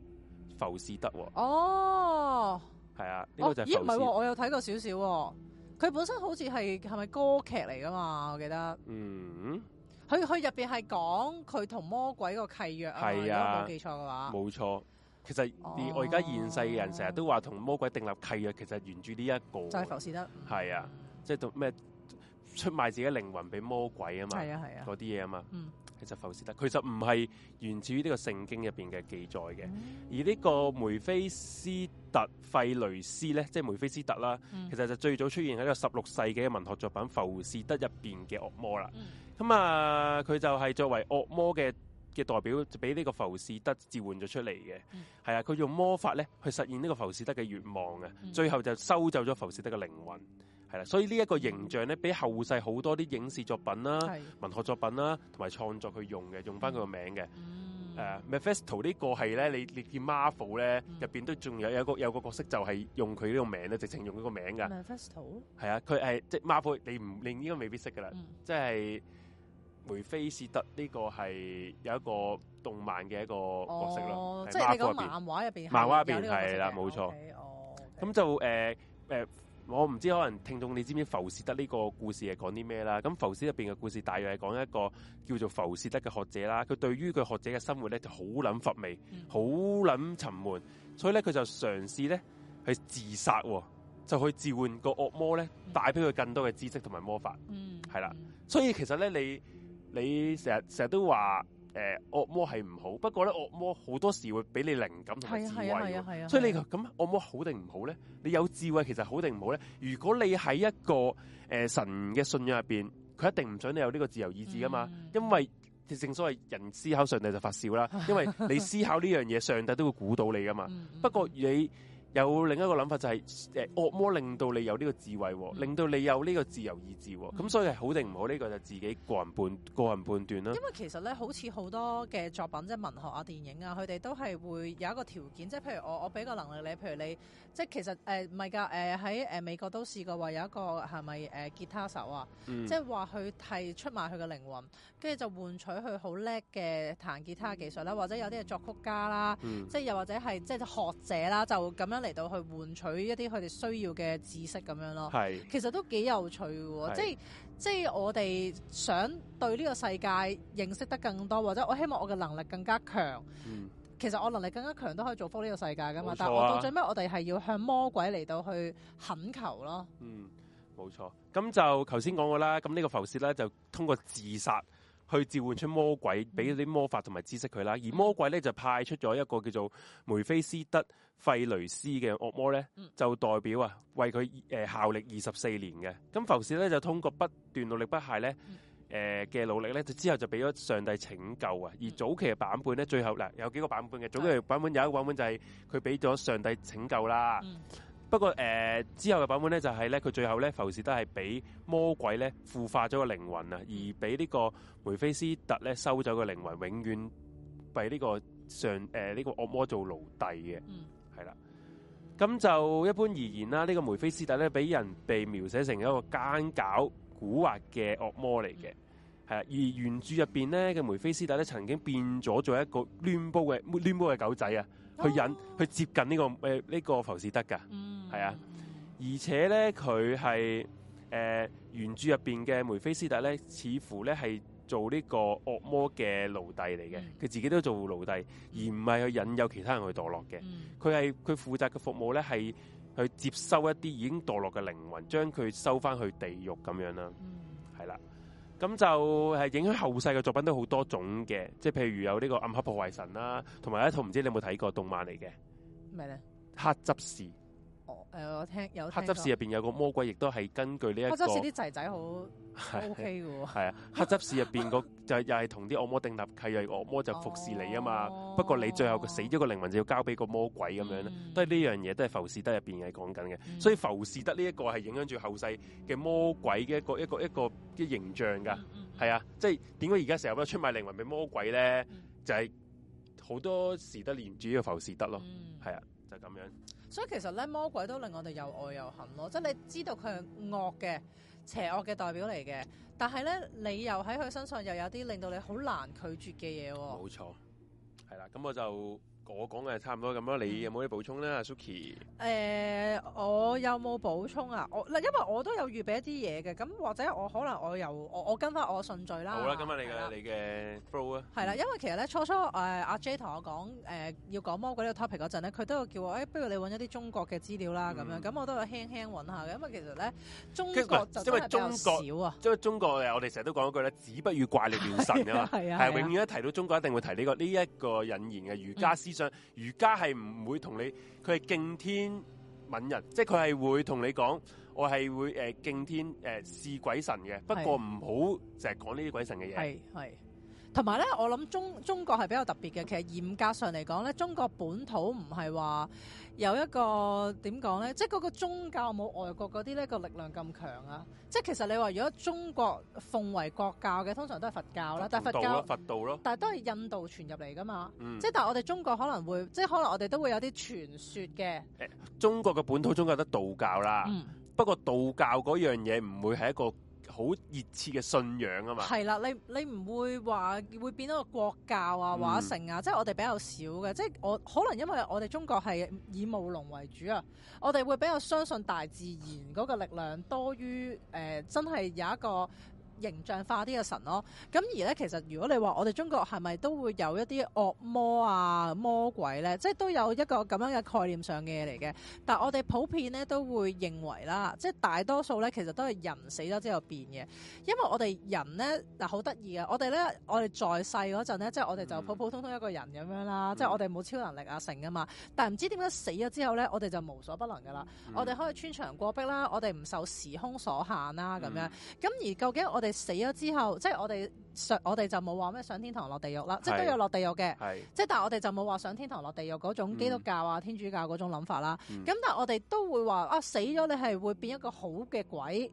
浮士德哦，係啊，呢、呢個就係浮士德。哦、咦唔係、啊？我有睇過少少、啊。佢本身好似係係咪歌劇嚟噶嘛？我記得，嗯，佢佢入邊係講佢同魔鬼個契約啊。係啊，冇記錯嘅話，冇錯。其實我而家現世嘅人成日都話同魔鬼訂立契約，其實源住呢一個，就係浮士德。係啊，即係做咩出賣自己靈魂俾魔鬼啊嘛？係啊係啊，嗰啲嘢啊嘛。嗯就浮士德，佢就唔係源自於呢個聖經入邊嘅記載嘅，嗯、而呢個梅菲斯特費雷斯咧，即係梅菲斯特啦，嗯、其實就最早出現喺呢個十六世紀嘅文學作品《浮士德》入邊嘅惡魔啦。咁、嗯、啊，佢就係作為惡魔嘅嘅代表，就俾呢個浮士德召喚咗出嚟嘅。係、嗯、啊，佢用魔法咧去實現呢個浮士德嘅願望啊，嗯、最後就收走咗浮士德嘅靈魂。所以呢一個形象咧，俾後世好多啲影視作品啦、啊、是文學作品啦、啊，同埋創作去用嘅，用翻佢、嗯 uh, 個名嘅。誒，Mephisto 呢個係咧，你你見 Marvel 咧入邊、嗯、都仲有個有個有個角色就係用佢呢個名咧，直情用佢個名噶。Mephisto? 係啊，佢係即係 Marvel，你唔你應該未必識噶啦，嗯、即係梅菲斯特呢個係有一個動漫嘅一個角色咯，即係講漫畫入邊，漫畫入邊係啦，冇錯。咁、okay, oh, okay. 就誒誒。呃嗯我唔知可能聽眾你知唔知浮士德呢個故事係講啲咩啦？咁浮士德入邊嘅故事，大約係講一個叫做浮士德嘅學者啦。佢對於佢學者嘅生活咧，就好捻乏味，好捻沉悶，所以咧佢就嘗試咧去自殺，就去召喚個惡魔咧，帶俾佢更多嘅知識同埋魔法。嗯係啦的，所以其實咧，你你成日成日都話。誒惡、呃、魔係唔好，不過咧惡魔好多時會俾你靈感同智慧，啊啊啊啊啊、所以你咁惡魔好定唔好咧？你有智慧其實好定唔好咧？如果你喺一個誒、呃、神嘅信仰入邊，佢一定唔想你有呢個自由意志噶嘛，因為正所謂人思考上帝就發笑啦，因為你思考呢樣嘢， 上帝都會估到你噶嘛。不過你有另一個諗法就係、是、誒、呃、惡魔令到你有呢個智慧、哦，令到你有呢個自由意志、哦，咁、嗯、所以係好定唔好呢、這個就自己個人判個人判斷啦、啊。因為其實咧，好似好多嘅作品即係文學啊、電影啊，佢哋都係會有一個條件，即係譬如我我俾個能力你，譬如你即係其實誒唔係㗎，誒喺誒美國都試過話有一個係咪誒吉他手啊，嗯、即係話佢係出賣佢嘅靈魂，跟住就換取佢好叻嘅彈吉他技術啦，或者有啲係作曲家啦，即係又或者係即係學者啦，就咁樣。嚟到去換取一啲佢哋需要嘅知識，咁樣咯，其實都幾有趣是即係即係我哋想對呢個世界認識得更多，或者我希望我嘅能力更加強，嗯、其實我能力更加強都可以造福呢個世界噶嘛，啊、但係我到最尾我哋係要向魔鬼嚟到去懇求咯。嗯，冇錯，咁就頭先講過啦，咁呢個浮士德咧就通過自殺。去召喚出魔鬼，俾啲魔法同埋知識佢啦。而魔鬼咧就派出咗一個叫做梅菲斯德費雷斯嘅惡魔咧，就代表啊，為佢誒效力二十四年嘅。咁浮士咧就通過不斷努力不懈咧誒嘅努力咧，就之後就俾咗上帝拯救啊。而早期嘅版本咧，最後嗱有幾個版本嘅，早期版本有一個版本就係佢俾咗上帝拯救啦。嗯。不過誒、呃，之後嘅版本咧就係、是、咧，佢最後咧，浮士德係俾魔鬼咧，腐化咗個靈魂啊，而俾呢個梅菲斯特咧收走個靈魂,永遠被呢個上誒呢、呃這個惡魔做奴隸嘅。嗯，係啦。咁就一般而言啦，呢、這個梅菲斯特咧，俾人被描寫成一個奸狡蠱惑嘅惡魔嚟嘅，係啦。而原著入邊咧嘅梅菲斯特咧，曾經變咗做一個攣煲嘅攣煲嘅狗仔啊。去引去接近呢、這個誒呢、呃這個浮士德㗎，係、嗯、啊，而且咧佢係誒原著入邊嘅梅菲斯特咧，似乎咧係做呢個惡魔嘅奴隸嚟嘅，佢自己都做奴隸，而唔係去引誘其他人去墮落嘅。佢係佢負責嘅服務咧係去接收一啲已經墮落嘅靈魂，將佢收翻去地獄咁樣啦。嗯咁就係影響後世嘅作品都好多種嘅，即係譬如有呢個暗黑破壞神啦，同埋一套唔知你有冇睇過動漫嚟嘅，咩咧？ 黑執事。誒、哦，我聽有聽黑執事入邊有個魔鬼，亦都係根據呢、這、一、個、黑執事啲仔仔好 O K 嘅。係啊，啊，黑執事入邊個就又係同啲惡魔定立契，又惡魔就服侍你啊嘛。哦、不過你最後死咗個靈魂就要交俾個魔鬼咁、嗯、樣都係呢樣嘢，都係浮士德入邊係講緊嘅。嗯、所以浮士德呢一個係影響住後世嘅魔鬼嘅一個一個一個嘅形象噶。係、嗯、啊，即係點解而家成日都出賣靈魂俾魔鬼咧？嗯、就係好多時都連住呢個浮士德咯。係、嗯、啊，就咁、是、樣。所以其實咧，魔鬼都令我哋又愛又恨咯。即係你知道佢係惡嘅、邪惡嘅代表嚟嘅，但係咧，你又喺佢身上又有啲令到你好難拒絕嘅嘢喎。冇錯，係啦。咁我就。我講嘅係差唔多咁咯，你有冇啲補充咧，Suki？誒，我有冇補充啊？我嗱，因為我都有預備一啲嘢嘅，咁或者我可能我又我我跟翻我順序啦。好啦，今日你嘅你嘅 flow 啊？係啦、啊啊，因為其實咧初初誒阿 J 同我講誒、呃、要講魔鬼呢個 topic 嗰陣咧，佢都有叫我誒、哎，不如你揾一啲中國嘅資料啦咁樣。咁、嗯、我都有輕輕揾下嘅，因為其實咧中國，國就真係比較少啊。因為中國為我哋成日都講一句咧，子不語怪力亂神 啊嘛。係啊，啊，永遠一提到中國一定會提呢、呢個呢一、呢個引言嘅儒家思想、嗯。上儒家係唔會同你，佢係敬天敏人，即係佢係會同你講，我係會誒、呃、敬天誒視、呃、鬼神嘅，不過唔好成日講呢啲鬼神嘅嘢。係係，同埋咧，我諗中中國係比較特別嘅，其實嚴格上嚟講咧，中國本土唔係話，有一個點講咧，即係嗰個宗教冇外國嗰啲咧個力量咁強啊！即係其實你話如果中國奉為國教嘅，通常都係佛教啦，但係佛教道咯，佛道咯，道但係都係印度傳入嚟㗎嘛。嗯，即係但係我哋中國可能會，即係可能我哋都會有啲傳說嘅，哎。中國嘅本土宗教得道教啦，嗯，不過道教嗰樣嘢唔會係一個。好熱切嘅信仰啊嘛，係啦，你你唔會話會變到個國教啊，嗯、或城啊，即係我哋比較少嘅，即係我可能因為我哋中國係以務農為主啊，我哋會比較相信大自然嗰個力量多於誒、呃，真係有一個，形象化啲嘅神咯，咁而咧，其實如果你話我哋中國係咪都會有一啲惡魔啊、魔鬼咧，即係都有一個咁樣嘅概念上嘅嘢嚟嘅。但係我哋普遍咧都會認為啦，即係大多數咧其實都係人死咗之後變嘅，因為我哋人咧，嗱好得意啊，我哋咧我哋在世嗰陣咧，即係我哋就普普通通一個人咁樣啦，嗯、即係我哋冇超能力啊成嘅嘛。但係唔知點解死咗之後咧，我哋就無所不能嘅啦，嗯、我哋可以穿牆過壁啦，我哋唔受時空所限啦咁、嗯、樣。咁而究竟我哋我哋死咗之後，即係我哋上，我哋就冇話咩上天堂落地獄啦，是即係都有落地獄嘅，即係是但係我哋就冇話上天堂落地獄嗰種基督教啊、嗯、天主教嗰種諗法啦。咁、嗯、但係我哋都會話啊，死咗你係會變一個好嘅鬼。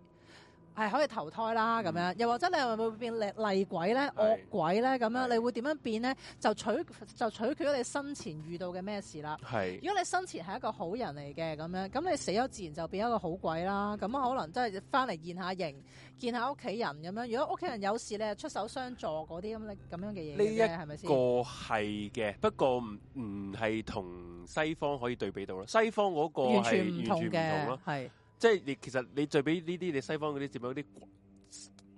係可以投胎啦，咁樣、嗯、又或者你會唔會變厲厲鬼咧、惡鬼咧，咁是樣你會點樣變咧？就取就取決咗你生前遇到嘅咩事啦。係是。如果你生前係一個好人嚟嘅，咁樣咁你死咗自然就變一個好鬼啦。咁、嗯、可能真係翻嚟現下形，見下屋企人咁樣。如果屋企人有事咧，你出手相助嗰啲咁咁樣嘅嘢。呢一個係嘅，不過唔唔係同西方可以對比到啦。西方嗰個完全唔同咯，係。即係你其實你對比呢啲你西方嗰啲咁樣啲，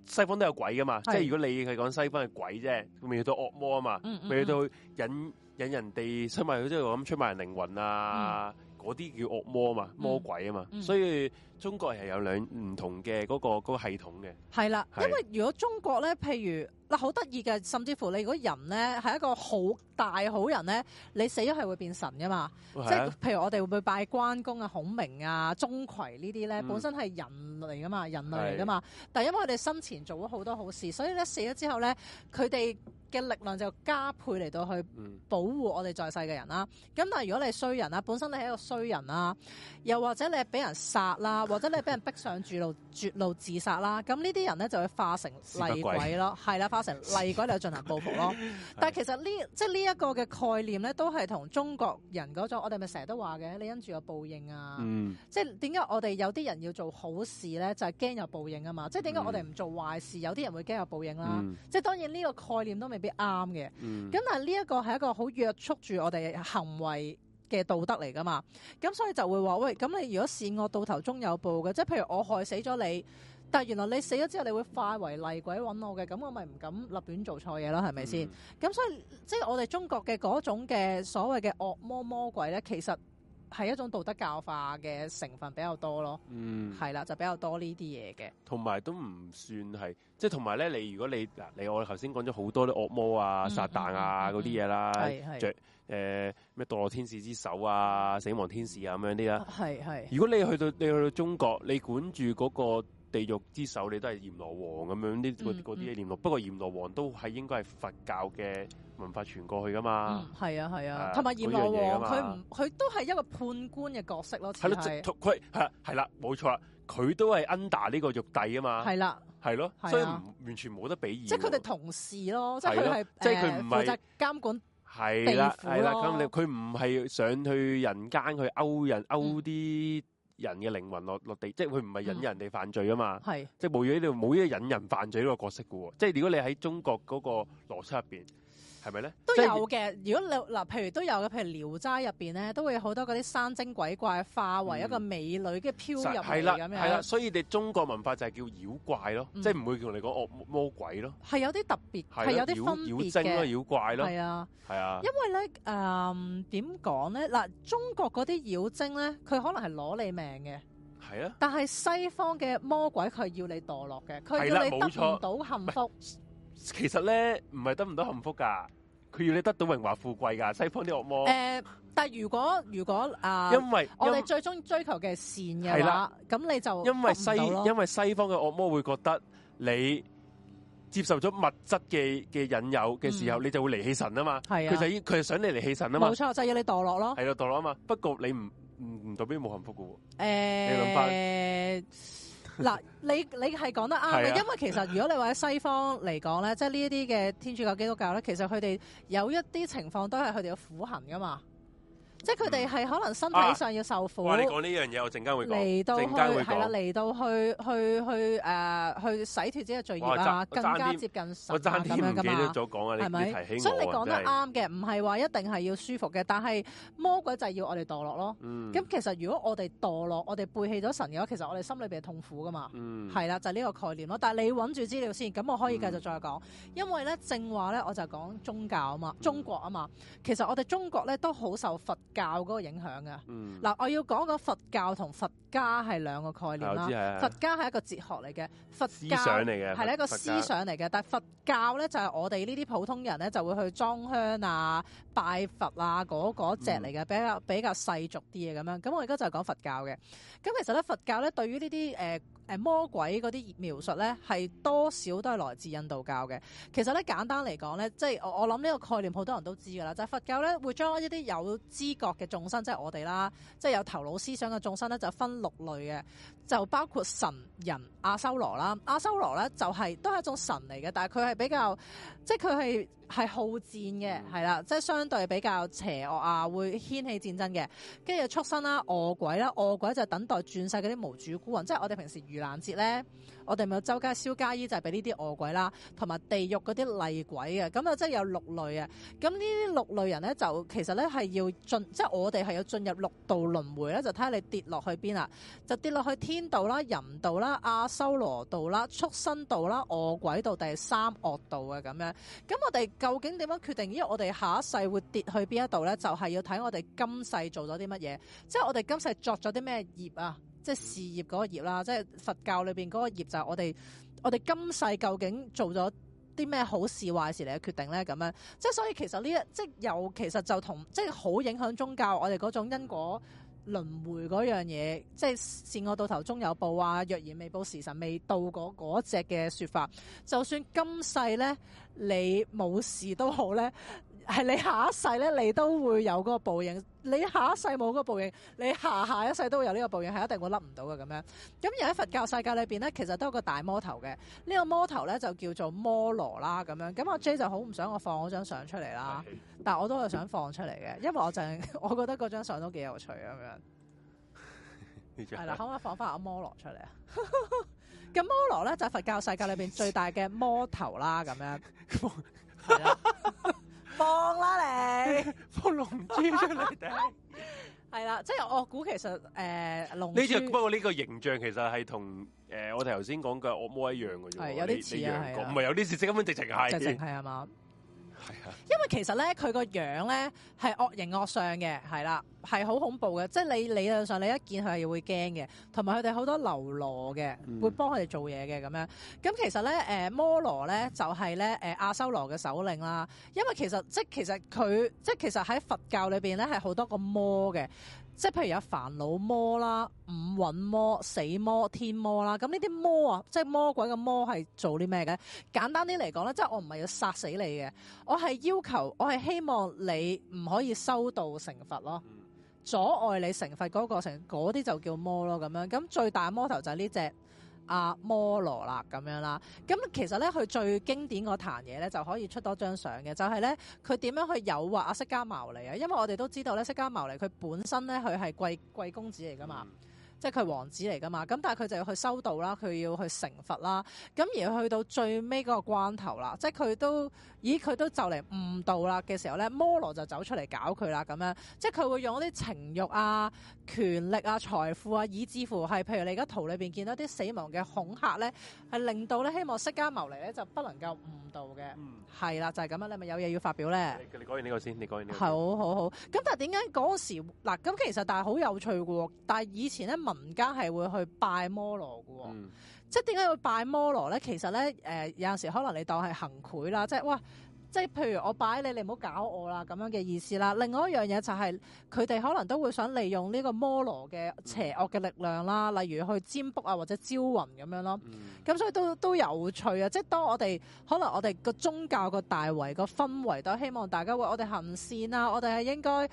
西方都有鬼噶嘛。是即係如果你係講西方係鬼啫，咁未去到惡魔啊嘛，未去、嗯、到引、嗯、引人哋出賣，即係咁出賣人靈魂啊，嗰啲、嗯、叫惡魔啊嘛，嗯、魔鬼啊嘛。嗯、所以中國係有兩唔同嘅嗰、嗰個嗰個系統嘅。係啦，是因為如果中國咧，譬如。好得意嘅，甚至乎你如果人咧，係一個好大好人咧，你死咗係會變神噶嘛？哦、即係譬如我哋會唔會拜關公啊、孔明啊、鍾馗呢啲咧？本身係人嚟噶嘛，人類嚟噶嘛。是但係因為佢哋生前做咗好多好事，所以咧死咗之後咧，佢哋嘅力量就加倍嚟到去保護我哋在世嘅人啦。咁、嗯、但係如果你衰人啊，本身你係一個衰人啊，又或者你係俾人殺啦，或者你係俾人逼上絕路 絕路自殺啦，咁呢啲人咧就會化成厲鬼咯，係啦例嗰度進行報復咯，但係其實呢，即係呢一個嘅概念咧，都係同中國人嗰種，我哋咪成日都話嘅，你因住有報應啊，即係點解我哋有啲人要做好事咧，就係驚有報應啊嘛，即係點解我哋唔做壞事，有啲人會驚有報應啦、啊，嗯、即係當然呢個概念都未必啱嘅，咁、嗯、但係呢一個係一個好約束住我哋行為嘅道德嚟㗎嘛，咁所以就會話喂，咁你如果善惡到頭終有報嘅，即係譬如我害死咗你。但原來你死咗之後，你會化為厲鬼揾我嘅，咁我咪唔敢立亂做錯嘢啦，係咪先？咁、嗯、所以即係我哋中國嘅嗰種嘅所謂嘅惡魔魔鬼咧，其實係一種道德教化嘅成分比較多咯。嗯，係啦，就比較多呢啲嘢嘅。同埋都唔算係，即係同埋咧，你如果你嗱，你我哋頭先講咗好多啲惡魔啊、撒旦啊嗰啲嘢啦，著誒咩墮落天使之手啊、死亡天使啊咁樣啲啦。係係。如果你去到你去到中國，你管住嗰個。地獄之首你都係閻羅王咁樣呢啲嘅閻羅，不過閻羅王都係應該係佛教嘅文化傳過去噶嘛，係啊係啊，同埋閻羅王佢唔佢都係一個判官嘅角色咯，係咯，佢係係啦，冇錯啦，佢都係 under 呢個玉帝啊嘛，係啦，係咯，所以完全冇得比。二即係佢哋同事咯，即係佢係即係佢唔係監管，係啦係啦，佢唔係想去人間去勾人勾啲。人嘅靈魂落地，即係佢唔係引人哋犯罪啊嘛，係、嗯，即係冇嘢呢度冇呢個引人犯罪呢個角色嘅喎，即係如果你喺中國嗰個邏輯入邊。係咪咧？都有嘅。如果你嗱，譬如都有嘅，譬如《聊齋》入邊咧，都會好多嗰啲山精鬼怪化為一個美女，跟住飄入嚟咁樣。係啦，所以你中國文化就係叫妖怪咯，嗯、即係唔會同你講惡魔鬼咯。係有啲特別，係的有啲分別妖精咯，妖怪咯。係啊的，係啊的。因為咧，誒、嗯，點講咧？嗱，中國嗰啲妖精咧，佢可能係攞你命嘅。係啊的。但係西方嘅魔鬼，佢要你墮落嘅，佢要你得唔到幸福。其實咧，唔係得唔到幸福噶，佢要你得到榮華富貴噶。西方啲惡魔，誒、呃，但係如果如果啊、呃，因為我哋最終追求嘅善嘅話，咁的你就因為西因為西方嘅惡魔會覺得你接受咗物質嘅嘅引誘嘅時候，嗯、你就會離棄神啊嘛。係啊的，佢就佢、是、係想你離棄神啊嘛。冇錯，就係要你墮落咯。係咯，墮落啊嘛。不過你唔唔代表冇幸福噶喎。誒。呃，你諗返嗱，你你係講得啱嘅，是啊、因為其實如果你話喺西方嚟講咧，即係呢一啲嘅天主教基督教咧，其實佢哋有一啲情況都係佢哋嘅苦行噶嘛。即係佢哋係可能身體上要受苦。啊、哇！你講呢樣嘢，我陣間會講。嚟到去係啦，嚟到去去去誒、呃，去洗脫自己嘅罪孽啦、啊，更加接近神咁、啊、樣㗎嘛。係咪？所以你講得啱嘅，唔係話一定係要舒服嘅，但係魔鬼就係要我哋墮落咯。咁、嗯、其實如果我哋墮落，我哋背棄咗神嘅話，其實我哋心裏邊係痛苦㗎嘛。嗯。係啦，就係、是、呢個概念咯。但係你揾住資料先，咁我可以繼續再講，嗯、因為咧正話咧，我就講宗教啊嘛，中國啊嘛，其實我哋中國咧都好受佛。教嗰個影響㗎，嗱、嗯，我要講講佛教同佛家係兩個概念啦。佛家係一個哲學嚟嘅，佛教思想嚟嘅，係一個思想嚟嘅。家但係佛教咧就係我哋呢啲普通人咧就會去裝香啊、拜佛啊嗰嗰隻嚟嘅，比較比較世俗啲嘅咁樣。咁我而家就係講佛教嘅。咁其實咧佛教咧對於呢啲誒、呃誒魔鬼嗰啲描述咧，係多少都係來自印度教嘅。其實咧，簡單嚟講咧，即係我我諗呢個概念好多人都知㗎啦。就係佛教咧，會將一啲有知覺嘅眾生，即係我哋啦，即係有頭腦思想嘅眾生咧，就分六類嘅，就包括神、人、阿修羅啦。阿修羅咧就係都係一種神嚟嘅，但係佢係比較，即係佢係。係好戰嘅，係啦、嗯，即係相對比較邪惡啊，會掀起戰爭嘅，跟住就畜生啦，惡鬼啦，惡鬼就等待轉世嗰啲無主孤魂，即係我哋平時盂蘭節咧。我哋咪有周街燒家衣就係俾呢啲餓鬼啦，同埋地獄嗰啲厲鬼嘅，咁啊真係有六類啊。咁呢啲六類人咧，就其實咧係要進，即係我哋係要進入六道輪迴咧，就睇下你跌落去邊啦。就跌落去天道啦、人道啦、阿修羅道啦、畜生道啦、餓鬼道定係三惡道嘅咁樣。咁我哋究竟點樣決定？因為我哋下一世會跌去邊一度咧，就係要睇我哋今世做咗啲乜嘢，即係我哋今世作咗啲咩業啊？即係事業嗰個業啦，即係佛教裏邊嗰個業就係我哋我哋今世究竟做咗啲咩好事壞事嚟嘅決定咧？咁樣即係所以其實呢一即係又其實就同即係好影響宗教我哋嗰種因果輪迴嗰樣嘢，即係善惡到頭終有報啊！若然未報時辰未到嗰嗰隻嘅説法，就算今世咧你冇事都好咧。係你下一世咧，你都會有嗰個報應。你下一世冇嗰個報應，你下下一世都會有呢個報應，係一定會甩唔到嘅咁樣。咁喺佛教世界裏邊咧，其實都係個大魔頭嘅。呢個魔頭咧就叫做摩羅啦咁樣。咁阿 J 就好唔想我放嗰張相出嚟啦，但我都係想放出嚟嘅，因為我就係、我覺得嗰張相都幾有趣咁樣。係啦， 可唔可以放翻阿摩羅出嚟啊？咁 摩羅咧就係佛教世界裏邊最大嘅魔頭啦，咁樣。 了 放啦你， 放龍珠出嚟睇， 係啦，即係我估其實誒龍、呃、珠，不過呢個形象其實係同誒我哋頭先講嘅惡魔一樣嘅，係有啲似啊，唔係對有啲似，即根本直情係，直情係，係嘛。因為其實咧佢個樣咧係惡形惡相嘅，係啦，係好恐怖嘅。即係你理論上你一見佢又會驚嘅，同埋佢哋好多流羅嘅，會幫佢哋做嘢嘅咁樣。咁其實咧，誒摩羅咧就係咧，誒阿修羅嘅首領啦。因為其實即係其實佢即係其實喺佛教裏邊咧係好多個魔嘅。即係譬如有煩惱魔啦、五蘊魔、死魔、天魔啦，咁呢啲魔啊，即係魔鬼嘅魔係做啲咩嘅？簡單啲嚟講咧，即係我唔係要殺死你嘅，我係要求，我係希望你唔可以修道成佛咯，阻礙你成佛嗰、那個過程，嗰啲就叫魔咯，咁樣，咁最大魔頭就係呢隻。阿、啊、摩羅啦咁樣啦，咁其實咧佢最經典嗰壇嘢咧就可以出多張相嘅，就係咧佢點樣去誘惑阿釋迦牟尼啊？因為我哋都知道咧，釋迦牟尼佢本身咧佢係貴貴公子嚟㗎嘛。嗯即係佢王子嚟㗎嘛，咁但係佢就要去修道啦，佢要去成佛啦，咁而去到最尾嗰個關頭啦，即係佢都以佢都就嚟悟道啦嘅時候咧，摩羅就走出嚟搞佢啦咁樣，即係佢會用一啲情欲啊、權力啊、財富啊，以至乎係譬如你而家圖裏邊見到啲死亡嘅恐嚇咧，係令到咧希望釋迦牟尼咧就不能夠悟道嘅。嗯，係啦，就係、是、咁樣，你咪有嘢要發表咧、嗯。你講完呢個先，你講完呢個先。係好好好。咁但係點解嗰時嗱？咁其實但係好有趣嘅喎。但係以前咧民間係會去拜摩羅嘅。哦，嗯、即係點解會拜摩羅咧？其實咧，誒、呃、有陣時可能你當係行賄啦，即係哇。即係譬如我擺你，你唔好搞我啦，咁樣嘅意思啦。另外一樣嘢就係佢哋可能都會想利用呢個摩羅嘅邪惡嘅力量啦，例如去占卜啊，或者招魂咁樣咯。咁、嗯嗯、所以都都有趣啊！即係當我哋可能我哋個宗教個大圍個氛圍都希望大家會我哋行善啊，我哋係應該遠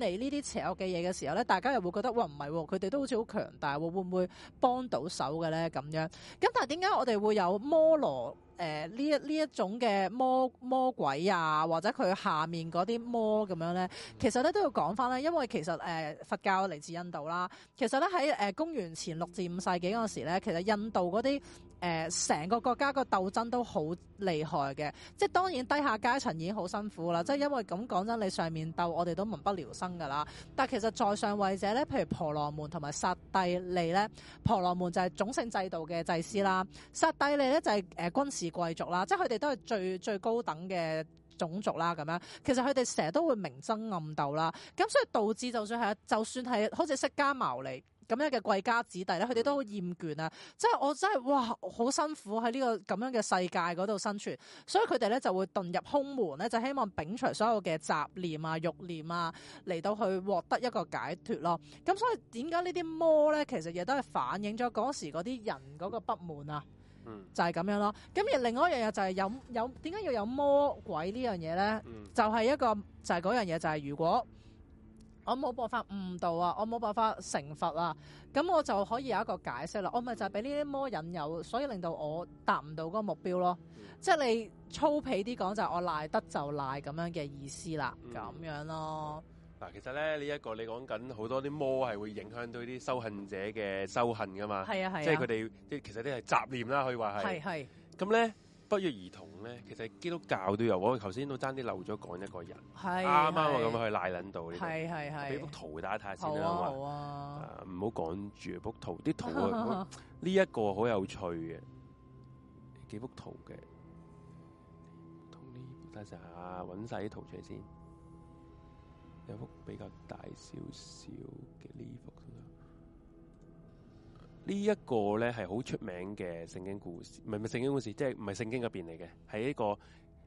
離呢啲邪惡嘅嘢嘅時候咧，大家又會覺得哇，唔係喎，佢哋、啊、都好似好強大喎，會唔會幫到手嘅咧咁樣？咁但係點解我哋會有摩羅？誒呢、呃、一呢一種嘅魔魔鬼啊，或者佢下面嗰啲魔咁樣咧，其實咧都要講返咧，因為其實誒、呃、佛教嚟自印度啦，其實咧喺誒公元前六至五世紀嗰時咧，其實印度嗰啲。誒，成、呃、個國家個鬥爭都好厲害嘅，即係當然低下階層已經好辛苦啦，即係因為咁講真，你上面鬥，我哋都民不聊生噶啦。但係其實在上位者咧，譬如婆羅門同埋剎帝利咧，婆羅門就係種姓制度嘅祭司啦，剎帝利咧就係誒軍事貴族啦，即係佢哋都係最最高等嘅種族啦。咁樣其實佢哋成日都會明爭暗鬥啦，咁所以導致就算係就算係好似釋迦牟尼。咁樣嘅貴家子弟咧，佢哋都好厭倦啊！即係我真係哇，好辛苦喺呢個咁樣嘅世界嗰度生存，所以佢哋咧就會遁入空門咧，就希望摒除所有嘅雜念啊、慾念啊，嚟到去獲得一個解脫咯。咁所以點解呢啲魔咧，其實亦都係反映咗嗰時嗰啲人嗰個不滿啊。嗯。就係咁樣咯。咁而另外一樣嘢就係有有點解要有魔鬼呢樣嘢咧？就係一個就係嗰樣嘢就係如果。我冇辦法悟道啊，我冇辦法成佛啊，咁我就可以有一個解釋啦。我咪就係俾呢啲魔引誘，所以令到我達唔到嗰個目標咯。嗯、即係你粗鄙啲講就係我賴得就賴咁樣嘅意思啦，咁樣咯。嗱，其實咧呢一個你講緊好多啲魔係會影響到啲修行者嘅修行噶嘛。係啊係啊。啊，即係佢哋即係其實啲係雜念啦，可以話係。係係是是。咁咧。不約而同咧，其實基督教都有。我頭先都爭啲漏咗講一個人，啱啱係我咁去賴撚到，俾幅圖大家睇下先啦，好啊，唔好講住幅圖。啲圖呢，一個好有趣嘅幾幅圖嘅，同呢睇下揾晒啲圖出嚟先，有幅比較大少少嘅呢。呢一個咧係好出名嘅聖經故事，唔係唔係聖經故事，即係唔係聖經嗰邊嚟嘅，係一個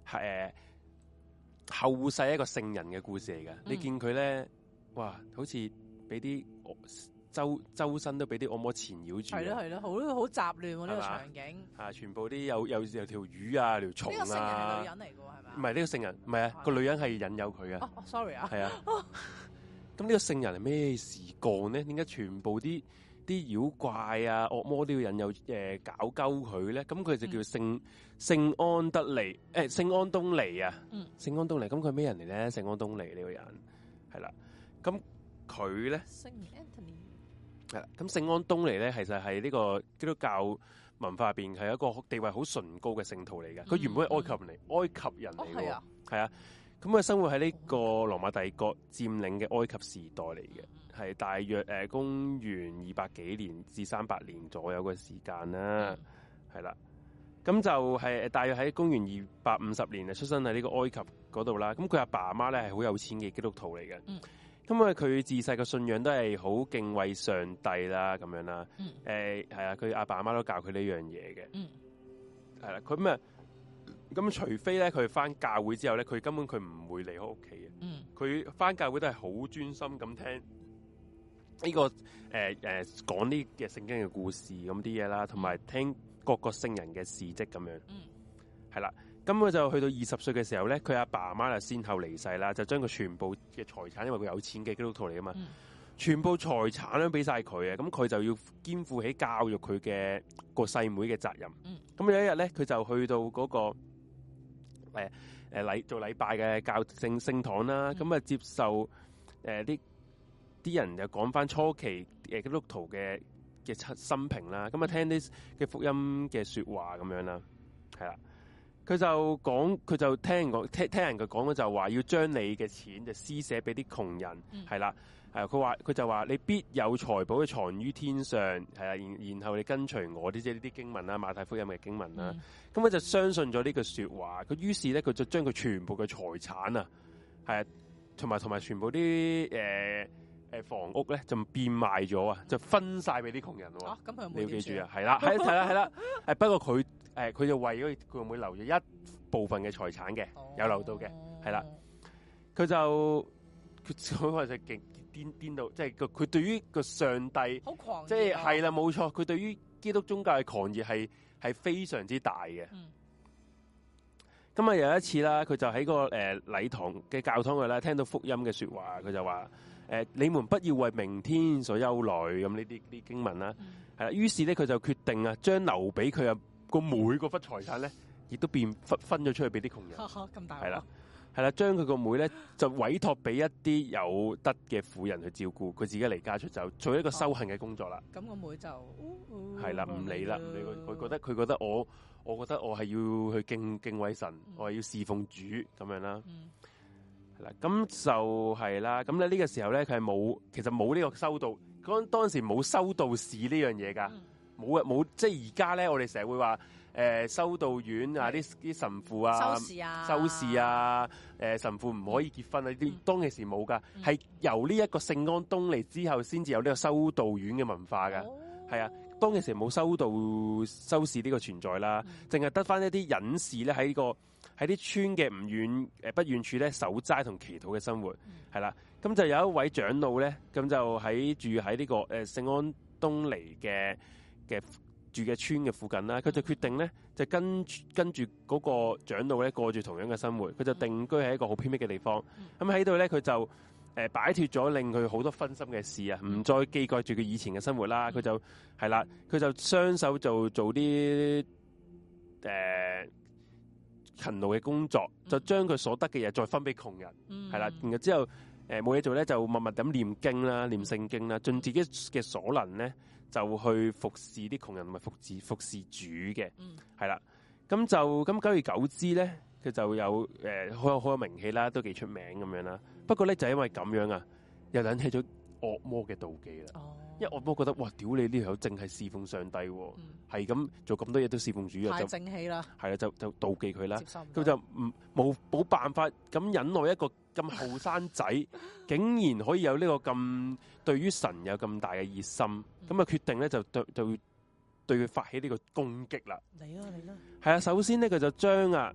係誒後世一個聖人嘅故事嚟嘅。你見佢咧，哇，好似俾啲周周身都俾啲惡魔纏繞住。係咯，係咯，好好雜亂喎呢個場景。啊，全部啲有有有條魚啊，條蟲啊。呢個聖人係女人嚟㗎，係咪？唔係呢個聖人，唔係啊，個女人係引誘佢嘅。哦，sorry 啊。係啊。咁呢個聖人係咩事幹咧？點解全部啲？啲妖怪啊，惡魔呢個人又引誘、呃、搞鳩佢咧，咁佢就叫聖、嗯、聖安德尼，誒、欸、聖安東尼啊，聖安東尼，咁佢係咩人嚟咧？聖安東尼呢個人係啦，咁佢咧，聖安東尼係啦，咁聖安東尼咧，其實係呢個基督教文化入邊係一個地位好崇高嘅聖徒嚟嘅，佢原本係埃及嚟，埃及人嚟嘅，係啊，咁佢生活喺呢個羅馬帝國佔領嘅埃及時代嚟嘅。係大約誒、呃，公元二百幾年至三百年左右嘅時間啦，係、嗯、啦，咁就係大約喺公元二百五十年啊，出生喺呢個埃及嗰度啦。咁佢阿爸阿媽咧係好有錢嘅基督徒嚟嘅，咁啊、嗯，佢自細嘅信仰都係好敬畏上帝啦，咁樣啦，誒、嗯，係啊、呃，佢阿爸阿媽都教佢呢樣嘢嘅，係、嗯、啦，佢咁啊，咁除非咧，佢翻教會之後咧，佢根本佢唔會離開屋企嘅，佢翻、嗯、教會都係好專心咁聽。呢、這個誒誒、呃呃、講啲嘅聖經嘅故事咁啲嘢啦，同埋聽各個聖人嘅事蹟咁、嗯、樣，係啦。咁佢就去到二十歲嘅時候咧，佢阿爸阿媽就先後離世啦，就將佢全部嘅財產，因為佢有錢嘅基督徒嚟啊嘛，嗯、全部財產都俾晒佢啊。咁佢就要肩負起教育佢嘅個細妹嘅責任。咁、嗯、有一日咧，佢就去到嗰、那個誒誒禮做禮拜嘅教聖聖堂啦，咁啊接受誒啲。呃啲人就講返初期嘅基督徒嘅嘅生平啦，咁啊聽啲嘅福音嘅説話咁樣啦，係啦，佢就講佢就聽講聽聽人嘅講咧，就話要將你嘅錢就施捨俾啲窮人，係啦，誒佢話佢就話你必有財寶藏於天上，係啊，然然後你跟隨我啲，即係呢啲經文啦，馬太福音嘅經文啦，咁咧、嗯、就相信咗呢句説話，佢於是咧佢就將佢全部嘅財產啊，係啊，同埋同埋全部啲誒。呃誒，房屋咧就變賣咗啊，就分晒俾啲窮人咯、啊。你冇、啊嗯、記住啊，係啦，係啦， 係啦。誒，不過佢誒，佢就為嗰個妹妹留咗一部分嘅財產嘅，有留到嘅係啦。佢就佢佢就極顛顛到，即係佢佢對於個上帝好狂即係係啦，冇錯、啊。佢、就是、對於基督宗教嘅狂熱係係非常之大嘅。咁啊、嗯，今有一次啦，佢就喺個誒禮堂嘅教堂度咧，聽到福音嘅說話，佢就話。誒、呃，你們不要為明天所憂慮，咁呢啲啲經文啦。係啦、嗯，於是咧，佢就決定啊，將留俾佢啊個妹嗰筆財產咧，亦都變分分咗出去俾啲窮人。咁大係啦，係啦，將佢個妹咧就委託俾一啲有德嘅婦人去照顧。佢自己離家出走，做一個修行嘅工作啦。咁個、啊啊、妹，妹就係啦，唔、哦哦、理啦，佢。佢覺得佢覺得我，我覺得我係要去敬敬畏神，嗯、我係要侍奉主咁樣啦。嗯嗱，咁就係啦。咁咧呢個時候咧，佢係冇，其實冇呢個修道。當當時冇修道士、嗯、呢樣嘢㗎，冇冇即係而家咧，我哋成日會話誒、呃、修道院啊，啲啲是神父啊，修士啊，修士啊，誒、呃、神父唔可以結婚啊。呢啲、嗯、當其時冇㗎，係、嗯、由呢一個聖安東尼之後，先至有呢個修道院嘅文化㗎。係啊、嗯，當其時冇修道修士呢個存在啦，淨係得返一啲隱士咧喺呢個。喺啲村嘅唔遠，誒不遠處咧守齋同祈禱嘅生活，係啦。咁就有一位長老咧，咁就喺住喺呢個誒聖安東尼嘅嘅住嘅村嘅附近啦。佢就決定咧，就跟跟住嗰個長老咧過住同樣嘅生活。佢就定居喺一個好偏僻嘅地方。咁喺度咧，佢就誒擺脱咗令佢好多分心嘅事啊，唔再記掛住佢以前嘅生活啦。佢就係啦，佢就雙手就做啲誒，勤勞嘅工作，就將佢所得嘅嘢再分俾窮人，係啦、嗯。然後之後誒冇嘢做咧，就默默咁念經啦，念聖經啦，盡自己嘅所能咧，就去服侍啲窮人同埋服侍服侍主嘅，係啦、嗯。咁就咁久而久之咧，佢就有誒好、呃、有好有名氣啦，都幾出名咁樣啦。不過咧就因為咁樣啊，又引起咗惡魔嘅妒忌啦。哦。因為我覺得哇，屌你呢條友淨係侍奉上帝喎、啊，係咁、嗯、做咁多嘢都侍奉主，就太正氣啦。係啊就，就就妒忌佢啦。佢就唔冇冇辦法咁忍耐一個咁後生仔， 竟然可以有呢、呢個咁對於神有咁大嘅熱心，咁啊、嗯、決定咧就對就對佢發起呢個攻擊啦。嚟啦嚟啦！係啊，首先呢，佢就將啊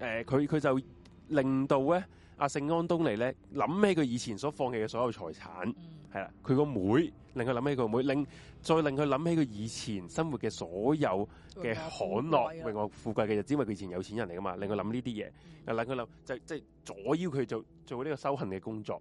誒佢佢就令到咧阿聖安東尼咧諗起佢以前所放棄嘅所有財產。嗯。係啦，佢個妹令佢諗起佢個妹，令，妹令再令佢諗起佢以前生活嘅所有嘅享樂，榮華富貴嘅日子，因為佢以前有錢人嚟噶嘛，令佢諗呢啲嘢，又、嗯、令佢諗，就即係、就是、阻撓佢做做呢個修行嘅工作。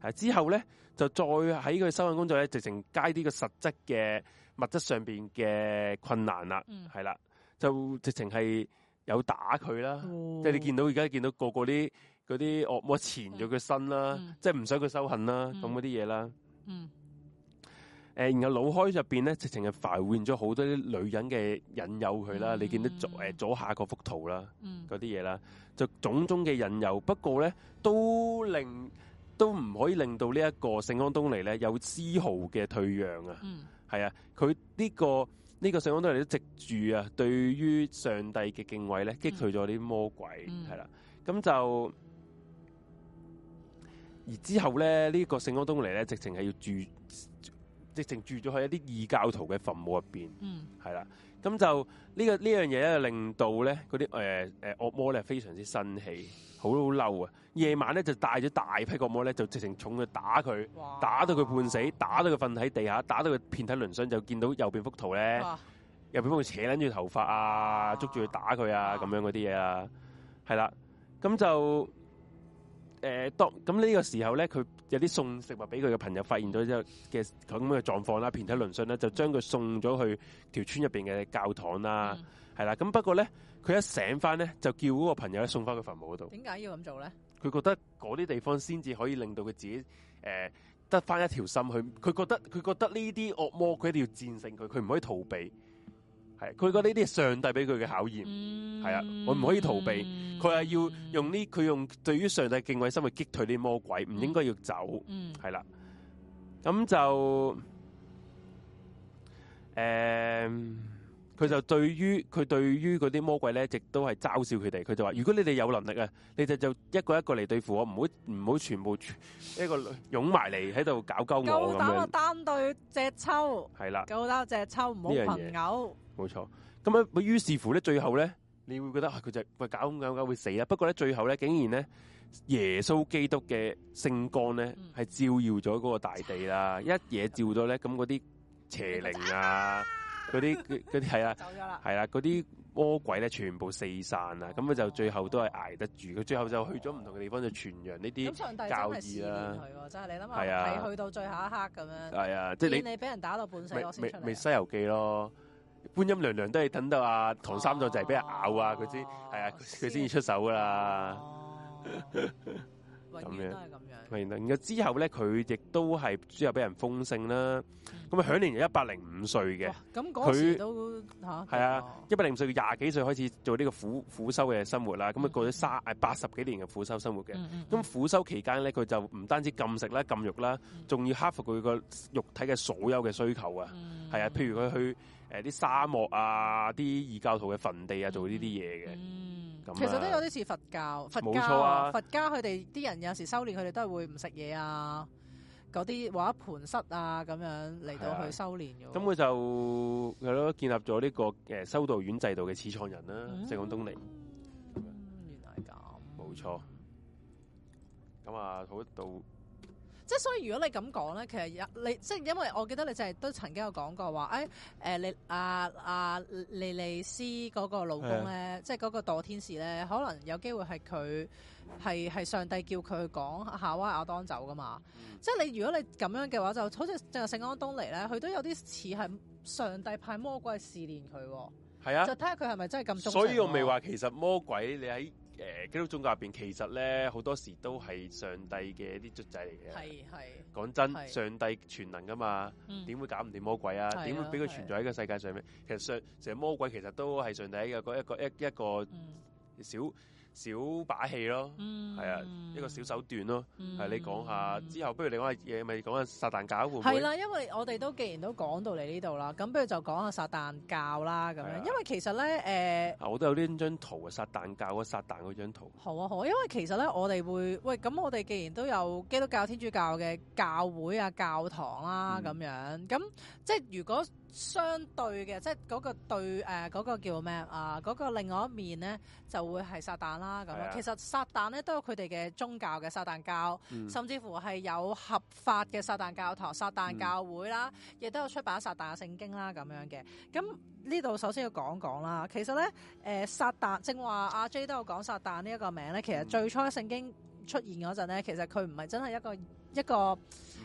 係、嗯、之後咧，就再喺佢修行工作咧，直情加啲個實質嘅物質上邊嘅困難啦。嗯，係啦，就直情係有打佢啦。哦、即係你見到而家見到個個啲。嗰啲惡魔纏咗佢身啦，即係唔使佢收恨啦，咁嗰啲嘢啦。誒，然後腦海入邊咧，直情係排換咗好多啲女人嘅引誘佢啦。你見到左誒左下嗰幅圖啦，嗰啲嘢啦，就種種嘅引誘。不過咧，都令都唔可以令到呢一個聖安東尼咧有絲毫嘅退讓啊。嗯。係啊，佢呢個呢個聖安東尼都執住啊，對於上帝嘅敬畏咧，擊退咗啲魔鬼係啦。咁就。而之後咧，呢、這個聖安東尼咧，直情係要住，直情住咗喺一啲異教徒嘅墳墓入邊。嗯，係啦。咁就呢個呢樣嘢咧，令到咧嗰啲誒誒惡魔咧，非常之生氣，好嬲啊！夜晚咧就帶咗大批惡魔咧，就直情重去打佢，哇 打到佢半死，打到佢瞓喺地下，打到佢遍體鱗傷，就見到右邊幅圖咧，哇 右邊幅佢扯緊住頭髮啊，捉住去打佢啊，咁哇 哇 樣嗰啲嘢啊，係啦，咁就。誒，當咁呢個時候咧，佢有啲送食物俾佢嘅朋友，發現咗即係嘅咁嘅狀況啦，遍體鱗傷咧，就將佢送咗去條村入邊嘅教堂啦，係啦、嗯。咁不過咧，佢一醒翻咧，就叫嗰個朋友送翻佢墳墓嗰度。點解要咁做咧？佢覺得嗰啲地方先至可以令到佢自己誒得翻一條心去。佢覺得佢覺得呢啲惡魔，佢一定要戰勝佢，佢唔可以逃避。係佢覺得呢啲係上帝俾佢嘅考驗，係啊、嗯，我唔可以逃避。佢係、嗯、要用呢，佢用對於上帝敬畏心去擊退啲魔鬼，唔應該要走，係啦、嗯。咁就誒，佢、嗯、就對於佢對於嗰啲魔鬼咧，一直都係嘲笑佢哋。佢就話：如果你哋有能力啊，你哋就一個一個嚟對付我，唔好唔好全部一個湧埋嚟喺度搞鳩我咁樣。夠膽啊，單對隻抽係啦，夠膽隻抽唔好群毆。的冇錯，咁啊，於是乎咧，最後咧，你會覺得佢就喂搞咁樣會死啊！不過咧、啊啊，最後咧，竟然咧，耶穌基督嘅聖光咧，係照耀咗嗰個大地啦，一夜照到咧，咁嗰啲邪靈啊，嗰啲嗰啲係啊，係啦，嗰啲魔鬼咧，全部四散啊！咁佢就最後都係挨得住，佢最後就去咗唔同嘅地方，就傳揚呢啲教義啦。上帝真係試驗佢，真係你諗下，係去到最後一刻咁、啊、樣。係啊，即、就、係、是、你俾人打到半死未未，未？未西遊記咯？觀音娘娘都係等到阿、啊、唐三藏就係俾人咬啊，佢先係啊，佢先要出手噶啦。咁、啊、 樣，明後之後咧，佢亦都係主要俾人封聖啦。咁啊，享年有一百零五歲嘅。咁嗰時都嚇係啊，一百零五歲，廿幾歲開始做呢個苦苦修嘅生活啦。咁啊、嗯，過咗三係八十幾年嘅苦修生活嘅。咁、嗯、苦修期間咧，佢就唔單止禁食啦、禁肉啦，仲要克服佢個肉體嘅所有嘅需求啊。係啊、嗯，譬、嗯、如佢去。誒啲、呃、沙漠啊，啲異教徒嘅墳地啊，做呢啲嘢嘅。嗯，啊、其實都有啲似佛教，佛教，錯啊、佛家佢哋啲人有時修練，佢哋都係會唔食嘢啊，嗰啲畫盤膝啊咁樣嚟到去修練嘅、嗯。咁佢就係咯，建立咗呢個誒修道院制度嘅始創人啦，聖安東尼。原來係咁。冇錯。咁啊，好到。即係所以，如果你咁講咧，其實你即係因為我記得你就係都曾經有講過話，誒、哎、誒、呃啊啊，利阿阿莉莉斯嗰個老公咧，是的 即係嗰個墮天使咧，可能有機會係佢係係上帝叫佢去講夏娃亞當走㗎嘛。是的 即係你如果你咁樣嘅話，就好似正如聖安東尼咧，佢都有啲似係上帝派魔鬼試煉佢、哦，係啊，就睇下佢係咪真係咁忠誠。所以我未話其實魔鬼你喺。誒、基督教入邊其實呢好多時都係上帝嘅一啲卒仔嚟嘅，講真，是上帝全能㗎嘛，點、嗯、會搞唔掂魔鬼啊？點的會俾佢存在喺個世界上面？其實上，成魔鬼其實都係上帝嘅一個一個一個一個、嗯、小小把戲咯，係、嗯、啊，一個小手段咯，係、嗯啊、你講下之後，不如你講下嘢，咪講下撒旦教，會唔會？係啦、啊，因為我哋都既然都講到嚟呢度啦，咁不如就講下撒旦教啦，咁樣，因為其實咧，誒、呃啊，我都有呢張圖啊，撒旦教嗰撒旦嗰張圖。好啊好，啊，因為其實咧，我哋會喂咁，我哋既然都有基督教、天主教嘅教會啊、教堂啦、啊、咁樣，咁、嗯、即係如果。相對嘅，即係嗰個對誒嗰、呃嗰個叫咩啊？嗰、嗰個另外一面呢，就會係撒旦啦咁。其實撒旦呢，都有佢哋嘅宗教嘅撒旦教，嗯、甚至乎係有合法嘅撒旦教堂、撒旦教會啦，亦都有出版撒旦嘅聖經啦咁樣嘅。咁呢度首先要講講啦。其實呢，誒、呃、撒旦，正話阿 J 都有講撒旦呢一個名呢。其實最初聖經出現嗰陣咧，其實佢唔係真係一個。一個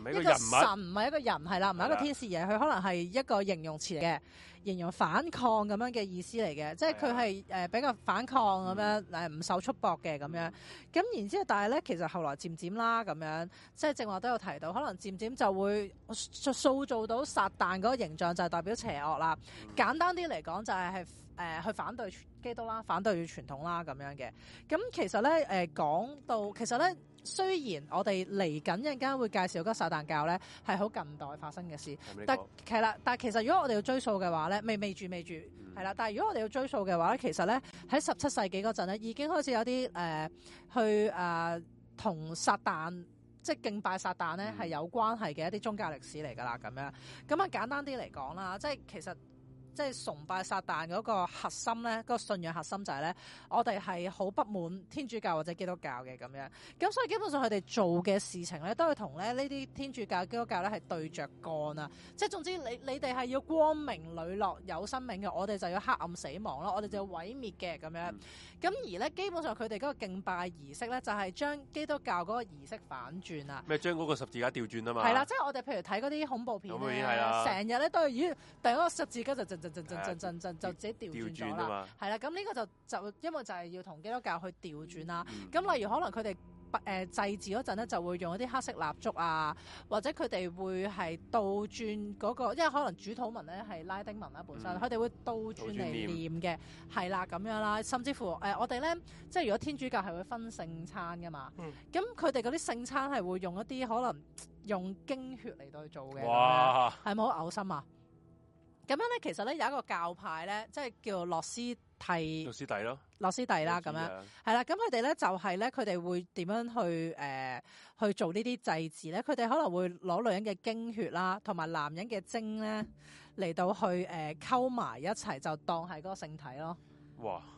一個，一個神，唔係一個人係啦，唔係一個天使嘢，佢的可能係一個形容詞嚟嘅，形容反抗咁樣嘅意思嚟嘅，的即係佢係誒比較反抗咁樣誒，唔、嗯、受束縛嘅咁樣。咁、嗯、然之後，但係咧，其實後來漸漸啦咁樣，即係正話都有提到，可能漸漸就會塑造到撒旦嗰個形象，就係、是、代表邪惡啦。嗯、簡單啲嚟講，就是，就係係。誒去反對基督啦，反對傳統啦，咁樣嘅。咁其實咧，誒講到其實咧，雖然我哋嚟緊陣間會介紹嗰個撒旦教咧，係好近代發生嘅事。但係啦，但係其實如果我哋要追溯嘅話咧，未未住未住係啦。但係如果我哋要追溯嘅話咧，其實咧喺十七世紀嗰陣咧，已經開始有啲誒去啊同撒旦即係敬拜撒旦咧係有關係嘅一啲宗教歷史嚟㗎啦。咁樣咁啊，簡單啲嚟講啦，即係其實。即係崇拜撒旦嗰個核心咧，嗰個信仰核心就係、是、咧，我哋係好不滿天主教或者基督教嘅咁樣，咁所以基本上佢哋做嘅事情咧，都係同咧呢啲天主教、基督教咧係對着幹啊！即係總之你，你你哋係要光明磊落、有生命嘅，我哋就要黑暗死亡咯，我哋就要毀滅嘅咁樣，咁、嗯、而咧，基本上佢哋嗰個敬拜儀式咧，就係將基督教嗰個儀式反轉啊，咪將嗰個十字架調轉啊嘛！係啦，即係我哋譬如睇嗰啲恐怖片，成日咧都係以第一個十字架就就就就就就就自己調轉咗啦，係啦，咁呢個就就因為就係要同基督教去調轉啦。咁例如可能佢哋誒祭祀嗰陣咧，就會用一啲黑色蠟燭啊，或者佢哋會係倒轉嗰個，因為可能主禱文咧係拉丁文啊，本身，佢哋會倒轉嚟念嘅，係啦咁樣啦，甚至乎誒我哋咧，即係如果天主教係會分聖餐㗎嘛，咁佢哋嗰啲聖餐係會用一啲可能用經血嚟到去做嘅，係咪好嘔心啊？咁樣咧，其實咧有一個教派咧，即係叫洛斯蒂，洛斯蒂咯，洛斯蒂啦，咁樣係啦。咁佢哋咧就係、是、咧，佢哋會點樣去誒、呃、去做呢啲祭祀咧？佢哋可能會攞女人嘅經血啦，同埋男人嘅精咧嚟到去誒溝埋一齊，就當係嗰個聖體咯。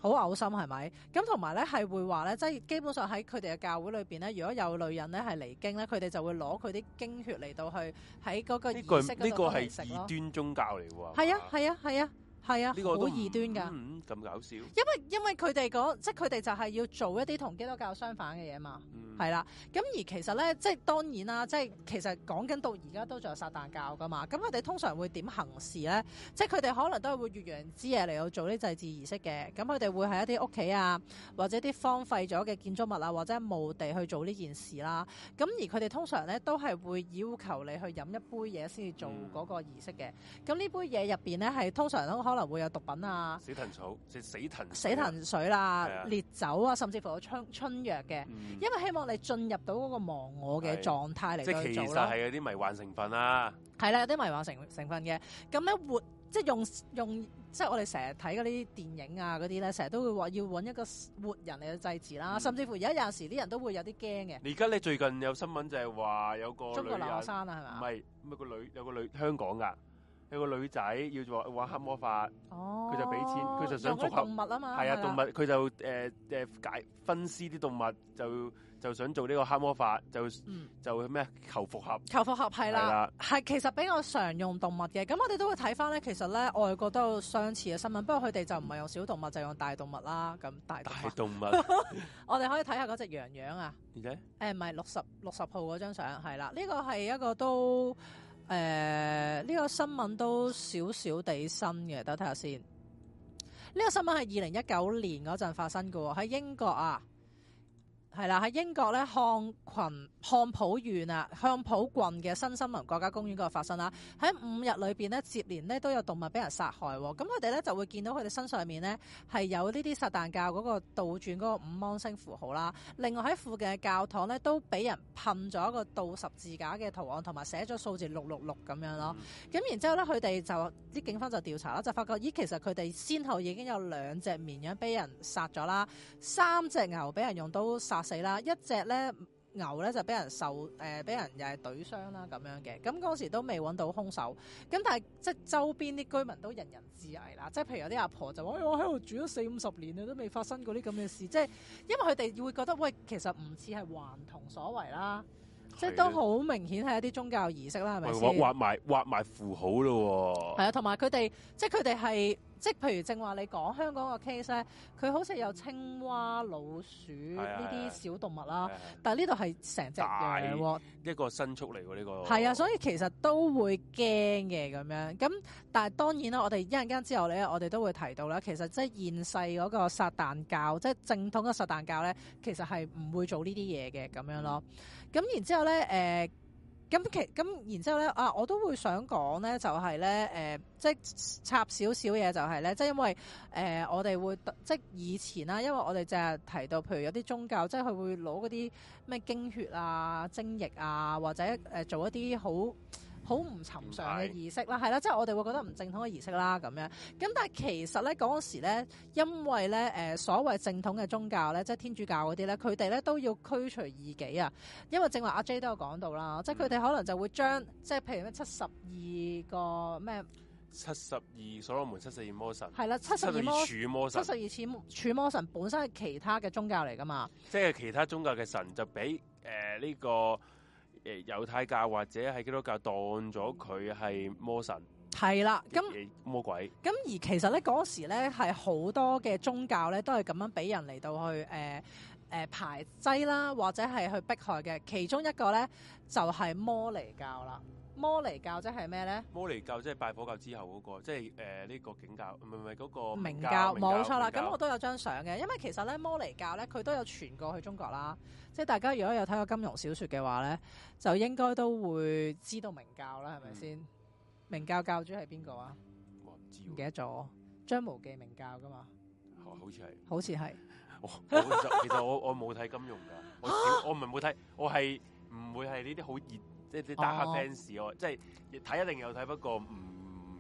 好嘔哇心係咪？咁同埋咧係會話咧，即係基本上喺佢哋嘅教會裏邊咧，如果有女人咧係嚟經咧，佢哋就會攞佢啲經血嚟到去喺嗰個儀式嗰度嚟食咯。呢個係異端宗教嚟喎。係啊，係啊，係啊。係啊，呢個好異端㗎，咁、嗯嗯嗯、搞笑。因為因為佢哋講，即係佢哋就係要做一啲同基督教相反嘅嘢嘛，係啦、嗯。咁而其實咧，即係當然啦，即係其實講緊到而家都仲有撒旦教㗎嘛。咁佢哋通常會點行事咧？即係佢哋可能都係會越洋之夜嚟做啲祭祀儀式嘅。咁佢哋會喺一啲屋企啊，或者啲荒廢咗嘅建築物啊，或者墓地去做呢件事啦。咁而佢哋通常咧都係會要求你去飲一杯嘢先至做嗰、嗯、個儀式嘅。咁呢杯嘢入邊咧係通常都可可能會有毒品啊，死藤草、死死藤、死藤水啦、烈酒啊，甚至乎有春春藥嘅，嗯、因為希望你進入到嗰個忘我嘅狀態嚟的。即其實係有啲迷幻成分啊，係啦，有啲迷幻成成分嘅。咁咧活，即用用，即我哋成日睇嗰啲電影啊嗰啲咧，成日、啊、都會話要搵一個活人嚟去祭祀啦，嗯、甚至乎有啲有時啲人都會有啲驚嘅。而家你最近有新聞就係話有個中國留學生啊，係嘛？唔係，咪個女有個女，有個女香港噶。有個女仔要做玩黑魔法，佢、哦、就俾錢，佢就想復合。動物啊嘛，係啊，動物佢就誒誒、呃、解分屍啲動物，就就想做呢個黑魔法，就、嗯、就咩求復合。求復合係啦，係、啊啊、其實比較常用動物嘅。咁我哋都會睇翻咧，其實咧外國都有相似嘅新聞，不過佢哋就唔係用小動物，就用大動物啦。咁大。大動物。我哋可以睇下嗰隻羊羊啊。點解 Okay?、欸？誒，唔係六十六十號嗰張相係啦，呢個係一個都。誒呢、呃這個新聞都少少地新嘅，等我睇下先。呢、這個新聞係二零一九年嗰陣發生嘅，喺英國啊。係啦，喺英國咧漢群漢普縣啊漢普郡嘅新森林國家公園嗰度發生啦。喺五日裏邊咧，接連咧都有動物俾人殺害。咁佢哋咧就會見到佢哋身上面呢，係有呢啲撒旦教嗰個倒轉嗰個五芒星符號啦。另外喺附近嘅教堂呢，都俾人噴咗一個倒十字架嘅圖案，同埋寫咗數字六六六咁樣咯。咁、嗯、然之後呢，佢哋就啲警方就調查啦，就發覺咦其實佢哋先後已經有兩隻綿羊俾人殺咗啦，三隻牛俾人用刀殺。死啦！一隻咧牛咧就俾人受誒，俾、呃、人又係隊傷啦咁樣嘅。咁嗰時都未揾到兇手。咁但係即係周邊啲居民都人人自危啦。即係譬如有啲阿婆就話，哎，我喺度住咗四五十年啦，都未發生過啲咁嘅事。即係因為佢哋會覺得，喂，其實唔似係頑童所為啦。即係都好明顯係一啲宗教儀式啦，係咪先？畫埋畫埋符號咯。係啊，同埋佢哋即係佢哋係。即係譬如正話你講香港個 case 咧，佢好似有青蛙、老鼠呢啲、嗯、小動物啦，嗯、但係呢度係成隻羊，一個牲畜嚟喎呢個。係啊，所以其實都會驚嘅咁樣。咁但係當然啦，我哋一陣間之後咧，我哋都會提到啦，其實即係現世嗰個撒旦教，即係正統嘅撒旦教咧，其實係唔會做呢啲嘢嘅咁樣咯。咁、嗯、然之後咧，誒、呃。咁其咁然之後咧啊，我都會想講咧，就係咧誒，即係插少少嘢就係咧，即係因為誒、呃、我哋會即係以前啦，因為我哋淨係提到譬如有啲宗教，即係佢會攞嗰啲咩經血啊、精液啊，或者誒做一啲好好唔尋常嘅儀式啦，係啦、嗯，即係、就是、我哋會覺得唔正統嘅儀式啦，咁樣。咁但係其實咧，嗰時咧，因為咧，誒、呃、所謂正統嘅宗教咧，即係天主教嗰啲咧，佢哋咧都要驅除異己啊。因為正話阿 J 都有講到啦，即係佢哋可能就會將，即係、嗯、譬如咩七十二個咩七十二所羅門七十二魔神，係啦，七十二柱魔神，七十二柱魔神本身係其他嘅宗教嚟㗎嘛，即係其他宗教嘅神就俾誒呢個。猶太教或者係基督教當咗佢係魔神，係啦，咁、嗯、魔鬼。咁、嗯嗯、而其實咧嗰時咧係好多嘅宗教咧都係咁樣俾人嚟到去誒誒、呃呃、排擠啦，或者係去迫害嘅。其中一個咧就係、是、摩尼教啦。摩尼教即係咩咧？摩尼教即係拜火教之後嗰、嗰個，即係誒呢個景教，唔係唔係嗰個明教，冇教教錯啦。咁教我都有張相嘅，因為其實咧摩尼教咧佢都有傳過去中國啦。即係大家如果有睇過金庸小説嘅話咧，就應該都會知道明教啦，係咪先？嗯、明教教主係邊個啊？我唔知喎、啊，唔記得咗。張無忌明教噶嘛？好似係。好似係。我其實我我冇睇金庸㗎， 我我唔係冇睇，我係唔會係呢啲好熱。即係啲大黑 fans 我即係睇一定有睇不過唔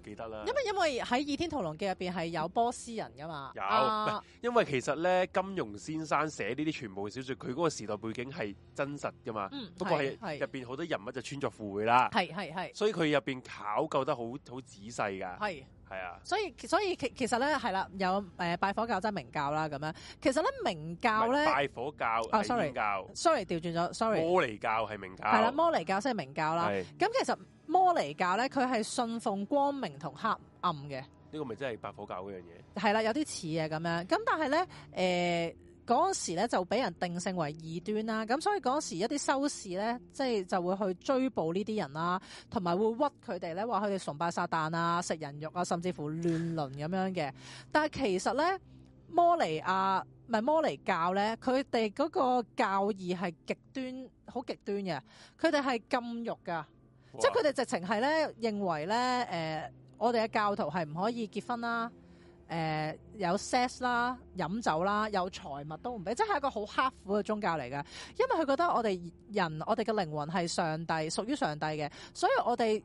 記得啦。因為因為喺《倚天屠龍記》入邊係有波斯人噶嘛。有，啊、因為其實咧金庸先生寫呢啲全部小説，佢嗰個時代背景係真實噶嘛。嗯、不過係入邊好多人物就穿鑿附會啦。係係係。所以佢入邊考究得好好仔細㗎。係。係啊，所以所以其其實咧係啦，有誒、呃、拜火教即係明教啦咁樣，其實咧明教咧拜火教，教啊 sorry，sorry 調轉咗 sorry，sorry，sorry 摩尼教係明教係啦，摩尼教先係明教啦，咁是、嗯、其實摩尼教咧佢係信奉光明同黑暗嘅，呢個咪真係拜火教嗰樣嘢係啦，有啲似啊咁樣，咁但係咧誒。呃嗰陣時咧就俾人定性為異端啦，咁所以嗰陣時一啲修士咧，即係就會去追捕呢啲人啦，同埋會屈佢哋咧話佢哋崇拜撒旦啊、食人肉啊，甚至乎亂倫咁樣嘅。但係其實咧，摩尼亞唔係摩尼教咧，佢哋嗰個教義係極端，好極端嘅。佢哋係禁肉噶，哇即係佢哋直情係咧認為咧，誒、呃、我哋嘅教徒係唔可以結婚啦。誒有 sex 啦、飲酒啦、有財物都唔俾，即係一個好刻苦嘅宗教嚟嘅。因為佢覺得我哋人，我哋嘅靈魂係上帝，屬於上帝嘅，所以我哋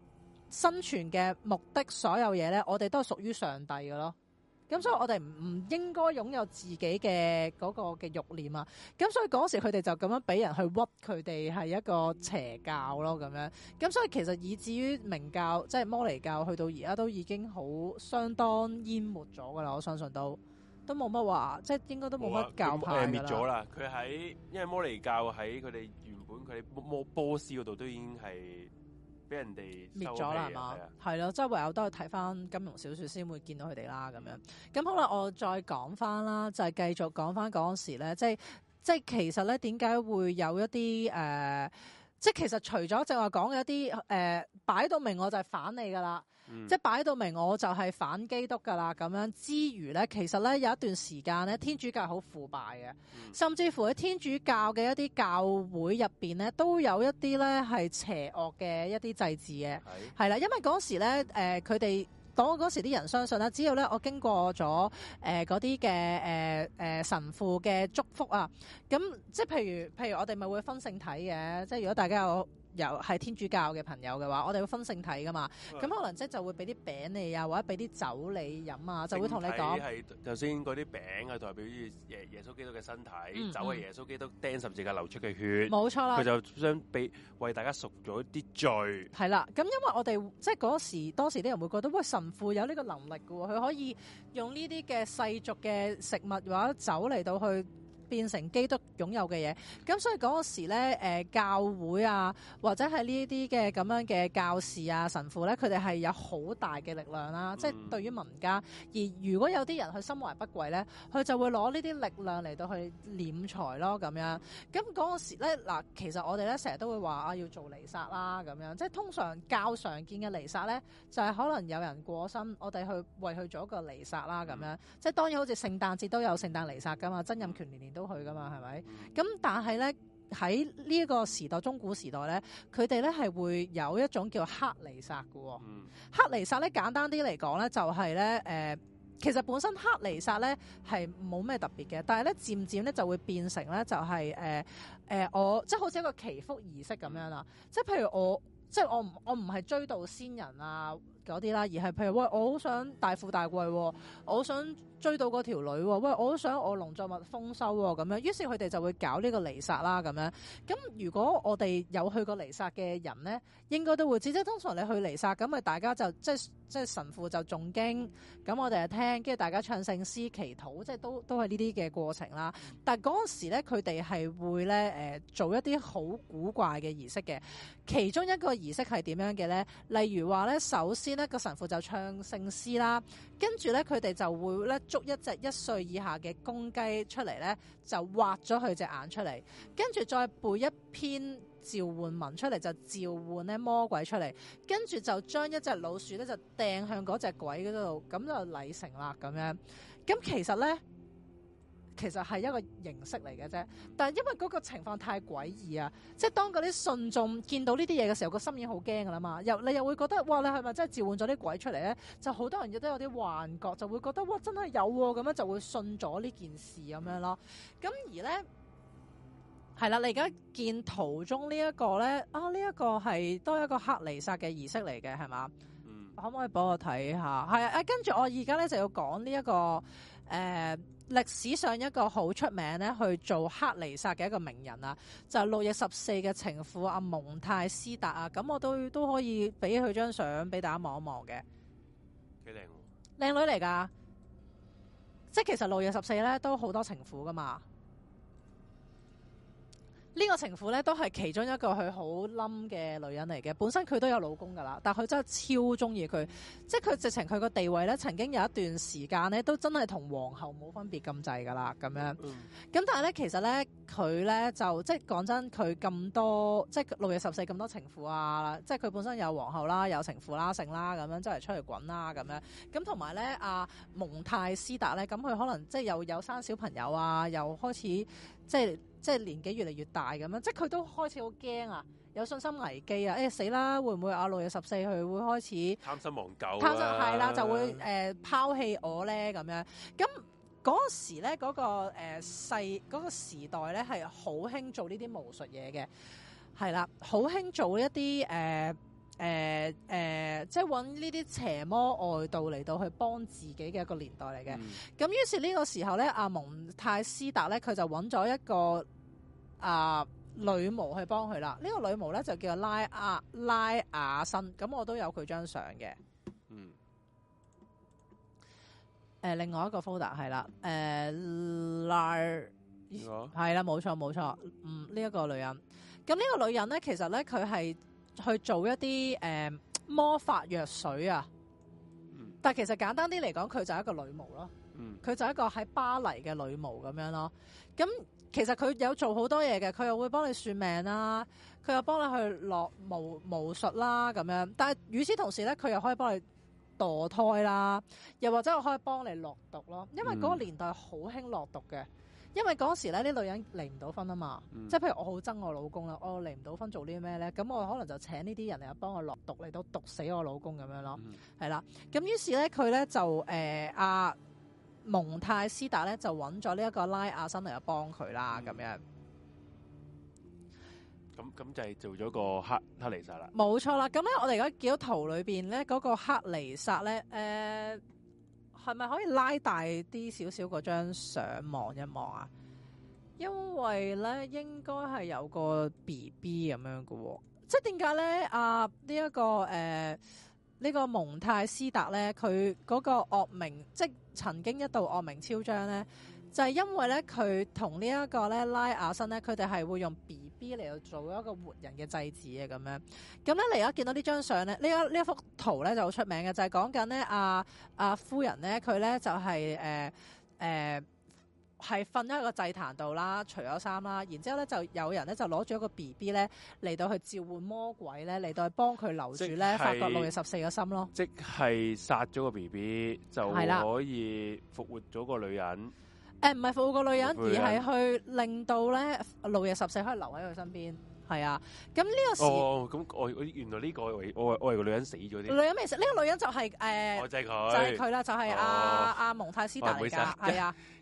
生存嘅目的所有嘢咧，我哋都係屬於上帝嘅咯。咁所以我哋唔應該擁有自己嘅嗰個嘅慾念啊！咁所以嗰時佢哋就咁樣俾人去屈佢哋係一個邪教咯咁樣。咁所以其實以至於明教即係摩尼教去到而家都已經好相當淹沒咗㗎啦，我相信都都冇乜話，即係應該都冇乜教派㗎滅咗啦！佢喺因為摩尼教喺佢哋原本佢哋摩波斯嗰度都已經係。俾人哋滅咗啦，係嘛？係咯，周 圍有都睇翻金庸小說先會見到佢哋啦，咁樣。咁好啦，我再講翻啦，就係、是、繼續講翻嗰陣時咧，即係即係其實咧點解會有一啲誒、呃，即係其實除咗就話講嘅一啲誒、呃、擺到明，我就係反你噶啦。即係擺到明，我就係反基督㗎啦咁樣。之餘咧，其實咧有一段時間咧，天主教好腐敗嘅，甚至乎喺天主教嘅一啲教會入邊咧，都有一啲咧係邪惡嘅一啲祭祀嘅。係啦是，因為嗰時咧誒，佢、呃、哋當嗰時啲人相信啦，只要咧我經過咗誒嗰啲嘅誒誒神父嘅祝福啊，咁即係譬如譬如我哋咪會分聖體嘅，即係如果大家有。有係天主教嘅朋友嘅話，我哋會分聖體㗎嘛？咁、嗯、可能即係就會俾啲餅你啊，或者俾啲酒你飲啊，就會同你講係頭先嗰啲餅啊，代表耶耶穌基督嘅身體；酒係、嗯、耶穌基督釘十字架流出嘅血，冇錯啦。佢就想俾為大家贖咗啲罪。係啦，咁因為我哋即係嗰時當時啲人會覺得，喂、哎、神父有呢個能力嘅喎、哦，佢可以用呢啲嘅世俗嘅食物或者酒嚟到去。變成基督擁有嘅嘢，咁所以嗰陣時咧，誒、呃、教會啊，或者係呢一啲嘅咁樣嘅教士啊、神父咧，佢哋係有好大嘅力量啦，即係、嗯、對於民間。而如果有啲人佢心懷不軌咧，佢就會攞呢啲力量嚟到去斂財咯，咁樣。咁嗰陣時咧，嗱，其實我哋咧成日都會話啊，要做彌撒啦，咁樣。即係通常較常見嘅彌撒咧，就係、是、可能有人過身，我哋去為佢做一個彌撒啦，咁樣，樣。即係當然，好似聖誕節都有聖誕彌撒㗎嘛，曾蔭權年年都。去噶嘛，係咪？咁但係咧，喺呢一個時代，中古時代咧，佢哋咧係會有一種叫黑彌撒嘅。嗯。黑彌撒咧簡單啲嚟講咧就係咧誒，其實本身黑彌撒咧係冇咩特別嘅，但係咧漸漸咧就會變成咧就係誒誒，我即係好似一個祈福儀式咁樣啦，即係譬如我即係我我唔係追悼先人啊。嗰啲啦，而係譬如喂，我好想大富大貴、哦，我好想追到嗰條女、哦、喂，我好想我農作物豐收咁、哦、樣，於是佢哋就會搞呢個彌撒啦，咁樣。咁如果我哋有去過彌撒嘅人咧，應該都會知。即通常你去彌撒，咁咪大家就即係即係神父就誦經，咁我哋就聽，跟住大家唱聖詩、祈禱，即係都都係呢啲嘅過程啦。但係陣時咧，佢哋係會咧誒、呃、做一啲好古怪嘅儀式嘅。其中一個儀式係點樣嘅咧？例如話咧，首先呢個神父就唱聖詩啦，跟住呢，佢哋就會咧，捉一隻一歲以下嘅公雞出嚟呢，就挖咗佢隻眼出嚟，跟住再背一篇召喚文出嚟就召喚咧魔鬼出嚟，跟住就將一隻老鼠咧就掟向嗰隻鬼嗰度，咁就禮成啦咁樣。咁其實呢。其實係一個形式嚟嘅啫，但係因為嗰個情況太詭異啊，即係當嗰啲信眾見到呢啲嘢嘅時候，個心已經好驚噶啦嘛，又你又會覺得哇，你係咪真係召喚咗啲鬼出嚟咧？就好多人亦都有啲幻覺，就會覺得哇，真係有喎、啊，咁樣就會信咗呢件事咁樣咯。咁而咧係啦，你而家見圖中呢、啊這個、一個咧啊，呢一個係都係一個黑彌撒嘅儀式嚟嘅係嘛？嗯、可唔可以幫我睇下？係啊，跟住我而家咧就要講呢、這、一個誒。呃歷史上一個好出名咧，去做黑彌撒嘅一個名人啊，就係、路易十四嘅情婦阿蒙泰斯達啊，咁我都都可以俾佢張相俾大家望一望嘅，幾靚喎，靚女嚟噶，即係其實路易十四咧都好多情婦噶嘛。呢個情婦咧都係其中一個佢好冧嘅女人嚟嘅。本身佢都有老公噶啦，但係佢真係超中意佢，即係佢直情佢個地位咧，曾經有一段時間咧，都真係同皇后冇分別咁滯噶啦咁樣。咁但係咧，其實咧佢咧就即係講真，佢咁多即係路易十四咁多情婦啊，即係佢本身有皇后啦，有情婦啦，性啦咁樣，即係出嚟滾啦咁樣。咁同埋咧，阿、啊、蒙泰斯達咧，咁佢可能即係又有生小朋友啊，又開始即係。即係年紀越嚟越大咁樣，即係佢都開始好驚啊，有信心危機、欸、會會啊！誒死啦，會唔會阿六月十四佢會開始貪新忘舊、啊？係啦，就會誒、呃、拋棄我咧咁樣。咁嗰時咧，嗰、嗰個誒細嗰個時代咧係好興做呢啲巫術嘢嘅，係啦，好興做一啲誒。呃誒誒、呃，即係揾呢啲邪魔外道嚟到去幫自己嘅一個年代嚟嘅。咁、嗯、於是呢個時候咧，阿蒙泰斯達咧，佢就揾咗一個啊女巫去幫佢啦。呢、嗯、個女巫咧就叫拉亞拉雅辛，咁我都有佢張相嘅。嗯。誒、呃，另外一個 folder 係啦，誒、呃，拉係啦，冇個錯冇錯，嗯，呢、這、一個女人。咁呢個女人咧，其實咧，佢係。去做一啲誒、嗯、魔法藥水啊，但係其實簡單啲嚟講，佢就係一個女巫咯，佢、嗯、就係一個喺巴黎嘅女巫咁樣咯。咁、嗯、其實佢有做好多嘢嘅，佢又會幫你算命啦、啊，佢又幫你去落巫巫術啦咁樣。但係與此同時咧，佢又可以幫你墮胎啦，又或者可以幫你落毒咯，因為嗰個年代好興落毒嘅。嗯因為嗰時咧，啲女人離唔到婚啊嘛，即係、嗯、譬如我好憎我老公啦，我離唔到婚做啲咩咧？咁我可能就請呢啲人嚟幫我落毒，嚟到毒死我老公咁樣咯，係、嗯、啦。咁、嗯、於是咧，佢咧就誒阿、呃、蒙泰斯達咧就揾咗呢一個拉亞森嚟幫佢啦，咁樣。咁咁就係做咗個黑、黑彌撒啦。冇錯啦。咁咧，我哋而家見到圖裏邊咧，嗰個黑彌撒咧，誒。係咪可以拉大啲少少張相望一望啊？因為咧，應該係有個 B B 咁樣嘅、哦，即係點解咧？啊呢一、這個誒，呢、呃這個蒙泰斯達咧，佢個惡名，即係曾經一度惡名昭彰咧，就係、是、因為咧，佢同呢一個咧拉雅辛咧，佢哋係會用 B。B 嚟到做一個活人嘅祭祀啊，咁樣咁咧，而家見到呢張相咧，呢一呢一幅圖咧就好出名嘅，就係講緊咧阿阿夫人咧，佢咧就係誒誒係瞓喺個祭壇度啦，除咗衫啦，然之後咧就有人咧就攞住一個 B B 咧嚟到去召喚魔鬼咧嚟到去幫佢留住咧是法國路易十四嘅心咯，即係殺咗個 B B 就可以復活咗個女人。誒唔係服務個女人，而係去令到咧，日夜十四可以留喺佢身邊。係啊，咁、嗯、呢、這個時咁、哦哦、我原來呢、這個我我係個女人死咗啲。女人未死，呢、這個女人就係、是、誒、呃，就係佢啦，就係阿阿蒙太斯達嚟㗎，哦、啊。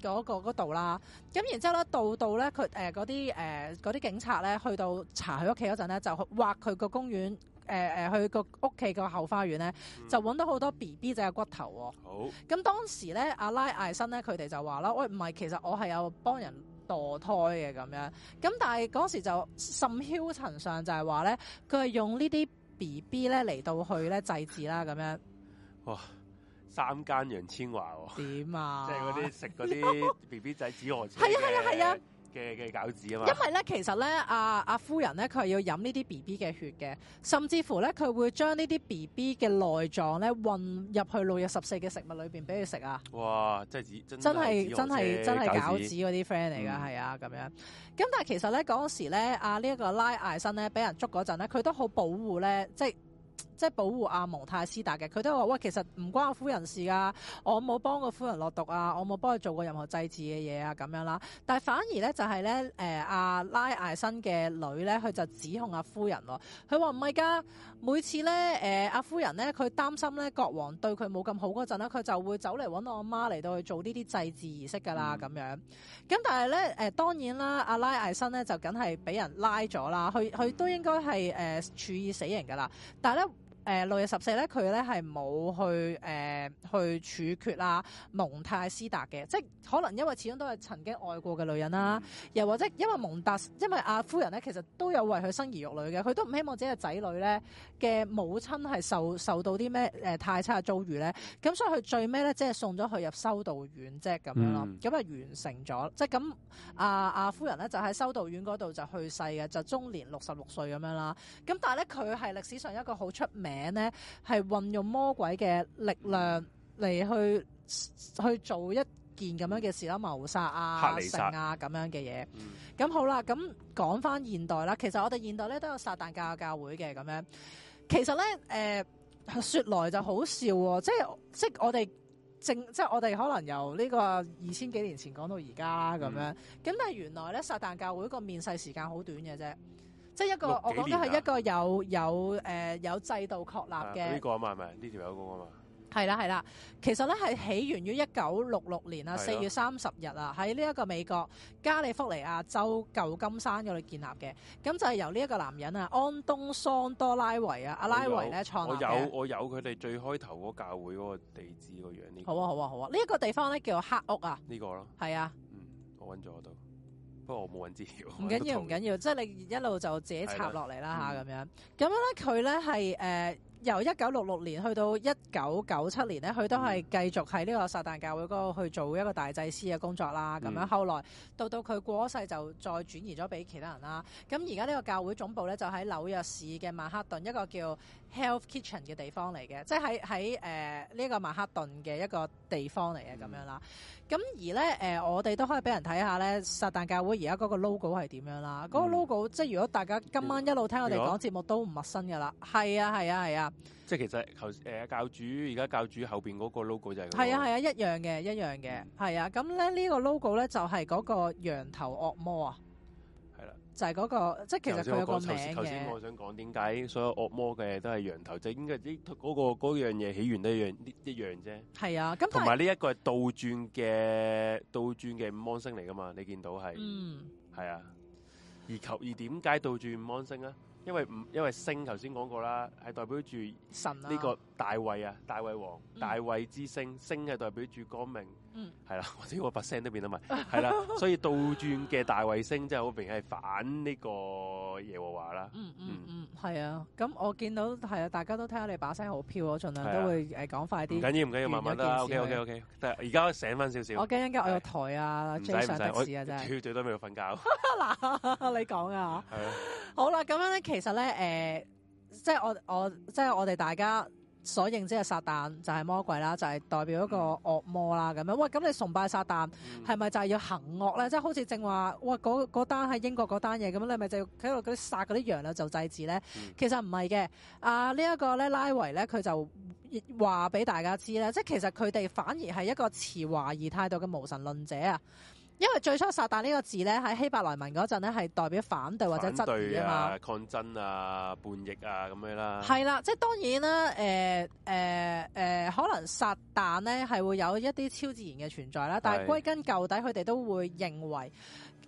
嗰度啦，咁然之後咧，到到咧，佢誒嗰啲誒啲警察咧，去到查佢屋企嗰陣咧，就挖佢個公園誒誒、呃，去個屋企個後花園咧，嗯、就搵到好多 B B 仔嘅骨頭喎、哦。好，咁當時咧，阿拉艾森咧，佢哋就話啦：喂，唔係，其實我係有幫人墮胎嘅咁樣。咁但係嗰時就甚囂塵上就，就係話咧，佢係用呢啲 B B 咧嚟到去咧祭祀啦咁樣。哇！三間楊千嬅喎，點啊？即係嗰啲食嗰啲 B B 仔紫河車，係 啊係啊係啊嘅嘅餃子啊嘛。因為咧，其實咧，阿、啊、阿夫人咧，佢係要飲呢啲 B B 嘅血嘅，甚至乎咧，佢會將呢啲 B B 嘅內臟咧，混入，入去六月十四嘅食物裏邊俾佢食啊！哇！真係真係真係真係餃子嗰啲 friend 嚟㗎，係啊咁樣。咁但係其實咧，嗰時咧，阿呢一個拉艾森咧，俾人捉嗰陣咧，佢都好保護咧，即係。即係保護阿蒙泰斯達嘅，佢都話，喂，其實唔關阿夫人事啊，我冇幫過夫人落毒啊，我冇幫佢做過任何祭祀嘅嘢啊，咁樣啦。但係反而咧、就是，就係咧，誒阿拉艾森嘅女咧，佢就指控阿夫人喎。佢話唔係㗎，每次咧，誒、呃、阿夫人咧，佢擔心咧國王對佢冇咁好嗰陣咧，佢就會走嚟揾我阿媽嚟到去做呢啲祭祀儀式㗎啦，咁樣。咁但係咧，誒、呃、當然啦，阿拉艾森咧就梗係俾人拉咗啦，佢佢都應該係誒、呃、處以死刑㗎啦。但係咧。誒六、呃、月十四咧，佢咧係冇去誒、呃、去處決啦，蒙泰斯達嘅，即係可能因為始終都係曾經愛過嘅女人啦，又或者因為蒙達，因為阿、啊、夫人咧，其實都有為佢生兒育女嘅，佢都唔希望自己嘅仔女咧嘅母親係受受到啲咩誒太差嘅遭遇咧，咁所以佢最尾咧即係送咗佢入修道院，即係咁樣咯，咁啊、嗯、完成咗，即係咁阿阿夫人咧就喺修道院嗰度就去世嘅，就終年六十六歲咁樣啦，咁但係咧佢係歷史上一個好出名嘅咧，係運用魔鬼嘅力量嚟去去做一件咁樣嘅事啦，謀殺啊、殺啊咁樣嘅嘢。咁、嗯、好啦，咁講翻現代啦，其實我哋現代咧都有撒旦教教會嘅咁樣。其實咧，誒、呃、說來就好笑喎、哦，即係即係我哋正，即係我哋可能由呢個二千幾年前講到而家咁樣。咁但係原來咧，撒旦教會個面世時間好短嘅啫。即係一個，啊、我講緊係一個有有誒、呃、有制度確立嘅、啊。呢、這個啊嘛，係咪？呢條友講啊嘛。係啦係啦，其實咧係起源於一九六六年啊，四月三十日啊，喺呢一個美國加利福尼亞州舊金山嗰度建立嘅。咁就係由呢一個男人啊，安東桑多拉維啊，阿拉維咧有創立我有我有佢哋最開頭嗰個教會嗰個地址嗰、這個、樣啲、啊。好啊好啊好啊！呢一、啊這個地方咧叫做黑屋啊。呢個咯的。係啊、嗯。我揾咗度。冇人知唔緊要，唔緊要，係即係你一路就自己插落嚟啦嚇咁樣。咁、嗯、樣咧，佢咧係誒由一九六六年去到一九九七年咧，佢都係繼續喺呢個撒旦教會嗰度去做一個大祭司嘅工作啦。咁樣後來到到佢過咗世就再轉移咗俾其他人啦。咁而家呢個教會總部咧就喺紐約市嘅曼克頓一個叫 Health Kitchen 嘅地方嚟嘅，即係喺喺誒呢個曼克頓嘅一個地方嚟嘅咁樣啦。嗯。咁而咧，誒、呃、我哋都可以俾人睇下咧，撒旦教會而家嗰個 logo 係點樣啦？嗰、嗯、個 logo 即係如果大家今晚一路聽我哋講節目都唔陌生嘅啦。係、這個、啊，係啊，係啊。即係其實頭誒、呃、教主而家教主後邊嗰個 logo 就係。係啊，係啊，啊，一樣嘅，一樣嘅，係、嗯、啊。咁咧呢、這個 logo 咧就係、是、嗰個羊頭惡魔啊。就係嗰、那個，即係其實佢有個名嘅。頭先我想講點解所有惡魔嘅都係羊頭，就應該啲嗰個嗰樣嘢起源都一樣，一樣啫。係啊，咁同埋呢一個係倒轉嘅倒轉嘅五芒星嚟㗎嘛？你見到係，係、嗯、啊。而求而點解倒轉五芒星啊？因為因為星頭先講過啦，係代表住神。呢個大衛啊，大衛王，大衛之星，嗯、星係代表住光明。嗯，係啦，我知我把聲都變得咪，係啦，所以倒轉嘅大衛星即係好明顯係反呢個耶和華啦。嗯嗯嗯，係啊。咁我見到係啊，大家都睇下你把聲好飄，盡量都會誒講快啲。唔緊要唔緊要，慢慢得。OK OK OK，但係而家醒翻少少。我驚驚我有台啊，最上得士啊真係。唔使唔使，最多咪要瞓覺。嗱，你講啊。係。好啦，咁樣咧，其實咧，誒，即係我我即係我哋大家所認知嘅撒旦就係魔鬼啦，就係、是、代表一個惡魔啦咁樣。喂，咁你崇拜撒旦，係咪就係要行惡咧？嗯、即係好似正話，喂嗰單喺英國嗰單嘢咁樣，你咪就喺度嗰啲殺嗰啲羊啦，做祭祀咧？其實唔係嘅。啊，這個、呢一個咧拉維咧，佢就話俾大家知咧，即係其實佢哋反而係一個持懷疑態度嘅無神論者啊。因為最初撒旦呢個字咧，喺希伯來文嗰陣咧，係代表反對或者質疑啊嘛，抗爭啊、叛逆啊咁樣啦。係啦，即係當然啦，誒誒誒，可能撒旦咧係會有一啲超自然嘅存在啦。但係歸根究底，佢哋都會認為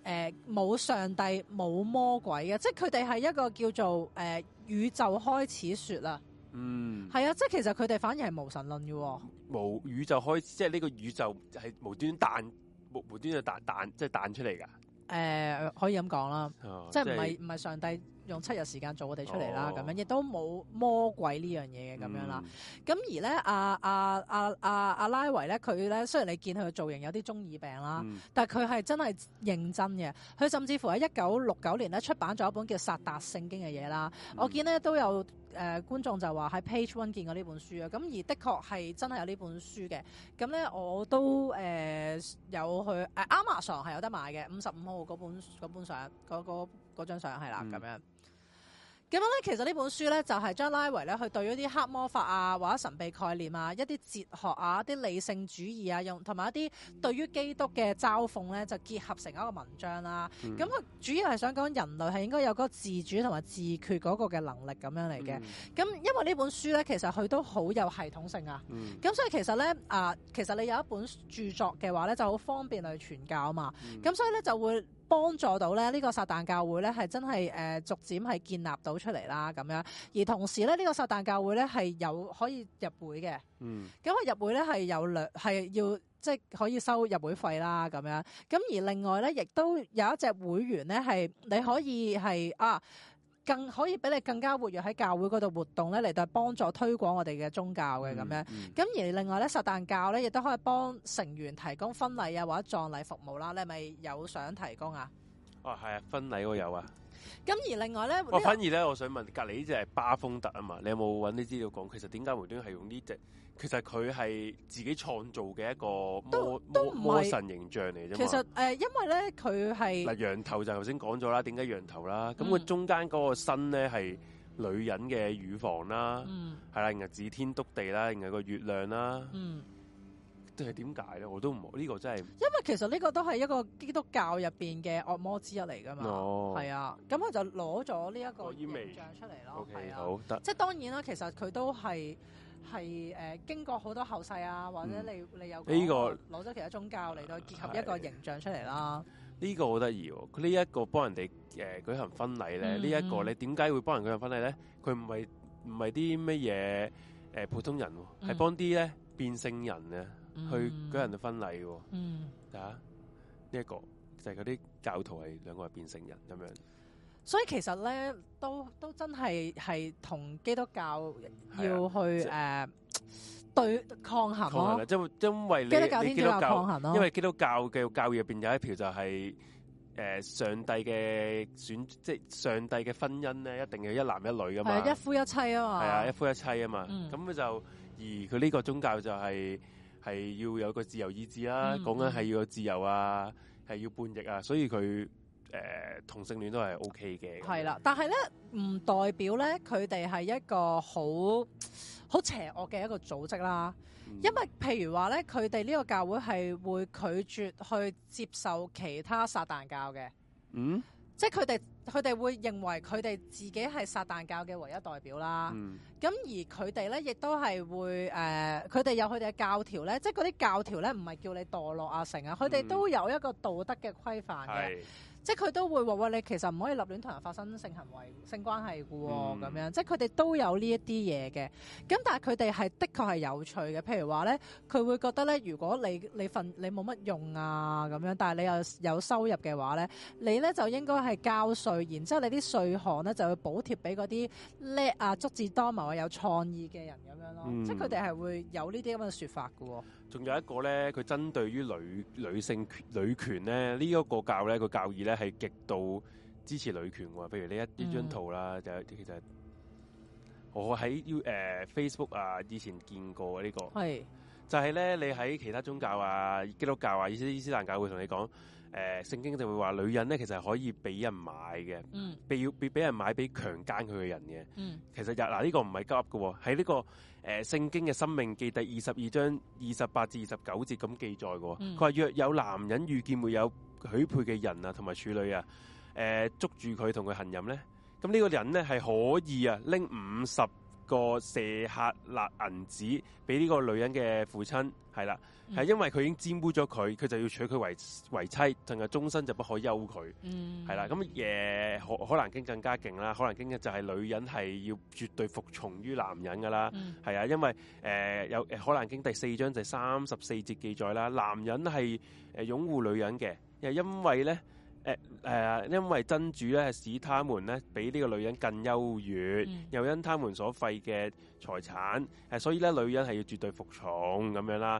誒冇上帝冇魔鬼嘅，即係佢哋係一個叫做誒宇宙開始説啦。嗯，係啊，即係其實佢哋反而係無神論嘅喎。無宇宙開始，即係呢個宇宙係無端彈。無無端就彈彈，即係彈出嚟噶？誒、呃，可以咁講啦，哦、即係唔係唔係上帝。用七日時間做我哋出嚟啦，咁、哦、樣亦都冇魔鬼、嗯、樣呢樣嘢嘅咁樣啦。咁而咧，阿阿阿阿阿拉維咧，佢咧雖然你見佢嘅造型有啲中二病啦，嗯、但係佢係真係認真嘅。佢甚至乎喺一九六九年咧出版咗一本叫《撒旦聖經》嘅嘢啦。嗯、我見呢都有誒、呃、觀眾就話喺 Page One 見過呢本書啊。咁而的確係真係有呢本書嘅。咁咧我都誒、呃、有去誒、啊、Amazon 係有得買嘅，五十五號嗰本嗰本上嗰嗰張相係啦，咁樣咁樣咧，其實呢本書咧就係、是、將拉維咧去對於啲黑魔法啊，或者神秘概念啊，一啲哲學啊，一啲理性主義啊，用同埋一啲對於基督嘅嘲諷咧，就結合成一個文章啦、啊。咁、嗯、佢主要係想講人類係應該有嗰個自主同埋自決嗰個嘅能力咁樣嚟嘅。咁、嗯、因為呢本書咧，其實佢都好有系統性啊。咁、嗯、所以其實咧啊，其實你有一本著作嘅話咧，就好方便去傳教啊嘛。咁、嗯嗯、所以咧就會。幫助到咧，呢個撒旦教會咧係真係誒逐漸係建立到出嚟啦咁樣。而同時咧呢個撒旦教會咧係有可以入會嘅，咁佢、嗯、入會咧係有兩係要即係、就是、可以收入會費啦咁樣，咁而另外咧亦都有一隻會員咧係你可以係啊。更可以俾你更加活躍喺教會嗰度活動咧，嚟到幫助推廣我哋嘅宗教嘅咁樣。咁、嗯嗯、而另外咧，撒旦教咧亦都可以幫成員提供婚禮啊或者葬禮服務啦。你係咪有想提供、哦、啊？哦，係啊，婚禮我有啊。咁而另外咧，我反而咧，我想問隔離呢隻係巴風特啊嘛？你有冇搵啲資料講其實點解梅端係用呢隻？其實佢係自己創造嘅一個魔魔神形象嚟啫。其實誒、呃，因為咧佢係嗱羊頭就頭先講咗啦，點解羊頭啦？咁佢、嗯、中間嗰個身咧係女人嘅乳房啦、啊，係啦、嗯，然後指天篤地啦，然後個月亮啦，嗯，係點解咧？我都唔呢個真係，因為其實呢個都係一個基督教入邊嘅惡魔之一嚟噶嘛。哦，係啊，咁佢就攞咗呢一個形象出嚟咯。OK，好得。即係當然啦，其實佢都係。係誒，經過好多後世啊，或者你你有攞咗其他宗教嚟到結合一個形象出嚟啦、嗯。呢、呢個好得意喎，呢、呢、一個幫人哋誒、呃、舉行婚禮咧。呢個、呢一個你點解會幫人舉行婚禮咧？佢唔係唔係啲咩嘢誒普通人、哦，係幫啲咧變性人嘅去舉行婚禮嘅。嗯啊，呢一、呢個就係嗰啲教徒係兩個係變性人咁樣。所以其實咧，都都真係係同基督教要去誒、啊呃、對抗衡咯、啊，即因為基督教天主教抗衡咯，因為基督教嘅教義入邊有一條就係、是、誒、呃、上帝嘅選，即係上帝嘅婚姻咧一定係一男一女噶嘛，係、啊、一夫一妻啊嘛，係啊一夫一妻啊嘛，咁佢、嗯、就而佢呢個宗教就係、是、係要有個自由意志啦、啊，講緊係要有自由啊，係要叛逆啊，所以佢。誒同性戀都係 OK 嘅，係啦。但係咧，唔代表咧，佢哋係一個好好邪惡嘅一個組織啦。嗯、因為譬如話咧，佢哋呢個教會係會拒絕去接受其他撒旦教嘅，嗯，即係佢哋佢哋會認為佢哋自己係撒旦教嘅唯一代表啦。咁、嗯、而佢哋咧，亦都係會誒，佢、呃、哋有佢哋嘅教條咧，即係嗰啲教條咧，唔係叫你墮落啊，成啊，佢哋都有一個道德嘅規範嘅、嗯。即係佢都會話：喂，你其實唔可以立亂同人發生性行為、性關係嘅喎，咁、嗯、樣。即係佢哋都有呢一啲嘢嘅。咁但係佢哋係的確係有趣嘅。譬如話咧，佢會覺得咧，如果你你份你冇乜用啊咁樣，但係你又有，有收入嘅話咧，你咧就應該係交稅，然之後你啲稅項咧就會補貼俾嗰啲叻啊、足智多謀啊、有創意嘅人咁樣咯。嗯、即係佢哋係會有呢啲咁嘅說法嘅喎、哦。仲有一個咧，佢針對於女女性權女權咧，呢、這、一個教咧個教義咧係極度支持女權喎。譬如呢一呢張圖啦，嗯、就其實我喺 U 誒 Facebook 啊，以前見過呢、這個，係是 就係咧你喺其他宗教啊、基督教啊、伊斯伊斯蘭教會同你講。誒聖、呃、經就會話女人咧其實係可以俾人買嘅，俾要俾俾人買俾強姦佢嘅人嘅。其實又嗱呢個唔係急㗎喎，喺呢、這個誒聖、呃、經嘅《申命記第》第二十二章二十八至二十九節咁記載喎。佢話、嗯、若有男人遇見會有許配嘅人啊，同埋處女啊，誒、呃、捉住佢同佢行淫咧，咁、嗯、呢、這個人咧係可以啊拎五十，個舍客勒銀子俾呢個女人嘅父親係啦，係、嗯、因為佢已經玷污咗佢，佢就要娶佢為為妻，淨係終身就不可休佢，係啦、嗯。咁《耶、嗯嗯、可可蘭經》更加勁啦，《可蘭經》嘅就係女人係要絕對服從於男人噶啦，係啊、嗯，因為誒、呃、有《可蘭經》第四章就三十四節記載啦，男人係誒擁護女人嘅，又因為咧。誒誒、欸呃，因為真主咧使他們咧比呢個女人更優越，嗯、又因他們所費嘅財產，誒、呃，所以咧女人係要絕對服從咁樣啦。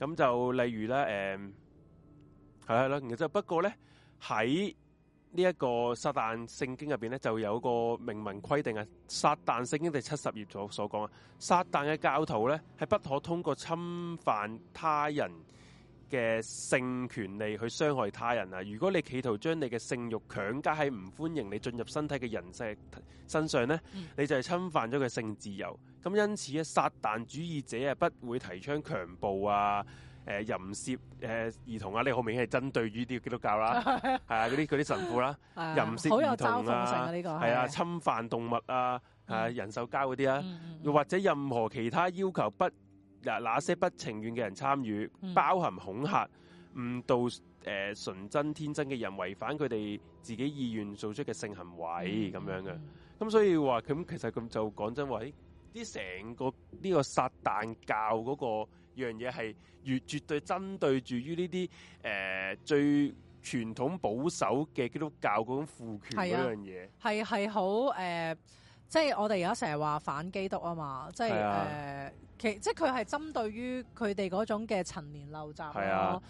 咁、嗯、就例如咧，誒、呃，係係咯。然之後不過咧喺呢一個撒旦聖經入邊咧，就有一個明文規定啊。撒旦聖經第七十頁所所講啊，撒旦嘅教徒咧係不可通過侵犯他人嘅性權利去傷害他人啊！如果你企圖將你嘅性慾強加喺唔歡迎你進入身體嘅人身上咧，嗯、你就係侵犯咗佢性自由。咁因此咧，撒旦主義者啊，不會提倡強暴啊、誒、呃、淫褻誒兒童啊。你好明顯係針對於啲基督教啦，係啊，嗰啲啲神父啦，淫褻兒童啦，係啊， 啊啊侵犯動物啊，係啊，人獸交嗰啲啊，又、嗯、或者任何其他要求不。嗱，那些不情願嘅人參與，包含恐嚇、誤導、誒、呃、純真天真嘅人，違反佢哋自己意願做出嘅性行為咁、嗯、樣嘅，咁、嗯嗯嗯、所以話咁其實咁就講真話，啲、欸、成個呢個撒旦教嗰個樣嘢係越絕對針對住於呢啲誒最傳統保守嘅基督教嗰種父權嗰樣嘢，係係好誒。即係我哋而家成日話反基督啊嘛，即係誒、啊呃、其即係佢係針對於佢哋嗰種嘅陳年陋習咯，嗰、啊、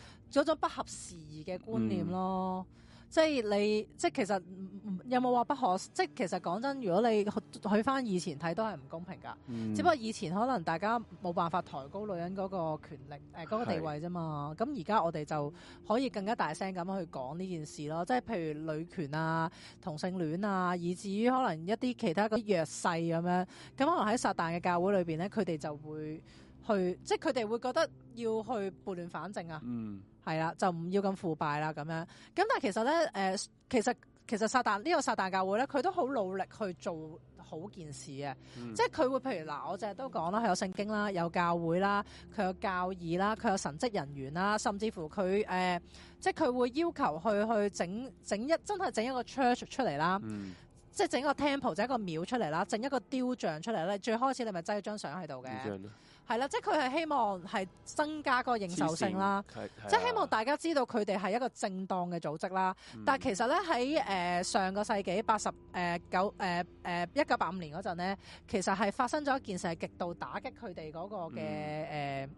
種不合時宜嘅觀念咯。嗯。即係你，即係其實、嗯、有冇話不可？即係其實講真，如果你去翻以前睇都係唔公平㗎。嗯、只不過以前可能大家冇辦法抬高女人嗰個權力誒、嗰、呃嗰個地位啫嘛。咁而家我哋就可以更加大聲咁去講呢件事咯。即係譬如女權啊、同性戀啊，以至於可能一啲其他啲弱勢咁樣，咁可能喺撒旦嘅教會裏邊咧，佢哋就會去，即係佢哋會覺得要去撥亂反正啊。嗯。係啦，就唔要咁腐敗啦咁樣。咁但係其實咧，誒、呃，其實其實撒旦呢、這個撒旦教會咧，佢都好努力去做好件事嘅。嗯、即係佢會譬如嗱、啊，我成日都講啦，佢有聖經啦，有教會啦，佢有教義啦，佢有神職人員啦，甚至乎佢誒、呃，即係佢會要求去去整整一真係整，整一個 church 出嚟啦，嗯、即係整個 temple 就一個廟出嚟啦，整一個雕像出嚟咧。最開始你咪擠咗張相喺度嘅。嗯係啦，即係佢係希望係增加嗰個認受性啦，即係希望大家知道佢哋係一個正當嘅組織啦。嗯、但係其實咧，喺誒上個世紀八十誒九誒誒一九八五年嗰陣咧，其實係發生咗一件事係極度打擊佢哋嗰個嘅誒、嗯呃、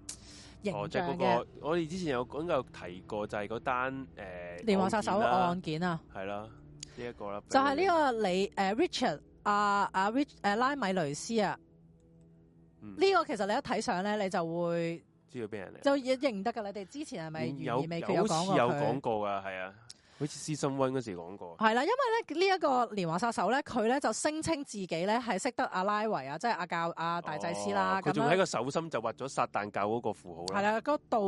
形象、哦嗰個、我哋之前有講有提過就係嗰單誒連環殺手案件啊，係啦、嗯，呢一、嗯呢個啦，就係呢、呢個李誒 Richard 阿阿 Rich 誒拉米雷斯啊。嗯嗯嗯呢、嗯、個其實你一睇相咧，你就會知道俾人嚟，就認得㗎。你哋之前係咪有冇？有講過佢？有好似《施心 one》嗰時講過，係啦，因為咧呢一、個連環殺手咧，佢咧就聲稱自己咧係識得阿拉維啊，即係阿教阿大祭司啦。佢仲喺個手心就畫咗撒旦教嗰個符號啦。係啦，嗰個倒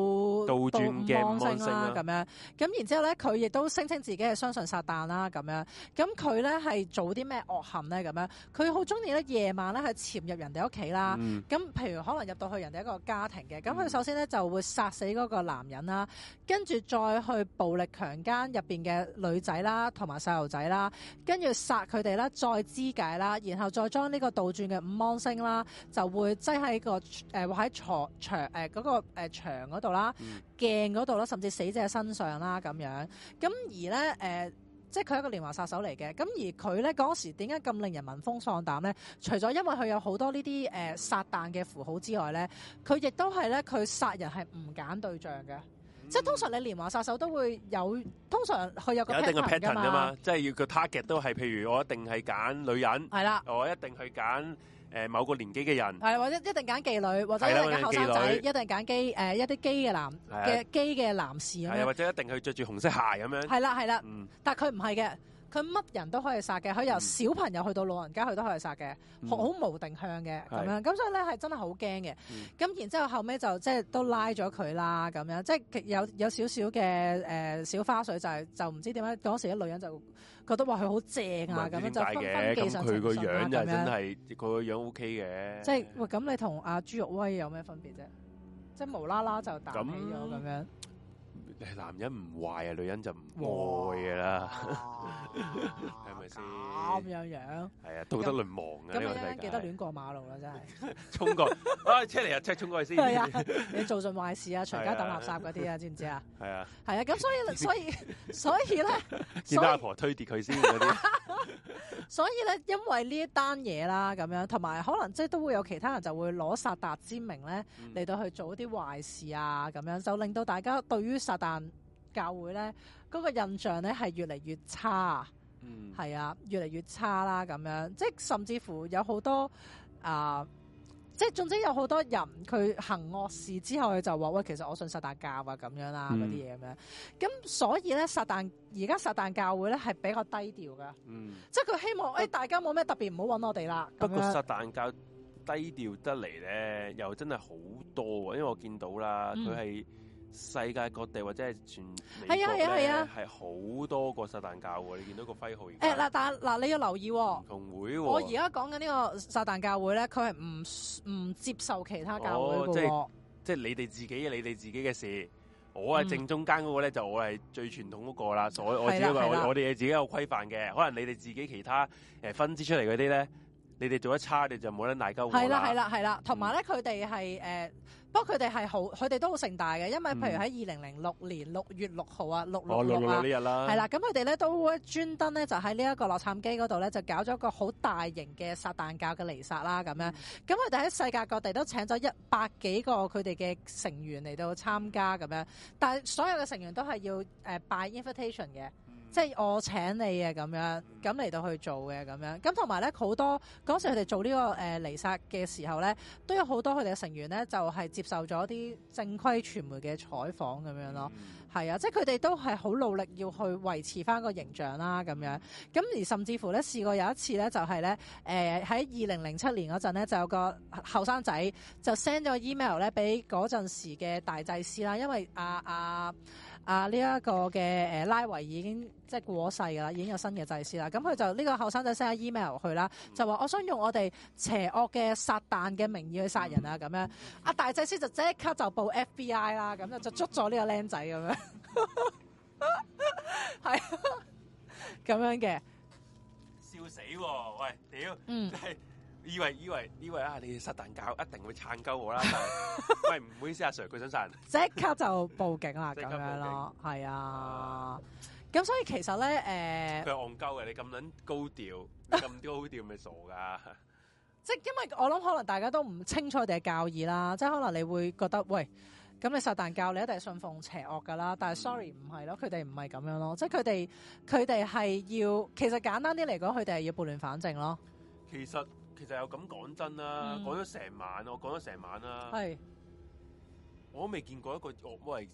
倒轉嘅五星啦咁、啊、樣。咁然之後咧，佢亦都聲稱自己係相信撒旦啦咁樣。咁佢咧係做啲咩惡行咧咁樣？佢好中意咧夜晚咧係潛入人哋屋企啦。咁、嗯、譬如可能入到去人哋一個家庭嘅，咁佢首先咧就會殺死嗰個男人啦，跟住再去暴力強姦入邊，嘅女仔啦，同埋細路仔啦，跟住殺佢哋啦，再肢解啦，然後再將呢個倒轉嘅五芒星啦，就會擠喺個誒或喺牆誒嗰個誒牆嗰度啦、鏡嗰度啦，甚至死者身上啦咁樣。咁、嗯、而咧誒、呃，即係佢係一個連環殺手嚟嘅。咁而佢咧嗰時點解咁令人聞風喪膽咧？除咗因為佢有好多呢啲誒撒旦嘅符號之外咧，佢亦都係咧佢殺人係唔揀對象嘅。即係通常你連環殺手都會有，通常佢有一定嘅 pattern 㗎嘛，嘛，即係要個 target 都係，譬如我一定係揀女人，係啦的，我一定去揀誒、呃、某個年紀嘅人，係或者一定揀妓女，或者一定揀後生仔，一定揀基誒一啲基嘅男嘅基嘅男士咁樣的，或者一定去着住紅色鞋咁樣，係啦係啦，嗯、但係佢唔係嘅。佢乜人都可以殺嘅，佢由小朋友去到老人家，佢都可以殺嘅，好、嗯、無定向嘅咁是的 樣。咁所以咧係真係好驚嘅。咁、嗯、然之後後尾就即係都拉咗佢啦，咁樣即係有有少少嘅誒小花絮就係、是、就唔知點解嗰時啲女人就覺得話佢好正啊咁樣就分分，分記上陳信瑜咁係佢個樣 OK 嘅樣。即係喂，咁你同阿、啊、朱玉威有咩分別啫？即係無啦啦就打起咗咁樣。男人唔壞啊，女人就唔愛噶啦，係咪先咁樣樣？係啊，道德淪亡啊！咁樣記得亂過馬路啦，真係衝過啊！車嚟啊，車衝過去先。係啊，你做盡壞事啊，隨街抌垃圾嗰啲啊，知唔知啊？係啊，係啊，咁所以所以所以咧，見到阿婆推跌佢先啲。所以咧，因為呢一單嘢啦，咁樣同埋可能即係都會有其他人就會攞撒旦之名咧嚟到去做一啲壞事啊，咁樣就令到大家對於撒旦。但教會咧嗰、嗰個印象咧係越嚟越差，係、嗯、啊，越嚟越差啦咁樣，即係甚至乎有好多啊、呃，即係總之有好多人佢行惡事之後，佢就話喂，其實我信撒旦教啊咁樣啦，嗰啲嘢咁樣。咁所以咧，撒旦而家撒旦教會咧係比較低調噶，嗯、即係佢希望誒、嗯、大家冇咩特別，唔好揾我哋啦。不，不過撒旦教低調得嚟咧，又真係好多，因為我見到啦，佢係。世界各地或者係全係啊係啊係啊，係、啊啊、好多個撒旦教會喎！你見到個徽號。誒嗱、欸，但嗱你要留意、哦，唔同會喎、哦。我而家講緊呢個撒旦教會咧，佢係唔唔接受其他教會嘅、哦。即係即係你哋自己，你哋自己嘅事。我係正中間嗰個咧，就我係最傳統嗰個啦。所以我我只因為我哋自己有規範嘅，可能你哋自己其他誒分支出嚟嗰啲咧。你哋做得差，你就冇得嗌交。係啦，係啦，係啦，同埋咧，佢哋係誒，不過佢哋係好，佢哋都好盛大嘅，因為譬如喺二零零六年六月六號啊，啊、哦，六六六啊，係啦，咁佢哋咧都專登咧就喺呢一個洛杉磯嗰度咧就搞咗個好大型嘅撒旦教嘅彌撒啦咁樣，咁佢哋喺世界各地都請咗一百幾個佢哋嘅成員嚟到參加咁樣，但係所有嘅成員都係要誒、呃、拜 invitation 嘅。即係我請你啊咁樣，咁嚟到去做嘅咁樣，咁同埋咧好多嗰時佢哋做呢、這個誒彌撒嘅時候咧，都有好多佢哋嘅成員咧，就係、是、接受咗啲正規傳媒嘅採訪咁樣咯。係啊，即係佢哋都係好努力要去維持翻個形象啦咁樣。咁而甚至乎咧試過有一次咧，就係咧誒喺二零零七年嗰陣咧，就有個後生仔就 send 咗 email 咧俾嗰陣時嘅大祭司啦，因為阿阿。啊啊啊！呢、這、一個嘅誒、呃、拉維已經即係過世㗎啦，已經有新嘅祭司啦。咁佢就呢、這個後生仔 send email 去啦，就話我想用我哋邪惡嘅撒旦嘅名義去殺人啊咁樣。阿、啊、大祭司就即刻就報 FBI 啦，咁就就捉咗呢個僆仔咁樣，係 咁 樣嘅的。笑死喎、哦！喂，屌，嗯。以為以為呢位啊，你撒旦教一定會撐鳩我啦！喂，唔好意思阿 Sir，佢想殺人，即刻就報警啦，咁樣咯，係啊。咁所以其實咧，誒，佢係戇鳩嘅，你咁撚高調，咁高調咪傻噶？即係因為我諗，可能大家都唔清楚佢哋嘅教義啦。即係可能你會覺得，喂，咁你撒旦教你一定係信奉邪惡噶啦。但係，sorry，唔係咯，佢哋唔係咁樣咯。即係佢哋，佢哋係要其實簡單啲嚟講，佢哋係要撥亂反正咯。其實。其實有咁講真啦、啊，講咗成晚，我講咗成晚啦、啊。係是，我都未見過一個惡魔係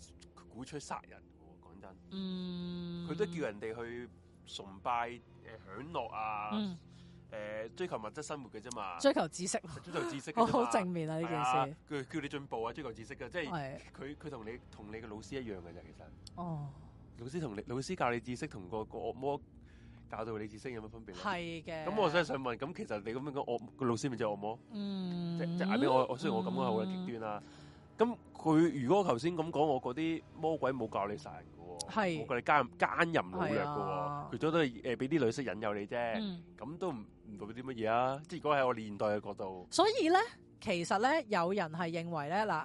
鼓吹殺人嘅喎，講真。嗯，佢都叫人哋去崇拜誒、呃、享樂啊，誒、嗯呃、追求物質生活嘅啫嘛，追求知識， 追求知識。我好正面啊呢、哎、呀件事。係叫你進步啊，追求知識嘅，即係佢佢同你同你嘅老師一樣嘅啫，其實。哦，老師同你老師教你知識，同個個惡魔。搞到你自省有乜分別？係嘅。咁我真係想問，咁其實你咁樣講，惡個老師咪即係惡魔？嗯。即即嗌俾我，我雖然我咁樣講嘅係好極端啦、啊。咁佢如果頭先咁講，我嗰啲魔鬼冇教你殺人嘅喎、哦。係是的。我教、哦是的 呃、你奸奸淫老弱嘅喎。佢最多、嗯、都係誒俾啲女色引誘你啫。嗯。咁都唔唔代表啲乜嘢啊？即係如果喺我年代嘅角度。所以咧，其實咧，有人係認為咧嗱。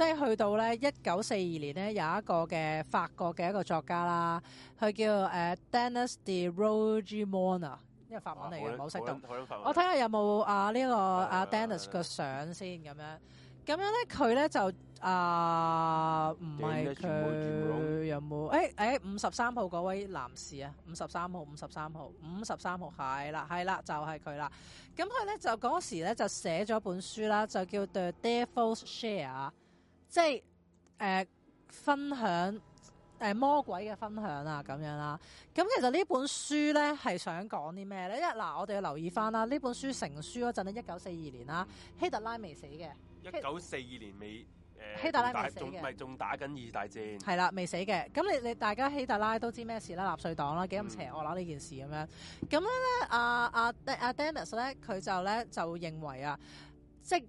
即係去到咧，一九四二年咧，有一個嘅法國嘅一個作家啦，佢叫誒、uh, Dennis de Rougemont 啊，呢個法文嚟嘅唔好識讀。我睇下有冇啊，啊呢個啊 Dennis 個相先咁樣咁樣咧，佢咧就啊唔係佢有冇？誒誒五十三號嗰位男士啊，五十三號，五十三號，五十三號係啦係啦，就係、是、佢啦。咁佢咧就嗰時咧就寫咗本書啦，就叫做 The Devil's Share。即係誒、呃、分享誒、呃、魔鬼嘅分享啊咁樣啦，咁其實呢本書咧係想講啲咩咧？因為嗱，我哋要留意翻啦，呢本書成書嗰陣咧，一九四二年啦，希特拉未死嘅，一九四二年未誒，希特拉未死仲打緊二大戰，係啦、嗯，未死嘅。咁你你大家希特拉都知咩事啦？納粹黨啦，幾咁邪惡啦呢件事咁樣。咁咧咧，阿阿阿丹尼斯咧，佢、啊啊、就咧就認為啊，即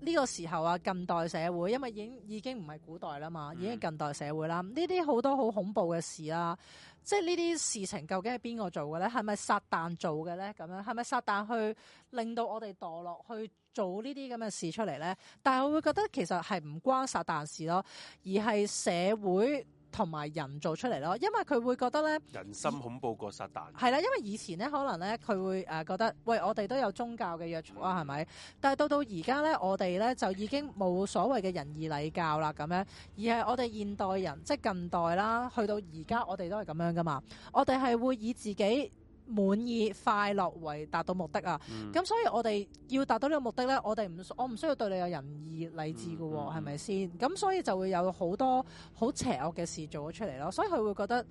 呢個時候啊，近代社會，因為已經已經唔係古代啦嘛，已經係近代社會啦。呢啲好多好恐怖嘅事啦、啊，即係呢啲事情究竟係邊個做嘅咧？係咪撒旦做嘅咧？咁樣係咪撒旦去令到我哋墮落去做呢啲咁嘅事出嚟咧？但係我會覺得其實係唔關撒旦事咯、啊，而係社會。同埋人做出嚟咯，因為佢會覺得咧，人心恐怖過撒旦。係啦，因為以前咧，可能咧佢會誒覺得，喂，我哋都有宗教嘅約束啊，係咪？但係到到而家咧，我哋咧就已經冇所謂嘅仁義禮教啦，咁樣。而係我哋現代人，即係近代啦，去到而家，我哋都係咁樣噶嘛，我哋係會以自己。滿意快樂為達到目的啊！咁、嗯、所以我哋要達到呢個目的呢，我哋唔我唔需要對你有仁義禮智嘅喎、哦，係咪、嗯、先？咁所以就會有好多好邪惡嘅事做咗出嚟咯。所以佢會覺得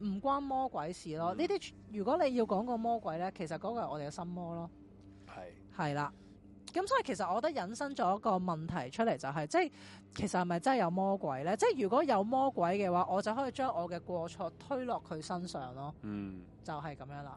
唔關魔鬼事咯。呢啲、嗯、如果你要講個魔鬼呢，其實嗰個係我哋嘅心魔咯。係係是啦。咁所以其實我覺得引申咗一個問題出嚟就係、是，即係其實係咪真係有魔鬼咧？即係如果有魔鬼嘅話，我就可以將我嘅過錯推落佢身上咯。嗯，就係咁樣啦。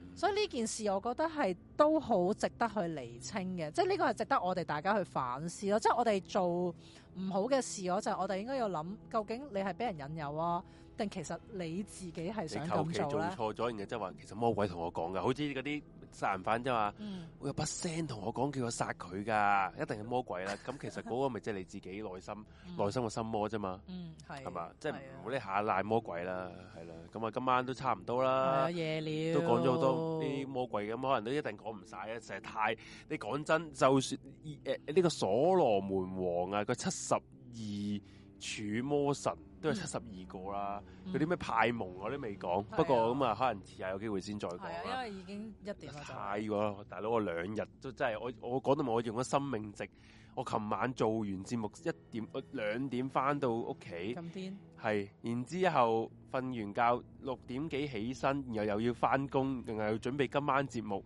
嗯、所以呢件事我覺得係都好值得去釐清嘅，即係呢個係值得我哋大家去反思咯。即係我哋做唔好嘅事嗰陣、是，我哋應該要諗，究竟你係俾人引誘啊，定其實你自己係想咁做咧？做錯咗嘢，即係話其實魔鬼同我講㗎，好似嗰啲。殺人犯啫嘛，嗯、會有把聲同我講叫我殺佢噶，一定係魔鬼啦。咁 其實嗰個咪即係你自己內心、內、嗯、心個心魔啫嘛，係嘛，即係唔好你下賴魔鬼啦，係啦。咁啊，今晚都差唔多啦，夜了，哎、了都講咗好多啲魔鬼咁，可能都一定講唔晒啊，成日太，你講真，就算誒呢、呃這個所羅門王啊，個七十二柱魔神。都係七十二個啦，有啲咩派蒙我都未講，呀不過咁啊、嗯，可能遲下有機會先再講。因為已經一點太喎，大佬我兩日都真係我我講到我用咗生命值，我琴晚做完節目一點我兩點翻到屋企，咁癲係，然之後瞓完覺六點幾起身，然後又要翻工，定係要準備今晚節目，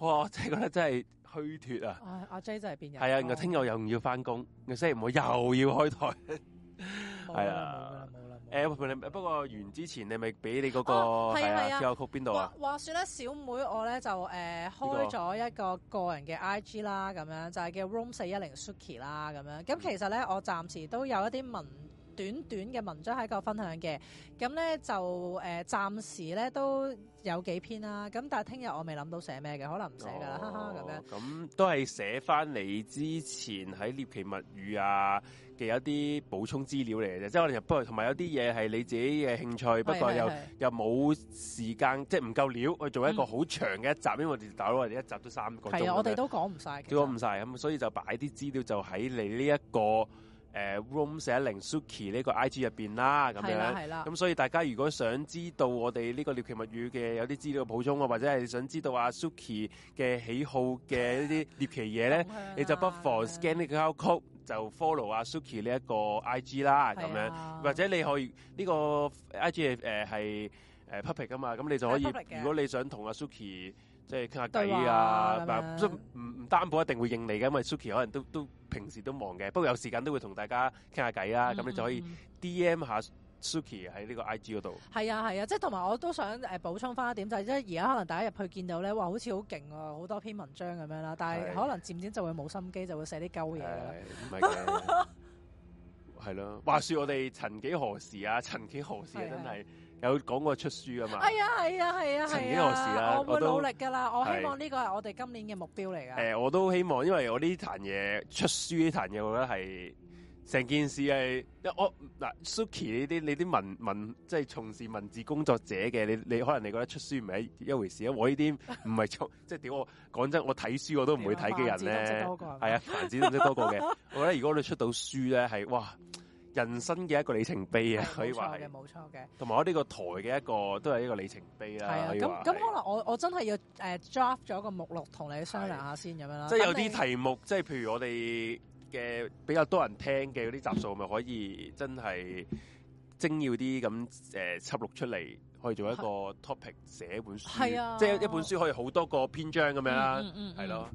哇！我真係覺得真係虛脱啊！阿 J 就係邊人？係啊，然後聽日又要翻工，星期五我又要開台。 係啊，誒、欸、不過完之前你咪俾你嗰、那個係啊，交曲邊度啊，啊，啊，啊？話說咧，小妹我咧就誒、呃這個、開咗一個個人嘅 IG 啦，咁樣就係叫 Room 四一零 Suki 啦，咁樣咁其實咧、嗯、我暫時都有一啲文。短短嘅文章喺度分享嘅，咁咧就誒、呃、暫時咧都有幾篇啦、啊，咁但係聽日我未諗到寫咩嘅，可能唔寫噶啦，哦、哈哈咁樣。咁、嗯、都係寫翻你之前喺《獵奇物語》啊嘅一啲補充資料嚟嘅啫，即係我哋不過同埋有啲嘢係你自己嘅興趣，不過又是是是是又冇時間，即係唔夠料去做一個好長嘅一集，嗯、因為我哋大佬我哋一集都三個鐘，係我哋都講唔曬，講唔晒，咁，所以就擺啲資料就喺你呢、這、一個。誒、uh, room 四一零 Suki 呢個 I G 入邊啦，咁的樣咁的、嗯、所以大家如果想知道我哋呢個獵奇物語嘅有啲資料補充，或者係想知道阿、啊、Suki 嘅喜好嘅一啲獵奇嘢咧，的你就不妨 scan 呢的、啊啊、個曲就 follow 阿 Suki 呢一個 I G 啦，咁樣的或者你可以呢、這個 I G 係誒係 public 噶嘛，咁你就可以的如果你想同阿、啊、Suki。即係傾下偈啊！嗱，唔唔擔保一定會應你嘅，因為 Suki 可能都都平時都忙嘅，不過有時間都會同大家傾下偈啊。咁、嗯、你就可以 D M 下 Suki 喺呢個 I G 嗰度。係、嗯嗯嗯、啊，係啊，即係同埋我都想誒補充翻一點，就係而家可能大家入去見到咧，哇，好似好勁啊，好多篇文章咁樣啦，但係可能漸漸就會冇心機，就會寫啲鳩嘢啦。係咯、啊 啊，話説我哋曾幾何時啊，曾幾何時啊，真係～ 有講過出書啊嘛？係、哎、啊係啊係啊係啊，啊！我會努力噶啦，我、都啊、我希望呢個係我哋今年嘅目標嚟噶。誒、呃，我都希望，因為我呢壇嘢出書呢壇嘢，我覺得係成件事係我嗱，Suki 呢啲你啲文文即係、就是、從事文字工作者嘅，你你可能你覺得出書唔係一回事啊。我呢啲唔係即係屌我講真，我睇書我都唔會睇嘅人咧，係啊，凡子都多過嘅。啊、 我覺得如果你出到書咧，係哇～人生嘅一個里程碑啊，可以話係啊冇錯嘅。同埋我呢個台嘅一個都係一個里程碑啦，可以話。係啊，咁咁可，可能我我真係要誒、uh, draft 咗個目錄同你商量下先咁、啊、樣啦。即係有啲題目，即係你譬如我哋嘅比較多人聽嘅啲集數咪可以真係精要啲咁誒輯錄出嚟，可以做一個 topic 寫一本書係啊，即係一本書可以好多個篇章咁樣啦，係、嗯嗯嗯嗯、咯，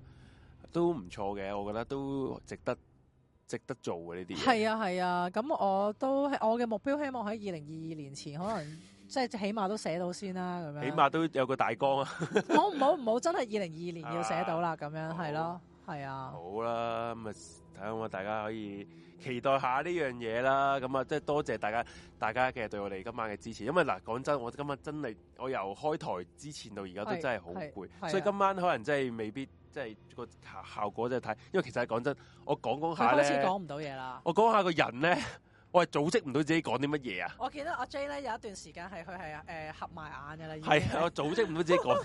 都唔錯嘅，我覺得都值得。值得做嘅呢啲，係啊，係啊，咁、啊、我都我嘅目標希望喺二零二二年前，可能 即係起碼都寫到先啦，咁樣。 起碼都有個大綱啊！好唔好唔好，真係二零二二年要寫到啦，咁樣係、啊、咯，係啊好。咯好啦，咁啊睇下大家可以期待下呢樣嘢啦。咁啊，即係多謝大家大家嘅對我哋今晚嘅支持。因為嗱，講真，我今日真係我由開台之前到而家都真係好攰，所以今晚可能真係未必。即係個效果真係太，因為其實講真，我講講下咧，開始講唔到嘢啦。我講下個人咧，我係組織唔到自己講啲乜嘢啊。我記得阿 J 咧有一段時間係佢係誒合埋眼嘅啦，係、 啊、我組織唔到自己講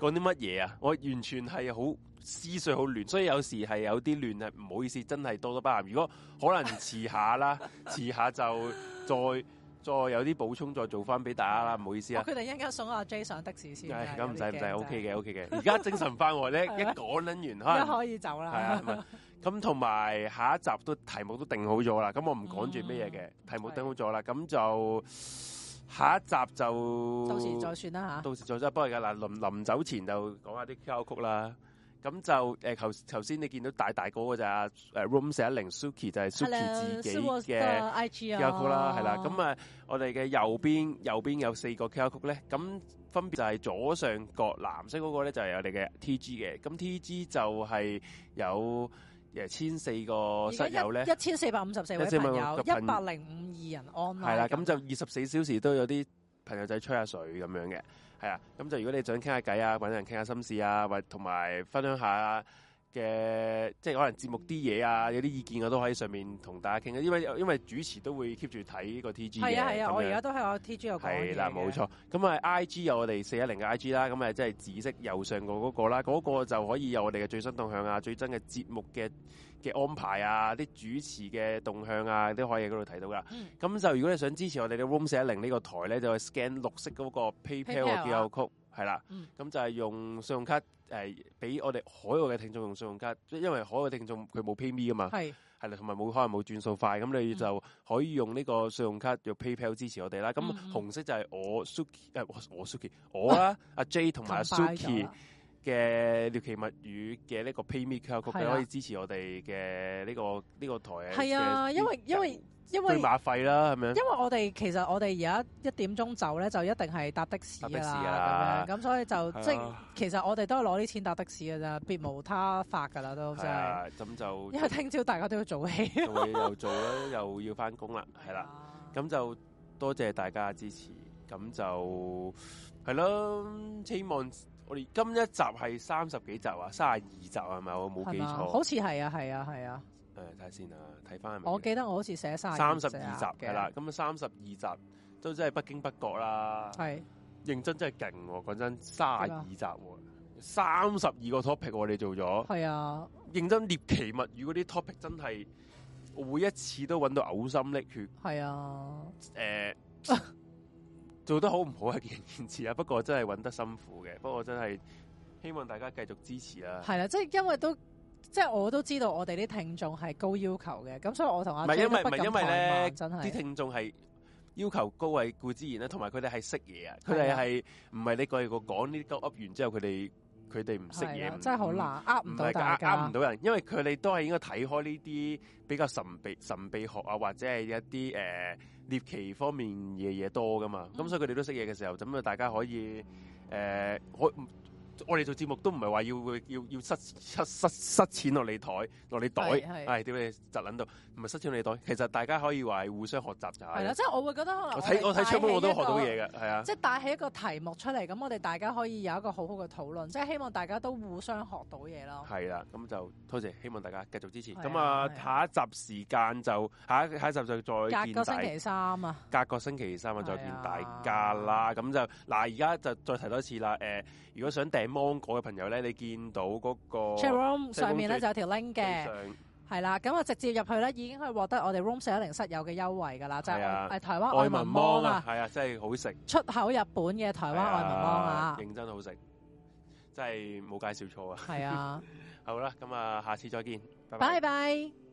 講啲乜嘢啊，我完全係好思緒好亂，所以有時係有啲亂係，唔好意思，真係多多包涵。如果可能遲下啦， 遲下就再。再有啲補充，再做翻俾大家啦，唔好意思啊。佢哋一陣間送阿 J 上的士先。係，咁唔使唔使，OK 嘅，OK 嘅。而家精神翻喎，咧一講甩完，可能可以走啦。係啊，咁同埋下一集都題目都定好咗啦，咁我唔講住咩嘢嘅題目定好咗啦，咁就下一集就到時再算啦嚇。到時再算，不過而家嗱，臨臨走前就講下啲 Q 曲啦。咁就誒，頭頭先你見到大大個嘅咋，誒 Room 410 Suki 就係 Suki Hello, 自己嘅 IG、uh, 啦，係啦。咁啊，我哋嘅右邊右邊有四個 K 歌曲咧。咁分別就係左上角藍色嗰個咧，就係我哋嘅 TG 嘅。咁 TG 就係有誒千四個室友咧，一千四百五十四位朋友，一百零五二人安樂。係啦，咁、嗯、就二十四小時都有啲朋友仔吹下水咁樣嘅。係啊，咁就如果你想傾下偈啊，搵人傾下心事啊，或同埋分享下嘅，即係可能節目啲嘢啊，有啲意見啊，都可以上面同大家傾，因為因為主持都會 keep 住睇呢個 T G 嘅。係啊係啊，啊我而家都喺我 T G 度講嘢嘅。係啦，冇錯。咁啊 I G 有我哋四一零嘅 I G 啦，咁啊即係紫色右上角嗰個啦，嗰個就可以有我哋嘅最新動向啊，最真嘅節目嘅。嘅安排啊，啲主持嘅動向啊，都可以喺嗰度睇到噶。咁、嗯、就如果你想支持我哋嘅 Room 四一零呢個台咧，就 scan 綠色嗰個 PayPal 嘅叫號曲，係啦的。咁、嗯、就係用信用卡誒俾、呃、我哋海外嘅聽眾用信用卡，即係因為海外嘅聽眾佢冇 PayMe 啊嘛，係係啦，同埋冇可能冇轉數快，咁你就可以用呢個信用卡用 PayPal 支持我哋啦。咁紅色就係我 Suki，誒、呃、我 Suki，我， 我啦，阿 J 同埋阿 Suki。嘅獵奇物語嘅呢個 pay me 曲可以支持我哋嘅呢個呢、呢個台啊，係啊，因為因為因為馬費啦咁樣，因為我哋其實我哋而家一點鐘走咧，就一定係搭的士噶啦，咁樣咁所以就、啊、即係其實我哋都係攞啲錢搭的士啊，啫，別無他法噶啦，都真、就、係、係。咁、啊、就因為聽朝大家都要做戲，做嘢又做啦， 又要翻工啦，係啦、啊，咁就多謝大家嘅支持，咁就係咯，希望、啊。我哋今一集係三十幾集啊，卅二集係、啊、咪？我冇記錯，好似係啊，係啊，係啊。誒、嗯，睇下先啊，睇翻係咪？我記得我好似寫三,三十二集嘅，係啦。咁是、啊、三十二集都真係不經不覺啦。係認真真係勁喎，講真，卅二集，三十二個 topic 我哋做咗。係啊，認真獵奇物語嗰啲 topic 真係，每一次都揾到嘔心瀝血。係啊，誒、呃。 做得好唔好係件件事啊！不過真係揾得辛苦嘅，不過真係希望大家繼續支持啦、啊。係啦，即係因為都即係我都知道，我哋啲聽眾係高要求嘅，咁所以我同阿唔係是，唔係唔係因為咧啲聽眾係要求高位顧之然啦，同埋佢哋係識嘢啊，佢哋係唔係你個個講呢啲勾 Up 完之後，佢哋佢哋唔識嘢，的不真係好難 u 唔到大家 u 唔到人，因為佢哋都係應該睇開呢啲比較神秘神秘學啊，或者係一啲誒。呃獵奇方面嘢嘢多㗎嘛，咁、嗯嗯、所以佢哋都識嘢嘅時候，咁咪大家可以，誒、呃。可。我哋做節目都唔係話要會要要失失失失錢落你台落你袋，係點樣雜撚到，唔係失錢落你袋。其實大家可以話係互相學習就係。係啦，即係我會覺得可能睇我睇《出級》我都學到嘢嘅，係啊。即係帶起一個題目出嚟，咁我哋大家可以有一個好好嘅討論，即係希望大家都互相學到嘢咯。係啦，咁就多謝，希望大家繼續支持。咁啊，下一集時間就下一下一集就再見，隔個星期三啊！隔個星期三啊，再見大家啦。咁就嗱，而家就再提多一次啦。誒，如果想訂芒果嘅朋友咧，你見到嗰、那個 Chatroom ir 上面咧就有條 link 嘅，係啦上，咁啊直接入去咧已經可以獲得我哋 Room 四一零室友嘅優惠噶啦，的就係、是、台灣愛文芒果，係啊，啊真係好食，出口日本嘅台灣的愛文芒果啊，認真好食，真係冇介紹錯啊，係啊的， 好啦，咁啊，下次再見，拜拜。Bye bye。